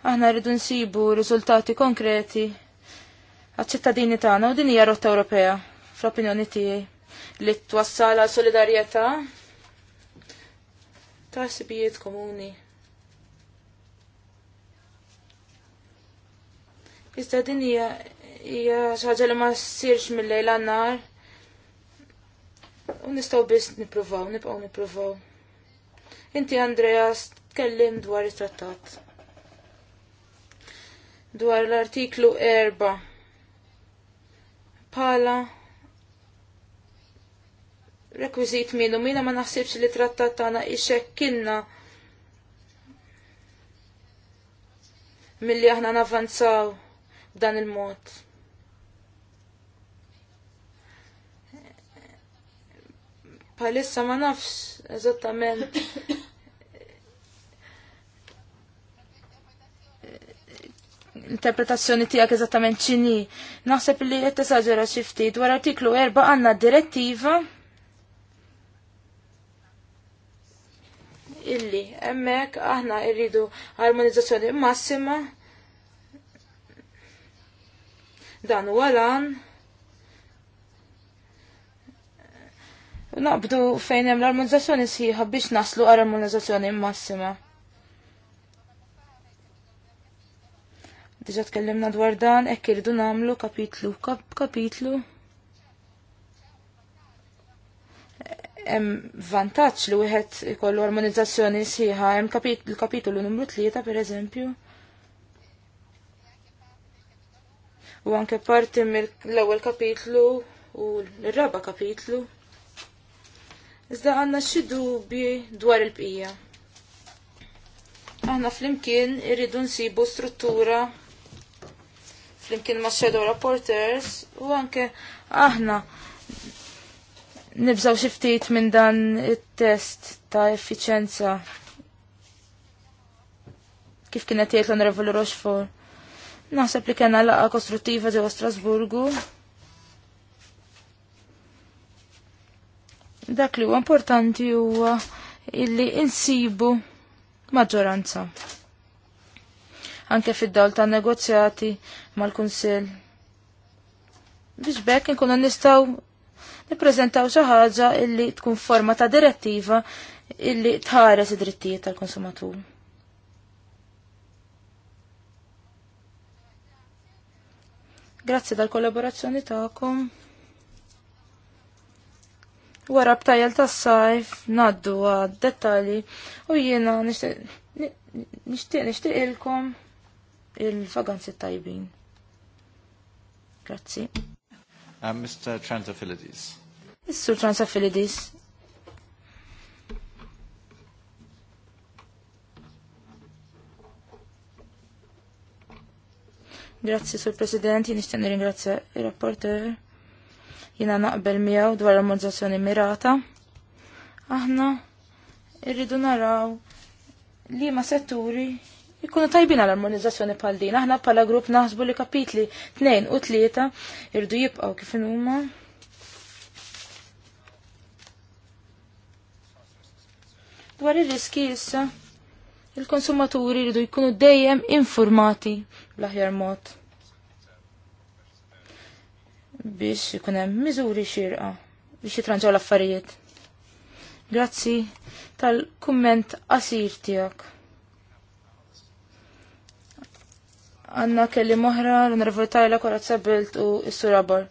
Aħna rridu nsibu riżultati konkreti għaċ-ċittadini tagħna u din hija rotta Ewropea fl-opinjoni tiegħi li twassal għal solidarjetà ta' sibijiet komuni. Iżda din hija hija xaġa li ma ssirx mill-lejl nar U nistgħu biss nippruvaw, nibqgħu nippruvaw. Inti Andreas tkellim dwar it-trattat. Dwar l-artiklu erba' Pala rekwizit minnu, mina ma naħsibx li trattat tagħna mill milli aħna navanzaw dan il-mod. Palissa ma nafx eżattament interpretazzjoni tijak eżattament ċini. Naħseb li jett eżagġera xiftit dwar artiklu 4 għanna direttiva illi hemmhekk aħna rridu armonizzazzjoni massima dan huwa lan naqbdu fejn hemm l-armonizzazzjoni sħiħa biex naslu għal armonizzazzjoni massima. Diġa tkellimna dwar dan, ekk irridu namlu kapitlu kap kapitlu. hemm vantaġġ li wieħed ikollu armonizzazzjoni sħiħa, hemm il-kapitolu numru tlieta pereżempju. U anke parti mill-ewwel kapitlu u l-raba kapitlu. Iżda għandna xi dubji dwar il-bqija. Aħna flimkien irridu nsibu struttura flimkien ma' Shadow Reporters u anke aħna nibżaw xiftit minn dan il-test ta' effiċenza. Kif kienet jgħid l-Onorevoli Roxfor. Naħseb li kena laqa kostruttiva ġewwa Strasburgu. Dak li huwa importanti huwa illi insibu maġġoranza. Anke fid-dawl ta' negozjati mal-Kunsill. Biex bekk nkunu nistaw nippreżentaw xi ħaġa illi tkun forma ta' direttiva illi tħares id-drittijiet tal-konsumatur. Grazzi tal-kollaborazzjoni tagħkom. Wara btajjel tas-sajf naddu għad dettali u jiena nixtieq nixtieq ilkom il-vaganzi tajbin. Grazzi. Uh, Mr. Transafilides. Mr. Transafilides. Grazzi, Sur President, jien nixtieq nirringrazzja ir-rapporter. Jiena naqbel miegħu dwar l-ammonizzazzjoni mirata. Aħna irridu naraw li ma setturi Ikkunu tajbin għal armonizzazzjoni pal din. Aħna pala grupp naħsbu li kapitli 2 u 3 irdu jibqaw kif huma. Dwar ir-riski issa, il-konsumaturi jridu jkunu dejjem informati bl-aħjar mod biex ikun hemm miżuri xirqa biex jitranġaw l-affarijiet. Grazzi tal-kumment qasir tiegħek. għanna kelli moħra l-nervur tajla kora t-sebbilt u s-surabor.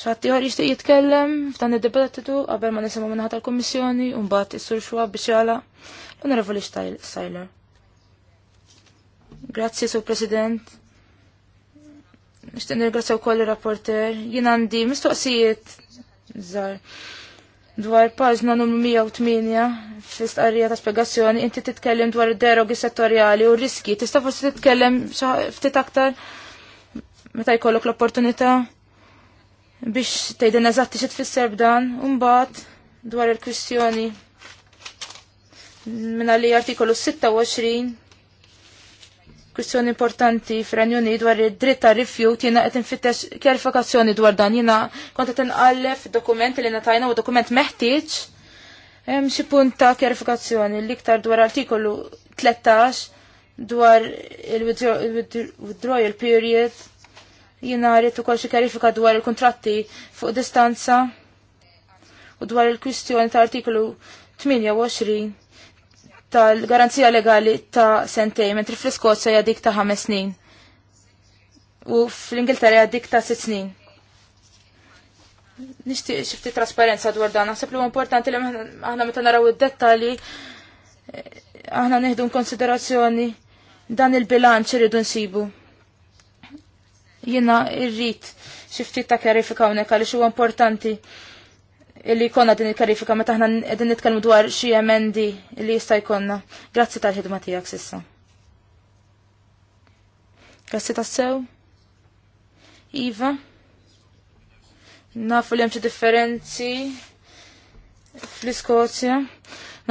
ċatti għor jishtiq jitkellem f'dan id-dibattitu qabel ma nisimu minnaħat tal-Kommissjoni un bat is-sur biex biċala l-nervur Sajler. Grazzi, Sur President. Nishtiq nirgrazzaw koll il-rapporter. Jien għandi mistoqsijiet. Zar. Dwar paġna numru 108 fl-istqarrija ta' spjegazzjoni inti titkellem dwar id-derogi settorjali u riski. Tista' forsi titkellem ftit aktar meta jkollok l-opportunità biex tgħidin eżatti xi tfisser b'dan u mbagħad dwar il-kwistjoni minn għalli artikolu 26 kwistjoni importanti fir Unit dwar id-dritt ta' rifjut jiena qed infittex kjarifikazzjoni dwar dan jiena kont qed inqallef dokument li natajna u dokument meħtieġ. Hemm xi punt ta' kjarifikazzjoni l-iktar dwar artikolu 13 dwar il-withdrawal period jiena rrid ukoll xi kjarifika dwar il-kuntratti fuq distanza u dwar il-kwistjoni ta' artikolu 28 tal-garanzija legali ta' sentej, mentri fl-Iskozja jadik ta' ħames snin. U fl-Ingilterra jadik ta' sitt snin. Nishti xifti trasparenza dwar dan, naħseb li importanti li aħna meta naraw id-dettali, eh, aħna neħdu konsiderazzjoni dan il-bilanċ irridu nsibu. Jina irrit xifti ta' kjarifika unek għalix huwa importanti Illi konna din il-karifika meta aħna qegħdin nitkellmu dwar xi emendi li jista' jkollna. Grazzi tal-ħidma tiegħek sissa. Grazzi tassew. Iva. Nafu li hemm xi differenzi fl-Iskozja.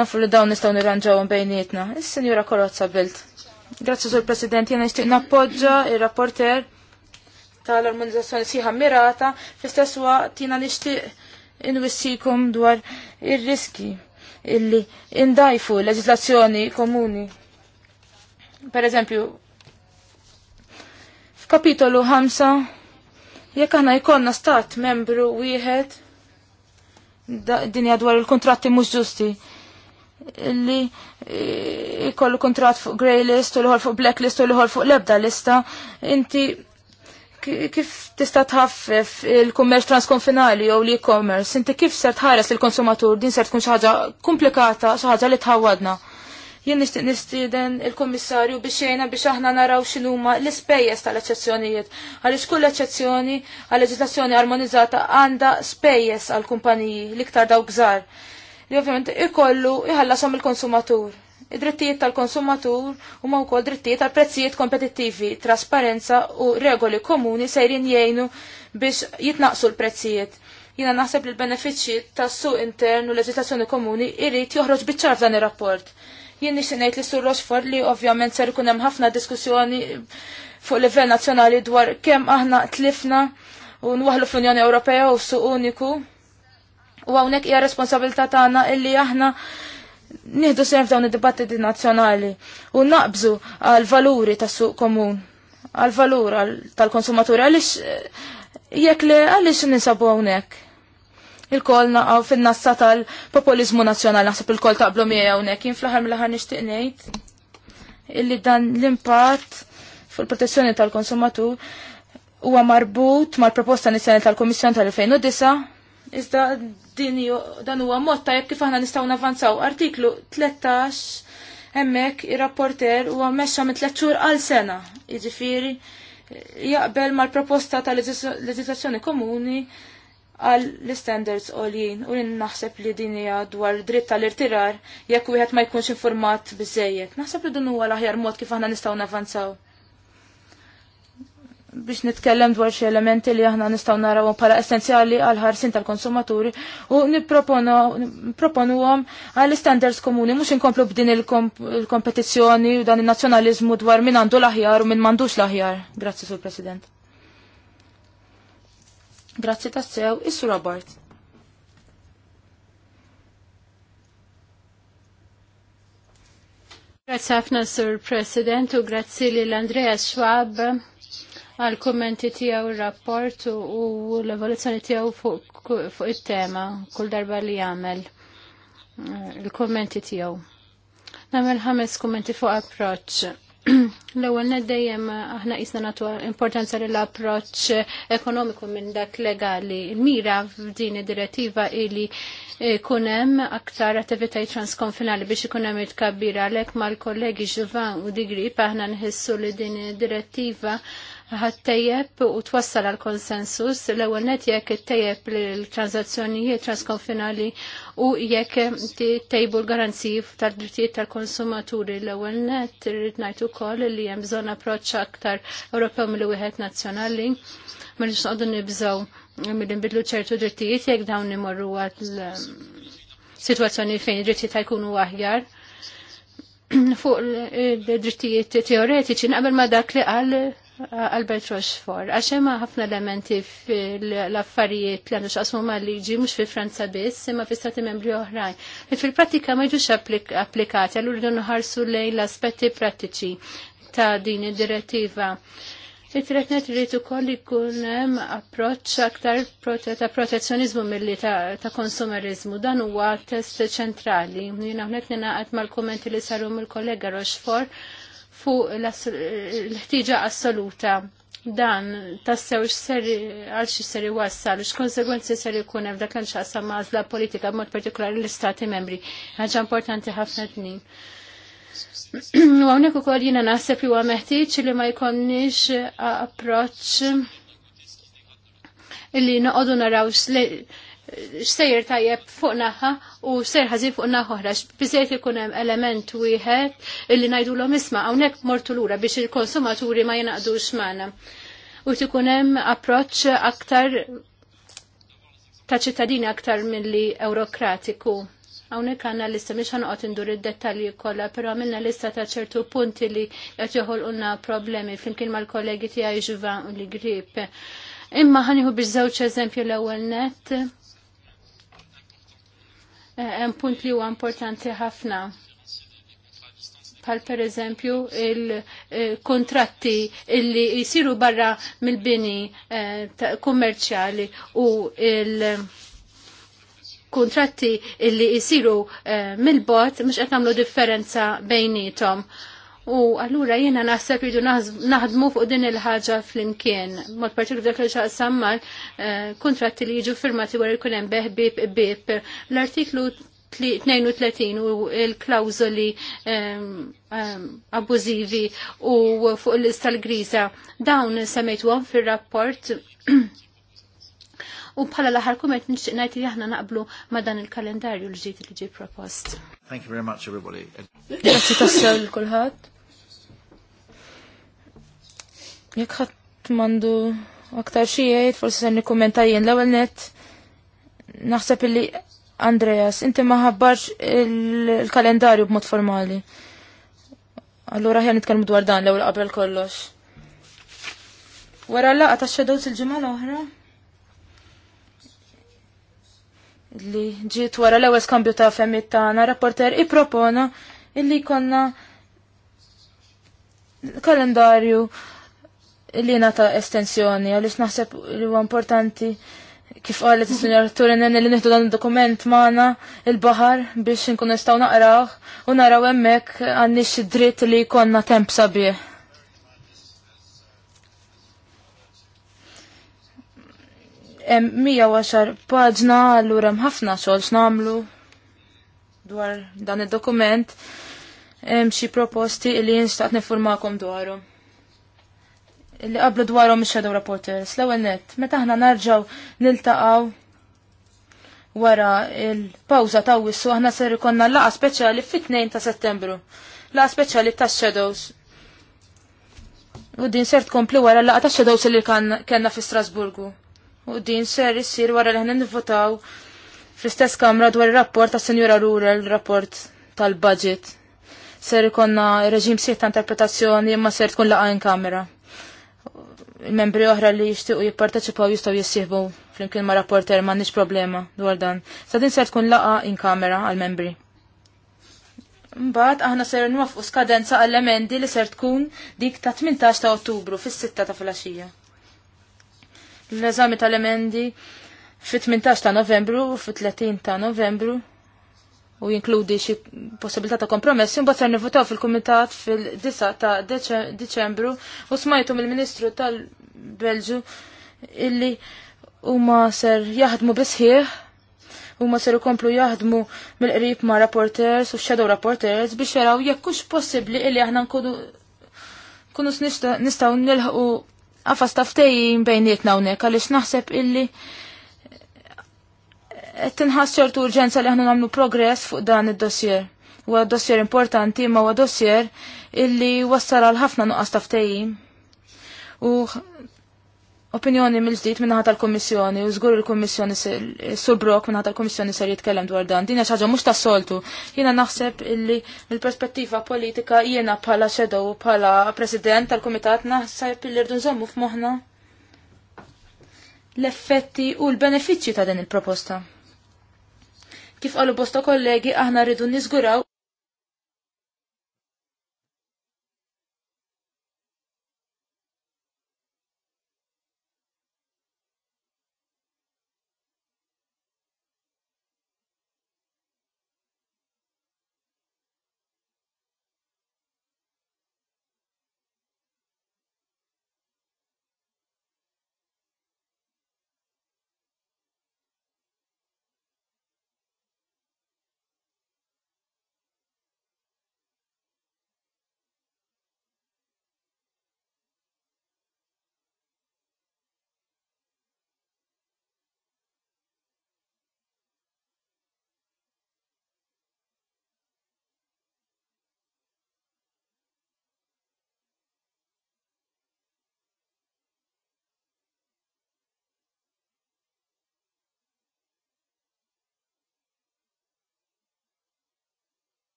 Nafu li dawn nistgħu nirranġawhom bejnietna. Is-Sinjura Korozza Bilt. Grazzi sur President, jena nixtieq nappoġġa ir-rapporter tal-armonizzazzjoni siħa mirata, fl-istess waqt jiena nixtieq Inwissikum dwar ir-riski illi indajfu leġislazzjoni komuni. Per eżempju, f'kapitolu 5, jekk għana jkollna stat membru wieħed dinja dwar il-kontratti mhux ġusti illi jkollu eh, kontrat fuq grey list u liħor fuq black list u liħor fuq lebda lista, inti kif tista' tħaffef il-kummerċ transkonfinali jew l-e-commerce, inti kif ser tħares il-konsumatur din ser tkun xi ħaġa komplikata, xi ħaġa li tħawadna. Jien nixtieq nistieden il-Kummissarju biex jgħinna biex aħna naraw x'inhuma l-ispejjeż tal-eċċezzjonijiet. Għaliex kull eċċezzjoni għal leġislazzjoni armonizzata għandha spejjeż għall kumpaniji l-iktar dawk żgħar li ovvjament ikollu jħallasom il-konsumatur. Id-drittijiet tal-konsumatur huma wkoll drittijiet tal prezzijiet kompetittivi, trasparenza u regoli komuni sejrin jgħinu biex jitnaqsu l-prezzijiet. Jiena naħseb li l-benefiċċji tas-suq intern u leġislazzjoni komuni jrid joħroġ biċ-ċar f'dan ir-rapport. Jien nixtieq ngħid li sur Rochefort li ovvjament ser ikun hemm ħafna diskussjoni fuq livell nazzjonali dwar kemm aħna tlifna u nwaħlu fl-Unjoni Ewropea u suq uniku. U hawnhekk hija responsabilità tagħna illi aħna nieħdu sem dawn id-dibattiti nazzjonali u naqbżu għal valuri tas suq komun, għal valur tal-konsumaturi, għaliex eh, jekk li għaliex ninsabu hawnhekk. Il-kol naqgħu fin-nassa tal-populizmu nazzjonali naħseb il-kol taqblu miegħi hawnhekk, jien fl-aħħar mill-aħħar nixtieq ngħid illi dan l-impatt fuq il-protezzjoni tal-konsumatur huwa marbut mal-proposta inizjali tal-Kummissjoni tal-2009 Iżda dan huwa mod tajjeb kif aħna nistgħu navanzaw. Artiklu 13 hemmhekk ir-rapporter huwa mexxa minn tliet xhur għal sena. Jiġifieri jaqbel mal-proposta ta' leġislazzjoni komuni għal l-standards għolin u jien naħseb li din hija dwar dritt tal-irtirar jekk wieħed ma jkunx informat biżejjed. Naħseb li dun huwa l-aħjar mod kif aħna nistgħu navanzaw biex nitkellem dwar xi elementi li aħna nistgħu narawhom bħala essenzjali għal ħarsin tal-konsumaturi u nipproponuhom għal standards komuni mhux inkomplu b'din il-kompetizzjoni u dan in-nazzjonaliżmu dwar min għandu l-aħjar u min m'għandux l-aħjar. Grazzi sur President. Grazzi tassew, Issu Robert. Grazzi ħafna Sur President u grazzi lil Andrea Schwab għal kommenti tiegħu il rapport u l-evoluzzjoni tiegħu fuq it-tema kull darba li jagħmel eh, il-kommenti tiegħu. Nagħmel ħames kummenti fuq approċċ. L-ewwel dejjem aħna jisna nagħtu importanza lill approċċ ekonomiku minn dak legali. Il-mira f'din id-direttiva ili eh, kunem hemm aktar attivitaj transkonfinali biex ikun hemm kabbira l għalhekk mal-kollegi Ġuvan u Digri aħna nħissu li din id-direttiva ħattejjeb u twassal għal konsensus l ewwel net jekk ittejjeb l-transazzjonijiet transkonfinali u jekk tejbu l-garanziji tal-drittijiet tal-konsumaturi l ewwel net irrid ngħid ukoll li hemm bżonn approċċ aktar Ewropew mill wieħed nazzjonali ma noqogħdu nibżgħu mill-inbidlu ċertu drittijiet jekk dawn imorru għal eh, situazzjoni fejn id-drittijiet jkunu aħjar fuq id drittijiet teoretiċi naqbel ma dak li qal Albert Rochefort, għaxem ħafna elementi fil-affarijiet li għandu xaqsmu ma' liġi, mux fi Franza biss, imma fi stati membri oħrajn. E Fil-pratika ma' ġux applikati, għallu rridu nħarsu lejn l-aspetti pratiċi ta' din id-direttiva. It-tretnet rritu ukoll ikun hemm approċċ aktar ta' protezzjonizmu milli ta' konsumerizmu. Dan huwa test ċentrali. Jien hawnhekk ninaqgħed mal-kummenti li saru mill-kollega Rochefort fuq l-ħtiġa assoluta dan tassew x-seri għal x-seri wassal, x-konsegwenzi seri kun hemm dak l-inxaqsa mażla politika b'mod partikolari l-istati membri. Ħaġa importanti ħafna tnin. U għawnek u kol jina naħseb li għameħtieċ li ma jkonniex approċ li noqodu naraw xsejjer tajjeb fuq naħa u sejr ħażin fuq naħħa oħra. Bizzejt ikun hemm element wieħed illi ngħidulhom isma' hawnhekk mortu lura biex il-konsumaturi ma jinaqdux magħna. U tikun hemm approċċ aktar ta' ċittadini aktar milli eurokratiku. Hawnhekk għandna lista mhix ħanqod indur id-dettalji kollha, però għamilna lista ta' ċertu punti li qed joħolqulna problemi flimkien mal-kollegi tiegħi ġuvan u li Grip. Imma ħaniħu biex żewġ eżempju l-ewwel net Eh, hemm punt li huwa importanti ħafna bħal per eżempju il-kontratti illi jisiru barra mill-bini eh, kummerċjali u il-kontratti illi jisiru eh, mill-bot mhux qed nagħmlu differenza bejnietom. U allura jiena naħseb jidu naħdmu fuq din il-ħaġa fl-imkien. Mod partilu dak li xaqsam eh, kontratti li jiġu firmati wara jkun hemm beħbib bib. L-artiklu 32 u il-klawzoli um, ehm, ehm, abużivi u fuq l-lista l-griża. Dawn semmejtuhom fir-rapport u bħala l-aħħar kumet nixtieq ngħid li aħna naqblu ma' dan il-kalendarju l ġdid li ġie propost. Thank you very much everybody. Grazie tassew l kulħadd. Jekk ħadd mandu aktar xi jgħid forsi se nikkumenta jien l-ewwel nett naħseb illi Andreas, inti ma ħabbarx il-kalendarju b'mod formali. Allura ħja nitkellmu dwar dan l-ewwel qabel kollox. Wara l-laqa ta' xedowt il-ġimgħa l-oħra? Li ġiet wara l-ewwel skambju ta' femmit tagħna, rapporter ippropona illi konna kalendarju li nata estensjoni, għalix naħseb li huwa importanti kif qalet is-Sinjor Turinen li nieħdu dan id-dokument magħna il-baħar biex nkun nistgħu naqrawh u naraw hemmhekk għandix dritt li jkollna temp sabiħ. Hemm 110 paġna allura hemm ħafna xogħol x'nagħmlu dwar dan id-dokument hemm xi proposti li jinstaqt nifurmakom dwarhom li qablu dwarhom ix-shadow reporters. L-ewwel nett, meta aħna narġgħu niltaqgħu wara il-pawża ta' wissu aħna ser ikonna laqa speċjali fit-2 ta' Settembru. Laqa speċjali tax-shadows. U din ser tkompli wara laqa tax-shadows li kellna fi Strasburgu. U din ser issir wara li ħna nivvotaw fl-istess kamra dwar ir-rapport ta' Senjura Rural, rapport tal-budget. Ser ikonna reġim sieħ ta' interpretazzjoni imma ser tkun laqa in kamera membri oħra li jixtiequ jipparteċipaw jistgħu jissieħbu flimkien ma' rapporter nix problema dwar dan. Sa din se tkun laqa in kamera għal membri. Mbagħad aħna ser nwafqu skadenza għall emendi li ser tkun dik ta' 18 ta' Ottubru fis-sitta ta' filgħaxija. L-eżami tal-emendi fit-18 ta' Novembru u fit-30 ta' Novembru u jinkludi xi possibilità ta' kompromess, imbagħad ser nivotaw fil-Kumitat fil-9 ta' Deċembru u smajtu mill-Ministru tal-Belġu illi huma ser jaħdmu bisħieħ huma ser komplu jaħdmu mill-qrib ma' rapporters u shadow rapporters biex jaraw jekk hux possibbli illi aħna nkunu kunu nistgħu nilħqu għafas taftejjin bejnietna hawnhekk għaliex naħseb illi tinħas ċertu urġenza li aħna nagħmlu progress fuq dan id-dossier. Huwa dossier importanti ma huwa dossier illi wassal għal ħafna nuqqas taftejjim. U opinjoni mill-ġdid minnaħat tal komissjoni u żgur il komissjoni sur minna minnaħat tal-Kommissjoni ser jitkellem dwar dan. Dina xi ħaġa mhux tas-soltu. Jiena naħseb illi mill-perspettiva politika jiena bħala xedow bħala President tal komitat naħseb illi rdu nżommu f'moħħna l-effetti u l-benefiċċji ta' din il-proposta. Kif qalu bosta kollegi aħna rridu nizguraw.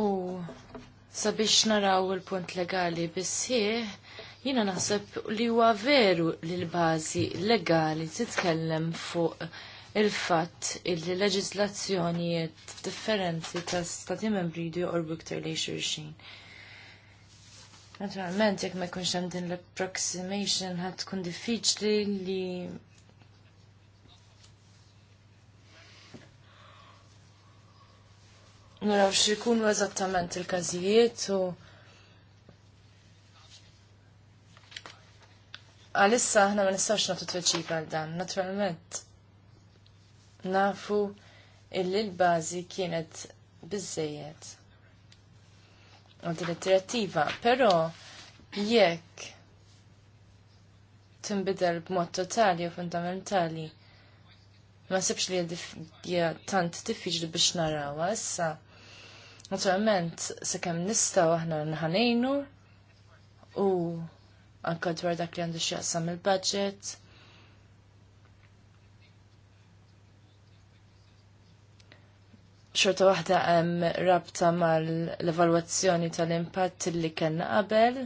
u sabiex naraw il-punt legali bissieħ, jina naħseb li huwa veru li l-bażi legali titkellem fuq il-fatt illi leġislazzjonijiet differenti ta' stati membri jdu jorbu iktar li xurxin. Naturalment, jekk ma jkunx hemm din l-approximation ħad tkun diffiċli li naraw x'ikunu eżattament il-każijiet u għalissa aħna ma nistax nagħtu tweċib għal dan, naturalment. Nafu illi l-bażi kienet biżejjed. U din it trattiva però jekk timbidel b'mod totali u fundamentali ma sebx li hija tant diffiċli biex narawha issa Naturalment, sakemm nistgħu aħna nħanejnu u anka dwar dak li għandu x'jaqsam il-budget. xorta waħda hemm rabta mal-evalwazzjoni tal-impatt li kellna qabel.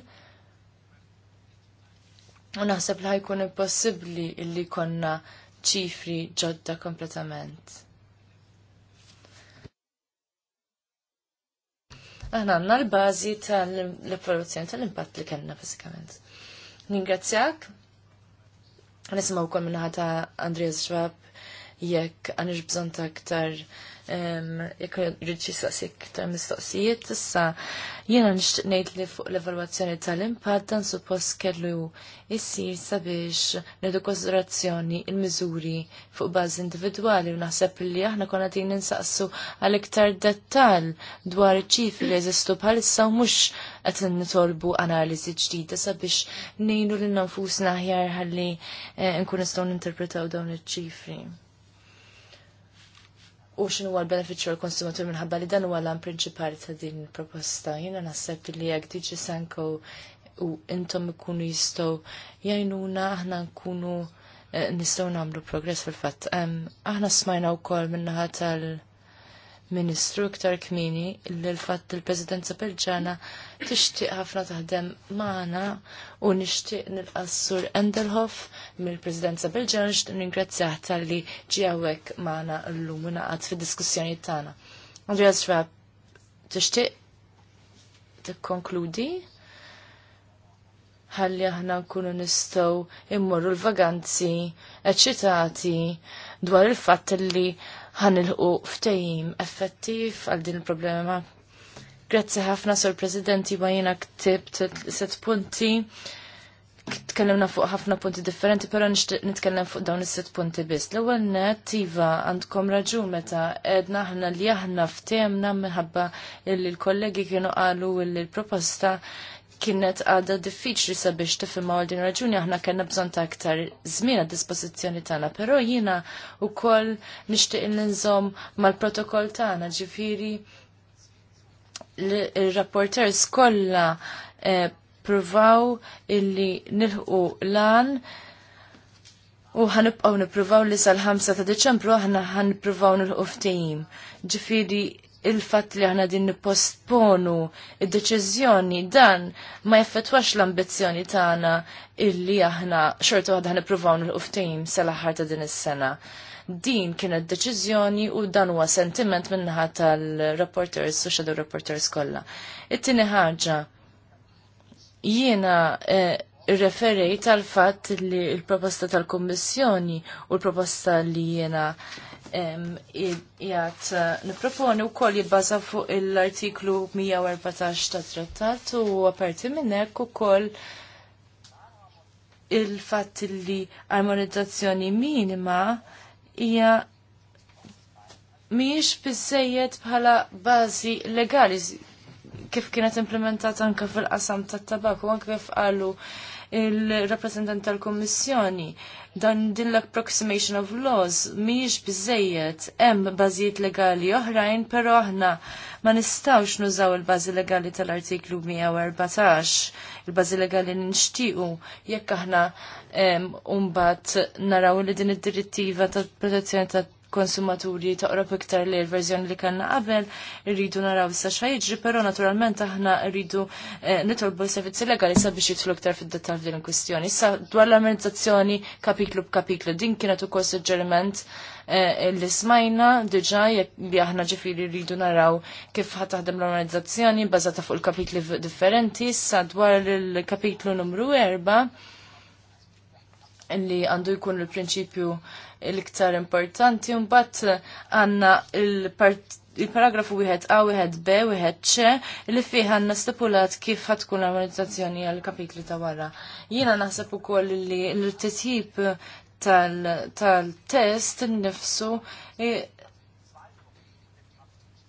U naħseb li ħajkun impossibbli illi konna ċifri ġodda kompletament. aħna għandna l-bażi tal-evoluzzjoni tal-impatt li kellna fizikament. Ningrazzjak. Nisimgħu wkoll minnaħata Andrija Andrea Schwab jekk għandix bżonn ta' aktar jekk rridxi saqsik ta' mistoqsijiet, issa jiena nixtieq ngħid li fuq l-evalwazzjoni tal-impatt dan suppost kellu jsir sabiex nieħdu konsiderazzjoni il-miżuri fuq bażi individwali u naħseb li aħna konna din ninsaqsu għal iktar dettall dwar iċ-ċifri li jeżistu bħalissa u mhux qed nitolbu analiżi ġdida sabiex ngħidu lil nfusna aħjar ħalli eh, nkun nistgħu ninterpretaw dawn iċ-ċifri u xinu għal beneficju għal konsumatur minħabba li dan u għal prinċipali ta' din proposta. Jena nasab li għak diġi sanko u intom ikunu jistow jajnuna aħna nkunu eh, nistow namlu progress fil-fat. Aħna smajna u kol minnaħat tal- Ministru iktar kmini li l-fatt il-Presidenza Belġana tixtieq ħafna taħdem magħna u nixtieq Sur Endelhoff mill-Presidenza Belġana nixtieq ningrazzjah tal-li ġi hawnhekk magħna llum u naqgħad fid-diskussjoni tagħna. Andrea Schwab, tixtieq tikkonkludi? ħalli aħna nkunu nistgħu immorru l-vaganzi eċitati dwar il-fatt li ħanilħu ftejim effettiv għal din il-problema. Grazzi ħafna, Sor Presidenti, bajina ktibt set punti. Tkellimna fuq ħafna punti differenti, pero nitkellem fuq dawn is-set punti biss. L-ewwel net iva għandkom raġun meta edna aħna li aħna ftehimna minħabba li l-kollegi kienu qalu li l-proposta kienet għada diffiċli sabiex tifhimha għal din raġuni aħna kellna bżonn ta' aktar żmien għad dispożizzjoni tagħna, però jiena wkoll nixtieq ninżomm mal-protokoll tagħna, ġifieri il-rapporters kollha eh, provaw illi nilħu lan U ħanibqaw nipruvaw li sal-5 ta' Deċembru aħna ħanipruvaw nilħu ftehim. Ġifieri il-fatt li aħna din postponu id-deċiżjoni dan ma jaffetwax l-ambizzjoni tagħna illi aħna xortu waħda nippruvaw nilquftejn sal-aħħar ta' din is-sena. Din kienet deċiżjoni u dan huwa sentiment minnaħa tal-reporters u shadow reporters kollha. It-tieni ħaġa jiena eh, tal fatt li l-proposta tal-Kommissjoni u l-proposta li jiena jgħat eh, niproponi u koll jibbaza fuq l-artiklu 114 ta' trattat u għaparti minnek u koll il-fat li armonizzazzjoni minima hija miex bizzejiet bħala bazi legali kif kienet implementata anka fil-qasam tat-tabak u anka kif qalu il-rappresentant tal-Kommissjoni. Dan din l-approximation of laws miex bizzejiet hemm bażijiet legali oħrajn, però aħna ma nistawx nużaw il-bażi legali tal-artiklu 114, il-bażi legali nixtiequ jekk aħna umbat naraw li din id-direttiva tal-protezzjoni konsumaturi toqrob iktar li l-verżjoni li kanna qabel, rridu naraw issa xajġri, pero naturalment aħna rridu eh, nitolbu servizzi legali sabiex jitlu iktar fid-dettal din il-kwistjoni. Issa dwar l amministrazzjoni kapiklu b'kapiklu din kienet ukoll suġġeriment eh, li smajna diġa li aħna ġifiri rridu naraw kif ħat taħdem l-organizzazzjoni bazata fuq il-kapitli differenti, sa dwar il-kapitlu numru 4 li għandu jkun il-prinċipju l-iktar importanti, mbagħad għandna il-paragrafu wieħed A, wieħed B, wieħed C li fih għandna stipulat kif ħatkun l-armonizzazzjoni għal kapitli ta' wara. Jiena naħseb ukoll li l-titjib tal-test nifsu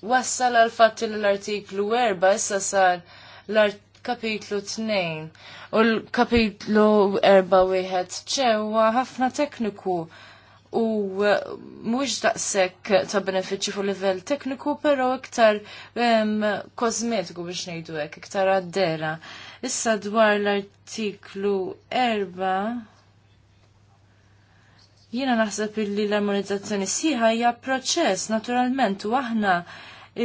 wassal għal fatt li l-artiklu 4 issa sar l artiklu kapitlu 2 u l-kapitlu 4 ċewa ħafna tekniku u eh, mhux daqshekk ta' benefiċċji fuq livell tekniku, però iktar ehm, kosmetiku biex ngħidu hekk, iktar għaddera. Issa dwar l-artiklu 4 jiena naħseb illi l-armonizzazzjoni sieħa hija proċess naturalment u aħna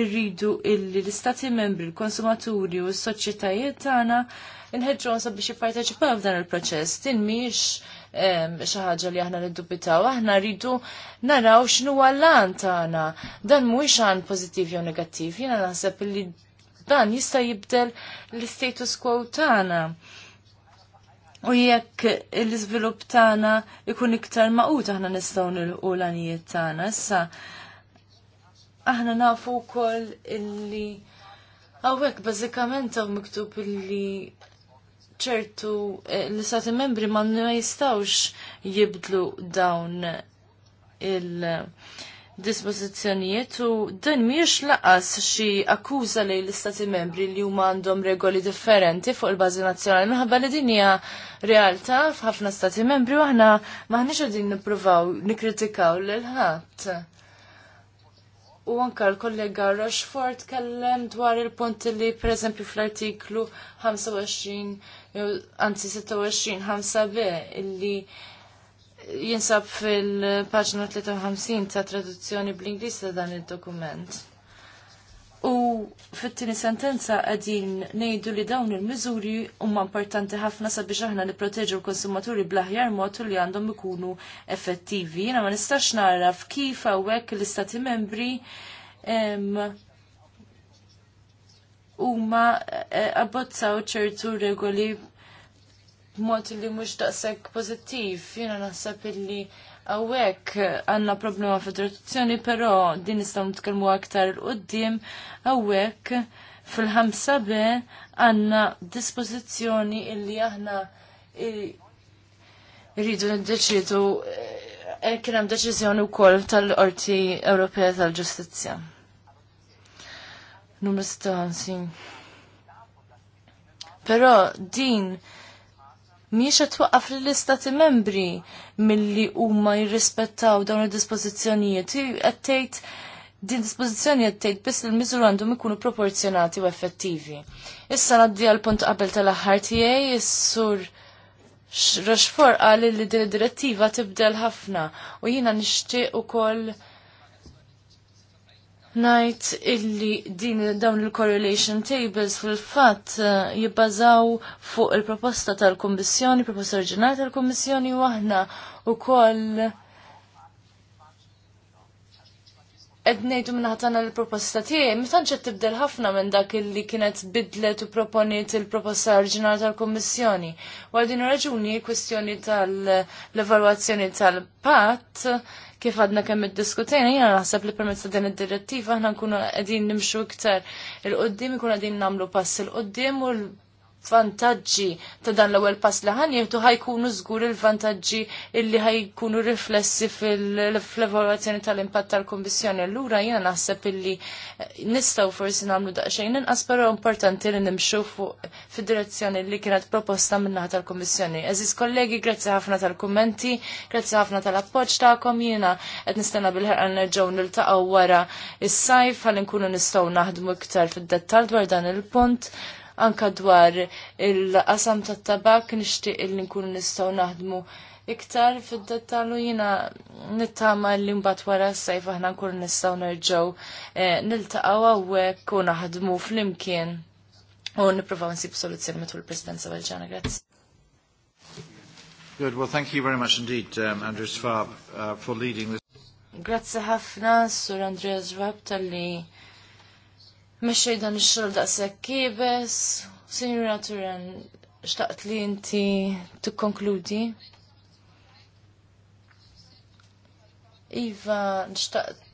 irridu illi l-istati membri, l-konsumaturi u s-soċjetajiet tagħna nħedġuhom sabiex jipparteċipaw f'dan il-proċess. Din mhix xi ħaġa li aħna niddubitaw, aħna rridu naraw x'nu għallan tagħna. Dan mhuwiex għan pożittiv jew negattiv, jiena naħseb li dan jista' jibdel l-status quo tagħna. U jekk l-iżvilupp tagħna ikun iktar maqut aħna nistgħu nilqu l-għanijiet tagħna. Issa aħna nafu wkoll illi hawnhekk bażikament hawn miktub illi ċertu eh, li sati membri ma jistawx jibdlu dawn il- dispożizzjonijiet u din mhijiex laqas xi akkuża lejn l-istati membri li huma għandhom regoli differenti fuq il-bażi nazzjonali minħabba li din hija realtà f'ħafna stati membri u aħna maħniex qegħdin nippruvaw nikkritikaw lil ħadd. U anka l-kollega Rochford kellem dwar il-punt li pereżempju fl-artiklu 25, anzi 26, 5b, illi jinsab fil-paġna 53 ta' traduzzjoni bl-Inglis dan il-dokument. U fit-tieni sentenza qegħdin ngħidu li dawn il-miżuri huma importanti ħafna sabiex aħna nipproteġu l-konsumaturi bl-aħjar mod li għandhom ikunu effettivi. Jiena ma nistax naraf kif hawnhekk l-Istati membri huma eh, abbozzaw ċertu regoli b'mod li mhux daqshekk pożittiv. Jiena naħseb illi Awek għanna problema fi traduzzjoni, pero din nistaw nitkellmu aktar l-qoddim, awek fil-ħamsa be għanna dispozizjoni illi aħna rridu n-deċidu eh, eh, kien hemm deċiżjoni wkoll tal-Qorti Ewropea tal-Ġustizzja. Numru 16. Però din miex twaqqaf li l-istati membri milli huma jirrispettaw dawn id-dispożizzjonijiet. Qed din dispozizjoni għattejt tgħid biss li l-miżur għandhom ikunu proporzjonati u effettivi. Issa ngħaddi għal punt qabel tal-aħħar tiegħi is-sur li din id-direttiva tibdel ħafna u jiena nixtieq ukoll koll najt illi din dawn il-correlation tables fil-fat eh, jibbażaw fuq il-proposta tal-Kommissjoni, proposta oriġinali tal-Kommissjoni u aħna u koll ednejtu minna l-proposta tiegħi, mitan tibdel ħafna minn dak illi kienet bidlet u proponiet il-proposta oriġinali tal-Kommissjoni. U għadin raġuni kwestjoni tal-evaluazzjoni tal-pat kif għadna kemm id-diskutejna, jena naħseb li permezz ta' din id-direttiva aħna nkunu qegħdin nimxu iktar il-qoddim, ikun qegħdin nagħmlu pass il-qoddim u vantaġġi ta' dan l-ewwel pass li ħan ħajkunu żgur il-vantaġġi illi ħajkunu riflessi fil-evalwazzjoni tal-impatt tal-Kummissjoni. Allura jiena naħseb illi eh, nistgħu forsi nagħmlu daqsxejn inqas però importanti li nimxu fuq fid-direzzjoni li kienet proposta minnaħa tal-Kummissjoni. Eżis kollegi, grazzi ħafna tal-kummenti, grazzi ħafna tal-appoġġ tagħkom jiena qed nistenna bil-ħerqa nerġgħu niltaqgħu wara is-sajf ħalli nkunu nistgħu naħdmu iktar fid-dettall dwar dan il-punt anka dwar il-qasam tat-tabak nixtieq illi nkunu nistgħu naħdmu iktar fid-dettalu jina nittama li mbagħad wara s-sajf aħna nkunu nistgħu nerġgħu eh, niltaqgħu hawnhekk u naħdmu flimkien u nippruvaw nsib soluzzjoni matul il-Presidenza Belġana. Grazzi. Good, well thank you very much indeed um, Andrew Svab, uh, for leading this. Grazzi ħafna Sur Andrea Svab, tal-li meċċej dan ix-xogħol daqshekk kibes, Sinjura Turen, xtaqt li inti tikkonkludi. Iva, xtaqt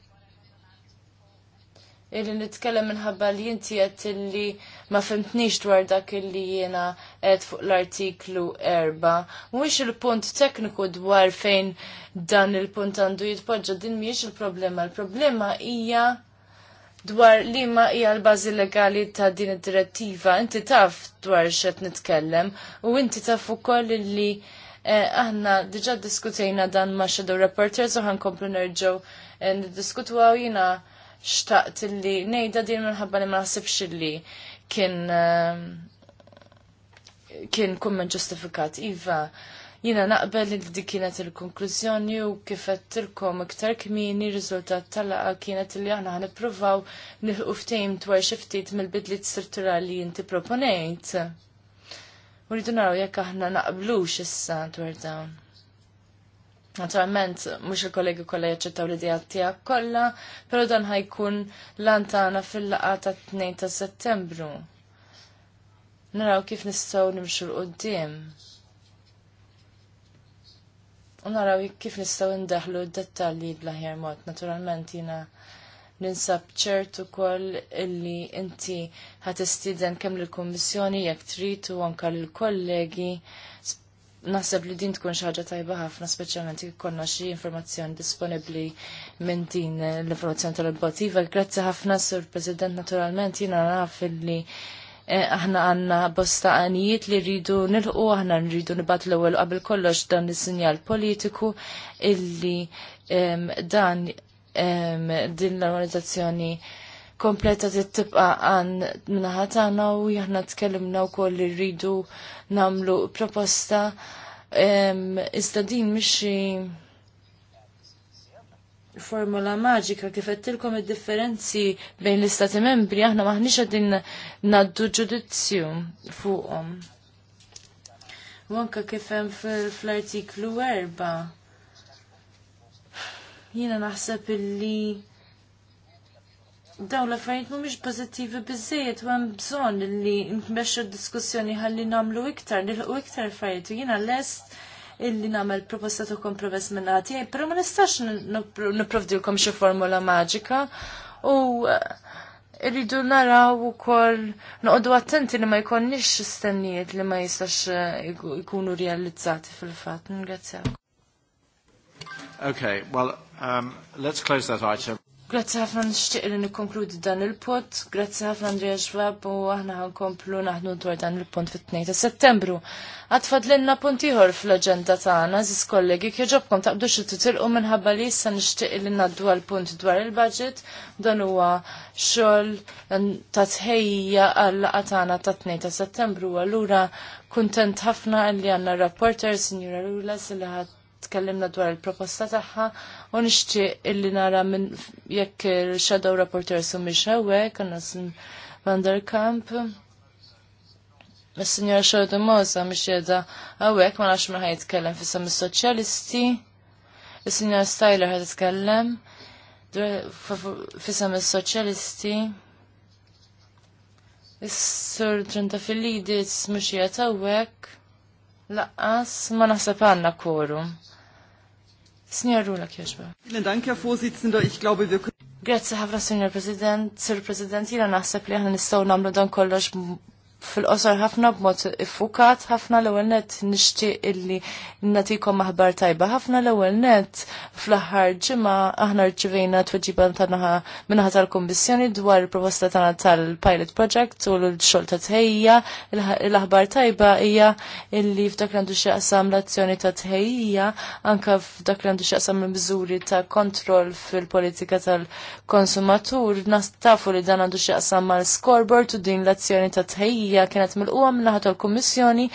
illi nitkellem minħabba li inti għet illi ma fimtnix dwar dak illi jiena qed fuq l-artiklu erba'. Mhuwiex il-punt tekniku dwar fejn dan il-punt għandu jitpoġġa din miex il-problema. Il-problema hija dwar li ma hija l-bażi legali ta' din id-direttiva. Inti taf dwar xed nitkellem u inti taf ukoll li eh, aħna diġà diskutejna dan ma' Shadow Reporters u ħankomplu nerġgħu eh, niddiskutu għaw jiena xtaqt li ngħidha din minħabba li ma naħsibx li kien eh, kien kumment ġustifikat. Iva, Jina naqbel li dik kienet il-konklużjoni u kif għedtilkom iktar kmini riżultat tal-laqa kienet li aħna ħnippruvaw nilħu ftehim dwar xi ftit mill-bidliet strutturali inti proponejt. U rridu naraw jekk aħna naqblux issa dwar dawn. Naturalment, mux il-kollegi kolla jaċċettaw l-idea tijak kolla, pero dan ħajkun lantana fil-laqa ta' 2 ta' settembru. Naraw kif nistaw nimxu l-qoddim. U naraw kif nistgħu ndaħlu d-dettalji bl-aħjar mod. Naturalment jina ninsab ċertu ukoll illi inti ħat istiden kemm lill-Kummissjoni jekk trid u anke lill-kollegi naħseb li din tkun xaġa tajba ħafna, speċjalment konna xi informazzjoni disponibbli minn din l-informazzjoni tal bottiva Grazzi ħafna, Sur President, naturalment jina naf li Eh, aħna għanna bosta għanijiet li rridu nilħu, aħna rridu nibat l-ewel qabel kollox dan il-sinjal politiku illi dan din l-organizzazzjoni kompleta tittibqa għan minnaħatana u jahna tkellimna u koll li rridu namlu proposta. Iżda din mxie formula maġika kif għettilkom id-differenzi bejn l-istati membri, aħna maħniċ għadin naddu ġudizzju fuqom. Wanka hemm fl-artiklu 4. Jiena naħseb illi daw l-affarijiet mhumiex pożittivi biżejjed u hemm bżonn li nmexxu d-diskussjoni ħalli nagħmlu iktar, nilħu iktar affarijiet u jiena lest illi nagħmel proposta tu kompromess minna għati, però ma nistax nipprovdilkom xi formula maġika u eh, irridu naraw ukoll noqogħdu attenti li ma jkollniex stennijiet li ma jistax eh, ikunu realizzati fil-fatt. Ningrazzjak. Okay, well, um, let's close that item. Grazzi ħafna nixtieq li nikkonkludi dan il-punt. Grazzi ħafna Andrea Schwab u aħna ħankomplu naħdmu dwar dan il-punt fit-2 ta' Settembru. Għad fadlilna punt ieħor fl-aġenda tagħna, ziż kollegi, kieġobkom xi titilqu minħabba li issa nixtieq li ngħaddu għall punt dwar il-budget dan huwa xogħol ta' tħejja għall laqgħa tagħna ta' 2 ta' Settembru allura kuntent ħafna li għandna rapporter Sinjura Rulas li ħadd tkellimna dwar il-proposta tagħha u nixtieq illi nara minn jekk il-shadow rapporteur summi xewek, għannas Van der Kamp. Is-Sinjora Xordu Mosa mhix qiegħda hawnhekk ma nafx ma' ħaj jitkellem fis is-soċjalisti. Is-Sinjora Styler ħad titkellem fissam il-soċjalisti. Is-sur Trenta Filidis mux jgħatawek. Laqqas ma naħseb għanna quorum. Snjeru la kieċba. Vielen Dank, Vorsitzender. Ich glaube, wir können... Grazie ħafna, Signor President. Sir President, jina naħseb li ħana nistaw namlu dan kollox fil-qosor ħafna b'mod iffukat ħafna l-ewwel net nixtieq illi natikom aħbar tajba ħafna l-ewwel net fl-aħħar ġimgħa aħna rċivejna tweġiba tagħna minħa tal-Kummissjoni dwar il-proposta tagħna tal-pilot project u l-xogħol ta' tħejja l-aħbar tajba hija illi f'dak li għandu x'jaqsam l-azzjoni ta' tħejja anke f'dak li għandu x'jaqsam il-miżuri ta' kontroll fil-politika tal-konsumatur nastafu li dan għandu x'jaqsam mal-scoreboard u din l-azzjoni ta' tħejja hija kienet mill-qwa minnaħat l-Kummissjoni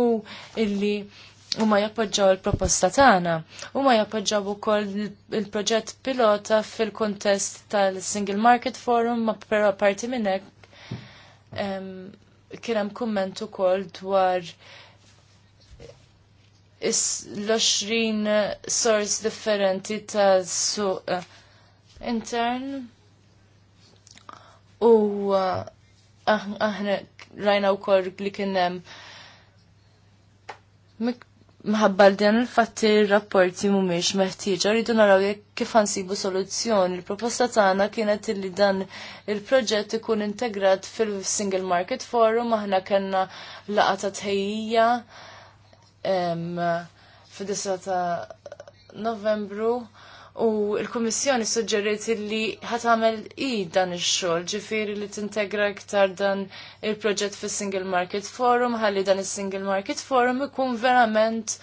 u illi u ma jappoġġaw il-proposta tagħna u ma jappoġġaw ukoll il-proġett pilota fil-kontest tal-Single Market Forum ma però parti minn hekk kien hemm kumment ukoll dwar l-20 source differenti ta' suq eh, intern u eh, aħna rajna wkoll li kien hemm mħabba din il-fatti rapporti mhumiex meħtieġa rridu naraw jekk kif ansibu soluzzjoni. l proposta tagħna kienet li dan il-proġett ikun integrat fil-Single Market Forum aħna kellna laqgħa ta' tħejjija fid-9 ta' Novembru u l-Kummissjoni suġġeriti li ħatamel i dan ix-xogħol, ġifieri li tintegra iktar dan il-proġett fis-Single Market Forum, ħalli dan is-Single Market Forum ikun verament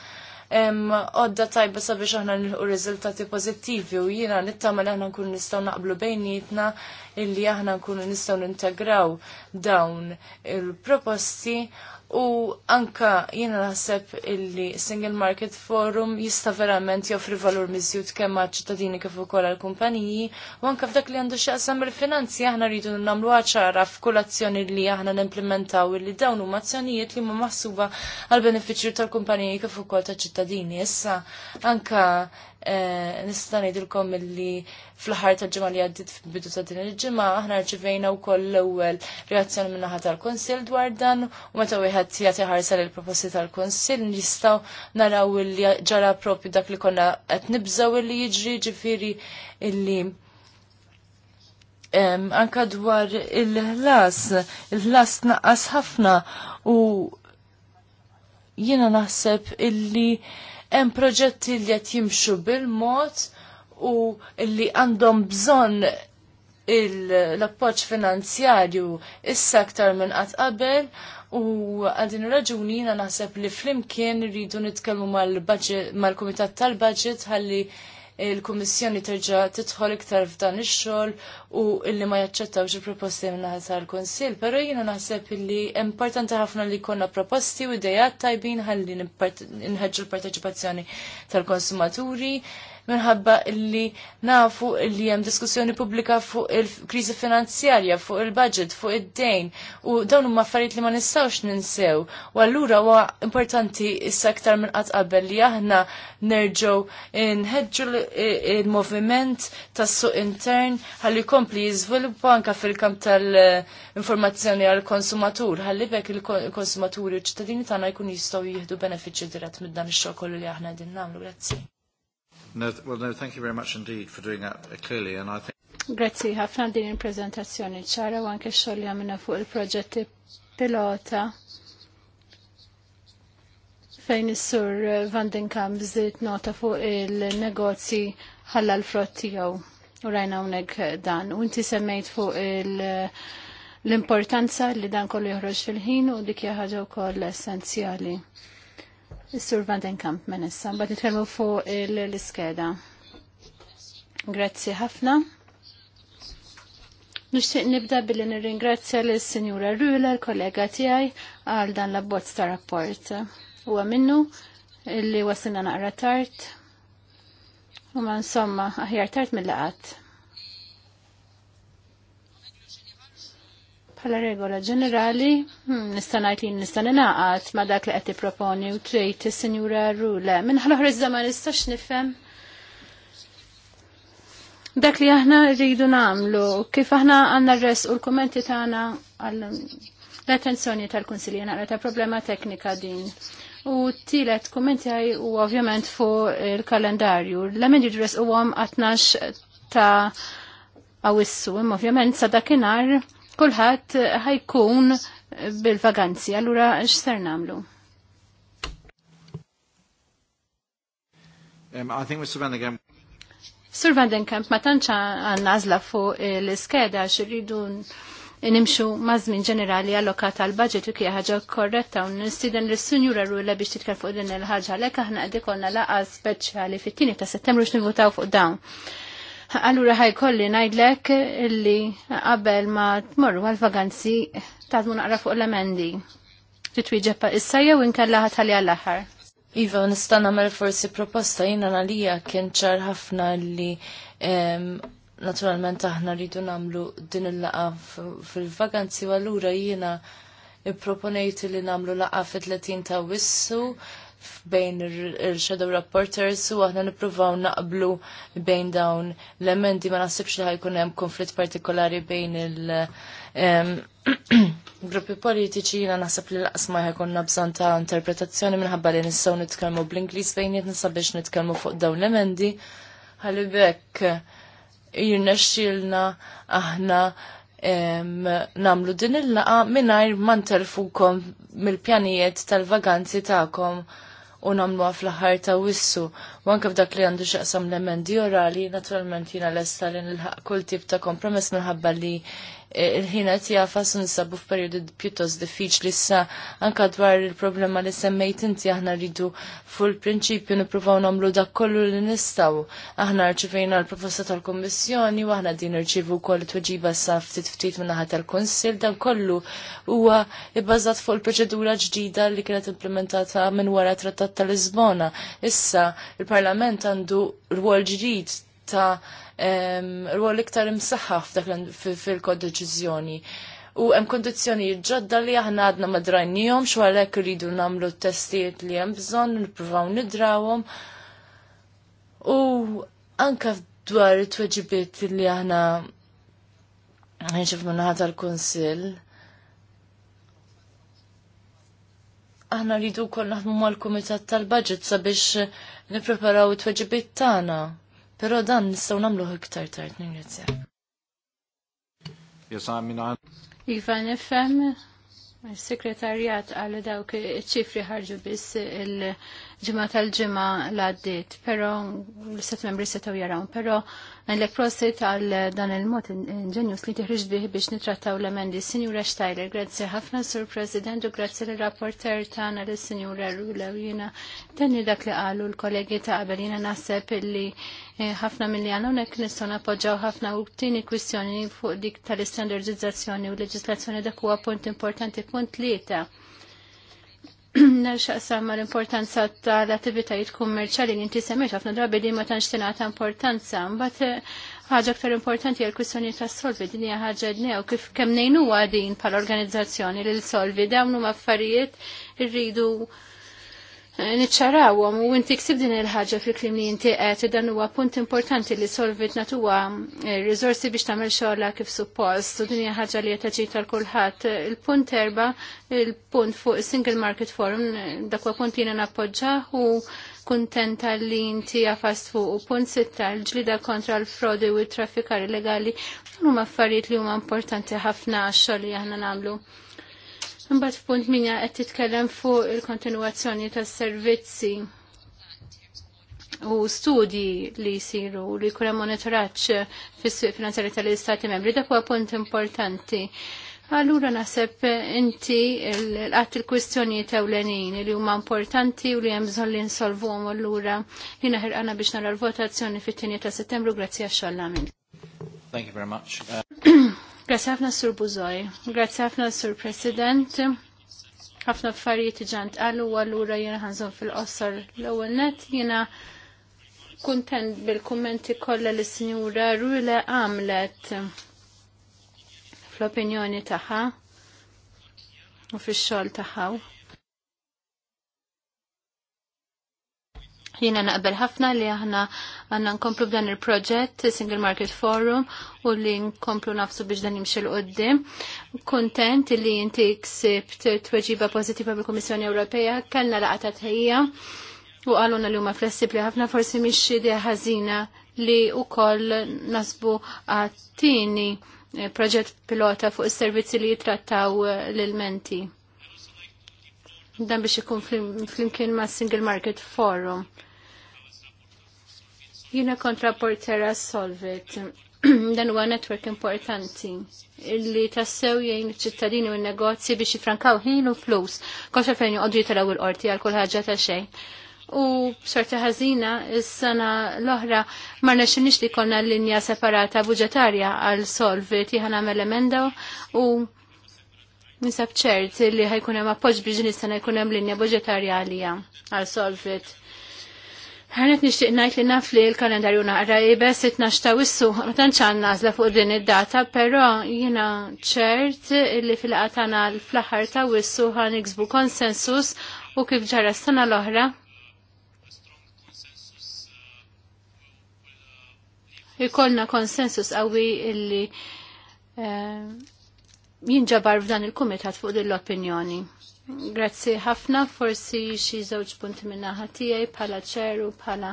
għodda tajba sabiex aħna nilħu riżultati pozittivi u jina nittama li aħna nkun nistaw naqblu bejnietna illi aħna nkun nistaw nintegraw dawn il-proposti U anka jiena naħseb illi Single Market Forum jista' verament joffri valur miżjud kemm għaċ-ċittadini kif ukoll għall-kumpaniji u anka f'dak li għandu x'jaqsam il-finanzi aħna rridu nagħmlu għaċara f'kull azzjoni li aħna nimplementaw illi dawn huma azzjonijiet li huma maħsuba għall benefiċċju tal-kumpaniji kif ukoll taċ-ċittadini. Issa anka Eh, nista' ngħidilkom milli fl-aħħar ta' ġimgħa li għaddit fil-bidu ta' din il-ġimgħa aħna rċivejna wkoll l-ewwel reazzjoni min-naħa tal-Kunsill dwar dan u meta wieħed jagħti sal il proposti tal-Kunsill nistgħu naraw li ġara propju dak li konna qed nibżgħu li jiġri ġifieri illi anka dwar il-ħlas, il-ħlas naqqas ħafna u jiena naħseb illi hemm proġetti li qed jimxu bil-mod u li għandhom bżonn l-appoġġ finanzjarju issa aktar minn qatt qabel u għal ir raġuni jiena naħseb li flimkien rridu nitkellmu mal-kumitat tal-budget ħalli il-Kummissjoni terġa' tidħol iktar f'dan ix-xogħol u illi ma jaċċettawx il-proposti minn tal-Kunsill, però jiena naħseb illi importanti ħafna li jkollna proposti u idejat tajbin ħalli nħeġġu l-parteċipazzjoni tal-konsumaturi, minħabba illi nafu illi hemm diskussjoni pubblika fuq il-kriżi finanzjarja, fuq il-budget, fuq id-dejn u dawn huma affarijiet li ma nistgħux ninsew. U allura huwa importanti issa aktar minn qatt qabel li aħna nerġgħu nħeġġu il-moviment tas-suq intern ħalli jkompli jiżviluppa anke fil-kamp tal-informazzjoni għall-konsumatur, ħalli bekk il-konsumaturi u ċittadini tagħna jkun jistgħu jieħdu benefiċċju dirett mid-dan ix-xogħol li aħna qegħdin nagħmlu. Grazzi. No, well, no, thank you very much indeed for doing that uh, clearly, and I think. Grazzi ħafna din il-prezentazzjoni ċara u anke xogħol li fuq il-proġetti pilota fejn is-sur Vandenkamp żied nota fuq il-negozji ħalla l-frott tiegħu u rajna hawnhekk dan. U inti semmejt fuq l-importanza li dan kollu joħroġ fil-ħin u dik hija ħaġa wkoll essenzjali. Is-Sur Vandenkamp menessa, bad nitkellmu fuq l-iskeda. Grazzi ħafna. Nixtieq nibda billi nirringrazzja l sinjura Rula, l-kollega tiegħi, għal dan l-abbozz ta' rapport. Huwa minnu illi wasilna naqra tard. U ma insomma, aħjar tard mill-laqat. Pala regola ġenerali, hmm, nista' ngħid li nista' ninaqat ma dak li qed tipproponi u trejti is-Sinjura Rule. Minħal iż ma nistax nifhem dak li aħna rridu namlu, kif aħna għanna res u l-kommenti tagħna għall-attenzjoni tal-Kunsilja naqra ta' problema teknika din. U t-tielet kommenti għaj u ovvjament fu il-kalendarju. L-emendi res u għom għatnax ta' għawissu, ovvjament sa' dakinar kulħadd ħajkun bil-vaganzi. Allura x'ser nagħmlu? Um, I think Mr. Van Sur Van Den Kamp, ma tantx għandna għażla fuq l-iskeda xirridu nimxu mażmin ġenerali allokat għal budget u kija ħaġa korretta u nistiden l sunjura Rula biex titkar fuq din il-ħaġa l aħna għadikonna konna laqa speċjali fit-tini ta' settembru x'nivutaw fuq dawn. Allura ħajkolli ngħidlek illi qabel ma tmorru għal-vaganzi tagħmu naqra fuq l-emendi. ġeppa issa jew inkella ħatali l aħħar Iva, nista' nagħmel forsi proposta jiena għalija kien ċar ħafna li naturalment aħna rridu nagħmlu din il-laqa fil-vaganzi u allura jiena ipproponejt li nagħmlu laqa fil 30 ta' wissu bejn il-Shadow Rapporters u aħna nippruvaw naqblu bejn dawn l-emendi ma nasibx li ħajkun hemm konflitt partikolari bejn il- Gruppi politiċi jina nasab li l-qasma jħakonna bżon ta' interpretazzjoni minħabba li nissaw nitkelmu bl-Inglis fejn jitna sabiex nitkelmu fuq dawn l-emendi. ħalli bekk jirna xilna aħna namlu din il-laqa minnajr mantelfukom mill-pjanijiet tal-vaganzi ta'kom. kom u namlu fl-ħar ta' wissu. U anke f'dak li għandu xaqsam l-emendi orali, naturalment jina l estalin l-ħak kull tip ta' kompromess minħabba li il-ħina fasu nisabu f'periodi pjuttos diffiċli issa anka dwar il-problema li semmejt inti aħna rridu fuq il-prinċipju nipruvaw nagħmlu dak kollu li nistgħu. Aħna rċivejna l-proposta tal-Kummissjoni u aħna din irċivu wkoll tweġiba sa ftit ftit min-naħa tal-Kunsill dan kollu huwa ibbażat fuq il-proċedura ġdida li kienet implementata minn wara Trattat tal-Lisbona. Issa il-Parlament għandu rwol ġdid ta' rwol iktar imsaħħaf fil-kod deċizjoni. U hemm kondizzjoni ġodda li aħna għadna madrajnijom, xo għalek rridu nagħmlu t testijiet li hemm bżonn nippruvaw nidrawhom. U anke dwar it-tweġibiet li aħna ħinxif minnaħat tal-Kunsill. Aħna rridu kol naħdmu mal-Kumitat tal-Budget sabiex nipreparaw it-tweġibiet tagħna. Pero dan nistgħu nagħmluh iktar tard ningrazzja. Iva nifhem, is-sekretarjat għal dawk iċ-ċifri ħarġu biss il- ġimgħa tal-ġimgħa l għaddit pero l set membri setgħu jarawn, pero għandek prosit għal dan il mot inġenjus li tiħriġ bih biex nitrattaw l-emendi. Sinjura Steiler, grazzi ħafna sur President u grazzi l-rapporter tagħna lis sinjura Rula u tenni dak li qalu l-kollegi ta' qabel jiena naħseb eh, ħafna mill-li għanonek nistgħu appoġġaw ħafna u tini kwistjoni fuq dik tal standardizzazzjoni u leġislazzjoni dak huwa punt importanti punt ta' nerxaq samma l-importanza tal-attivitajiet kummerċali li inti semmejt ħafna drabi li ma tantx tingħata importanza. Mbagħad ħaġa aktar importanti għal kwistjoni ta' solvi din hija ħaġa dnew kif kemm ngħinuha din bħal organizzazzjoni lil solvi dawn huma affarijiet irridu niċċarawhom u inti ksib din il-ħaġa fil-klim li inti qed dan huwa punt importanti li solvit natuwa eh, rizorsi biex tagħmel xorla kif suppost u din ħagġa ħaġa li qed taġita għal kulħadd. Il-punt erba' il-punt fuq is-Single Market Forum dak punt jiena nappoġġah u kuntenta li inti għafast fuq u punt sitta l-ġlida kontra l-frodi u t-traffikar illegali huma affarijiet li huma importanti ħafna għax-xogħol li aħna nagħmlu. Imbagħad f'punt minja qed titkellem fuq il-kontinuazzjoni tas-servizzi u studji li jisiru li jkun hemm monitoraġġ fis-suq finanzjarji tal-Istati Membri. Dak huwa punt importanti. Allura naħseb inti l-qatt il-kwistjonijiet ewlenin li huma importanti u li hemm bżonn li nsolvuhom allura jiena ħirqana biex nara l-votazzjoni fit-tieni ta' Settembru grazzi għax-xogħol Thank you very much. Uh... Grazie ħafna Sur Buzoj, grazie ħafna Sur President, ħafna affarijiet ġant għallu għallura jena ħanżon fil-qossar l-ewwel net jena kuntent bil-kummenti kollha li sinjura Rule għamlet fl-opinjoni tagħha u fix-xogħol tagħha. Jiena naqbel ħafna li aħna għanna nkomplu b'dan il-proġett, Single Market Forum, u li nkomplu nafsu biex dan jimxil qoddim. Kontent li inti ksibt tweġiba pozitiva bil komissjoni Ewropea, kellna laqata tħejja u għaluna li huma flessibli ħafna forsi mhix idea ħażina li u koll nasbu għattini eh, proġett pilota fuq is-servizzi li jitrattaw eh, l elmenti Dan biex ikun flimkien ma' Single Market Forum. Jina kontra portera solvit. Dan huwa netwerk importanti illi tassew jgħin ċittadini u n-negozji biex jifrankaw ħin u flus. Kontra fejn joqogħdu jitaraw il qorti għal kull ħaġa ta' xejn. U sorta ħażina is-sena l-oħra ma nexxinix li konna linja separata buġetarja għal solvit jieħa nagħmel emenda u nisab ċert li ħajkun hemm appoġġ biex nista' jkun hemm linja budġetarja għalija għal solvit Ħanet nixtieq ngħid li naf li l-kalendarju naqra jibes 12 ta' wissu, ma tantx nazla fuq din id-data, però jiena ċert li fil-qatana fl-aħħar ta' wissu ħan iksbu konsensus u kif ġara s-sena l-oħra. Ikolna konsensus qawwi illi eh, jinġabar f'dan il-kumitat fuq din l-opinjoni. Grazzi ħafna, forsi xi żewġ punti minna ħatijaj bħala ċeru pala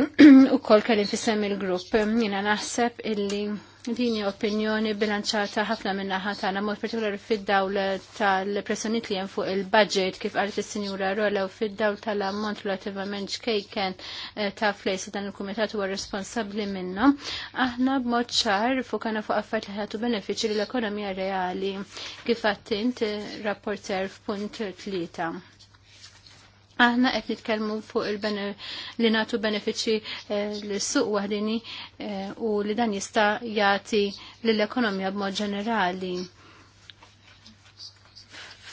u kol kalli fissem il-grupp. Jina naħseb illi Din hija opinjoni bilanċata ħafna minna ħatana mod partikolari fid-dawl tal-pressjoniet li hemm fuq il-budget kif qalet is-Sinjura u fid-dawl tal-ammont relativament xkejken eh, ta' flejs dan il-kumitat huwa responsabbli minnhom. Aħna b'mod ċar fukana fuq affarijiet li ħatu benefiċċji l-ekonomija reali kif għattint eh, rapport f'punt tlieta. Aħna qed nitkellmu fuq il li nagħtu benefiċċji eh, lis-suq waħdini eh, u li dan jista' jagħti lill-ekonomija b'mod ġenerali.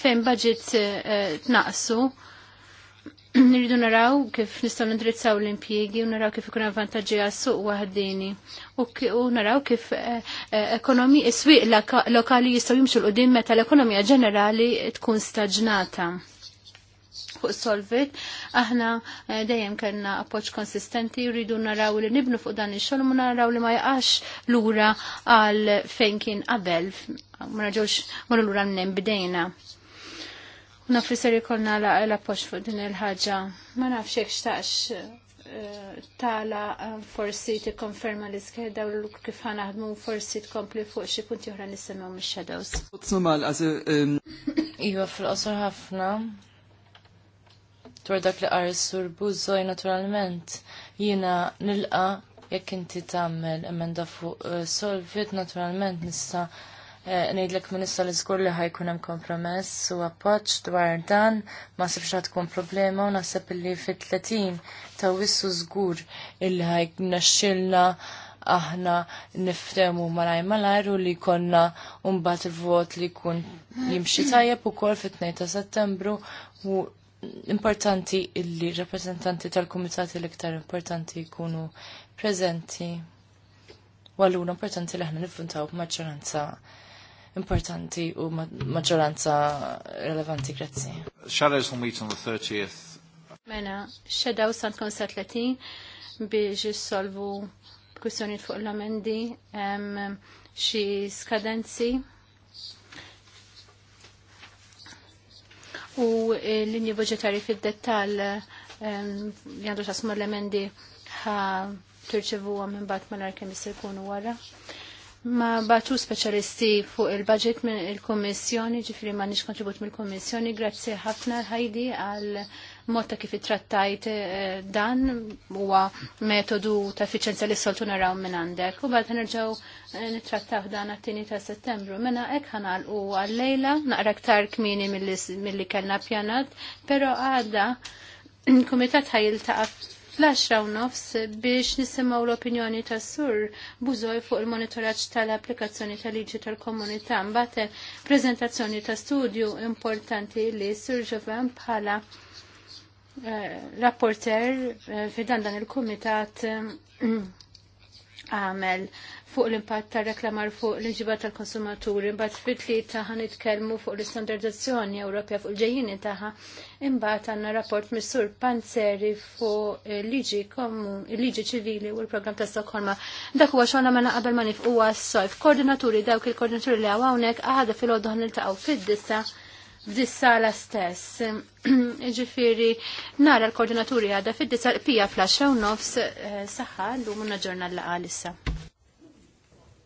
Fejn budget eh, tnaqsu, nridu naraw kif nistgħu ndrizzaw l-impjiegi u naraw kif ikun avvantaġġi għas-suq waħdini u naraw kif ekonomi is-swieq lokali jistgħu jimxu l-qudiem meta l-ekonomija ġenerali tkun staġnata fuq solvit, aħna eh, dejjem kellna appoġġ konsistenti rridu naraw li nibnu fuq dan ix-xogħol ma naraw li ma jaqax lura għal fejn kien qabel. Ma raġgħux mar lura minn bdejna. Nafri ser jkollna l-appoġġ fuq din il-ħaġa. Ma nafx hekk xtaqx eh, tala eh, forsi tikkonferma li skeda u kif ħanaħdmu forsi tkompli fuq xi punti oħra nisimgħu mix-shadows. Iva fil-qosor ħafna, dwar dak li qari sur Bużoj naturalment jiena nilqa jekk inti tagħmel emenda fuq eh, solvit naturalment nista' eh, ngħidlek ma nista' li żgur li ħajkun hemm kompromess u appoġġ dwar dan ma sibx tkun problema u naħseb illi fit-tletin ta' wissu żgur illi ħajnexxilna aħna niftemu malaj malajru li konna mbagħad il-vot li kun jimxi tajjeb u kol fit-2 ta' settembru u importanti illi rappresentanti tal-komitati l-iktar importanti jkunu prezenti. Waluna importanti li ħna nifuntaw b'maġġoranza importanti u maġġoranza relevanti, grazzi. Shadows will meet on the 30th. Mena, xedaw sant kon 30 biex jissolvu kwistjoni fuq l-amendi, xi skadenzi u l-linji budgetari fil-dettal li għandu xasmu l-emendi ħa turċivu għam minn bat mal kemm jisir kunu wara. Ma batu speċjalisti fuq il-budget minn il-Kommissjoni, ġifri ma nix kontribut mill-Kommissjoni, grazzi ħafna ħajdi għal Motta kif trattajt eh, dan huwa metodu ta' effiċenza li soltu naraw minn għandek. U bad nerġgħu eh, nittrattaw dan għattini tieni ta' Settembru. Mena hekk ħanal għal-lejla naqra ktar kmini milli kellna pjanat, però għadha kumitat ħajiltaqa' fl-10 u nofs biex nisimaw l-opinjoni ta' sur bużoj fuq il-monitoraġġ tal-applikazzjoni tal-liġi tal-komunità mbagħad eh, prezentazzjoni ta' studju importanti li sur ġovan bħala Eh, rapporter eh, fidan dan il-komitat eh, għamel fuq l-impatt ta' reklamar fuq l-inġibat tal-konsumaturi, imbagħad fitli taħħa nitkellmu fuq l-istandardizzazzjoni Ewropja fuq il-ġejjini taħħa, imbagħad għandna rapport missur panzeri fuq liġi l liġi ċivili u l-programm ta' Stokholma. Dak huwa xogħol mela qabel ma nifqu għas-solf. Koordinaturi dawk il-koordinaturi li hawnhekk għadha fil-għodhom niltaqgħu fid-disa' f'dis-sala stess. Ġifiri, nara l-koordinaturi għada fid-disa pija flasġa nofs eh, saħħa l-lum unna ġurnal laqa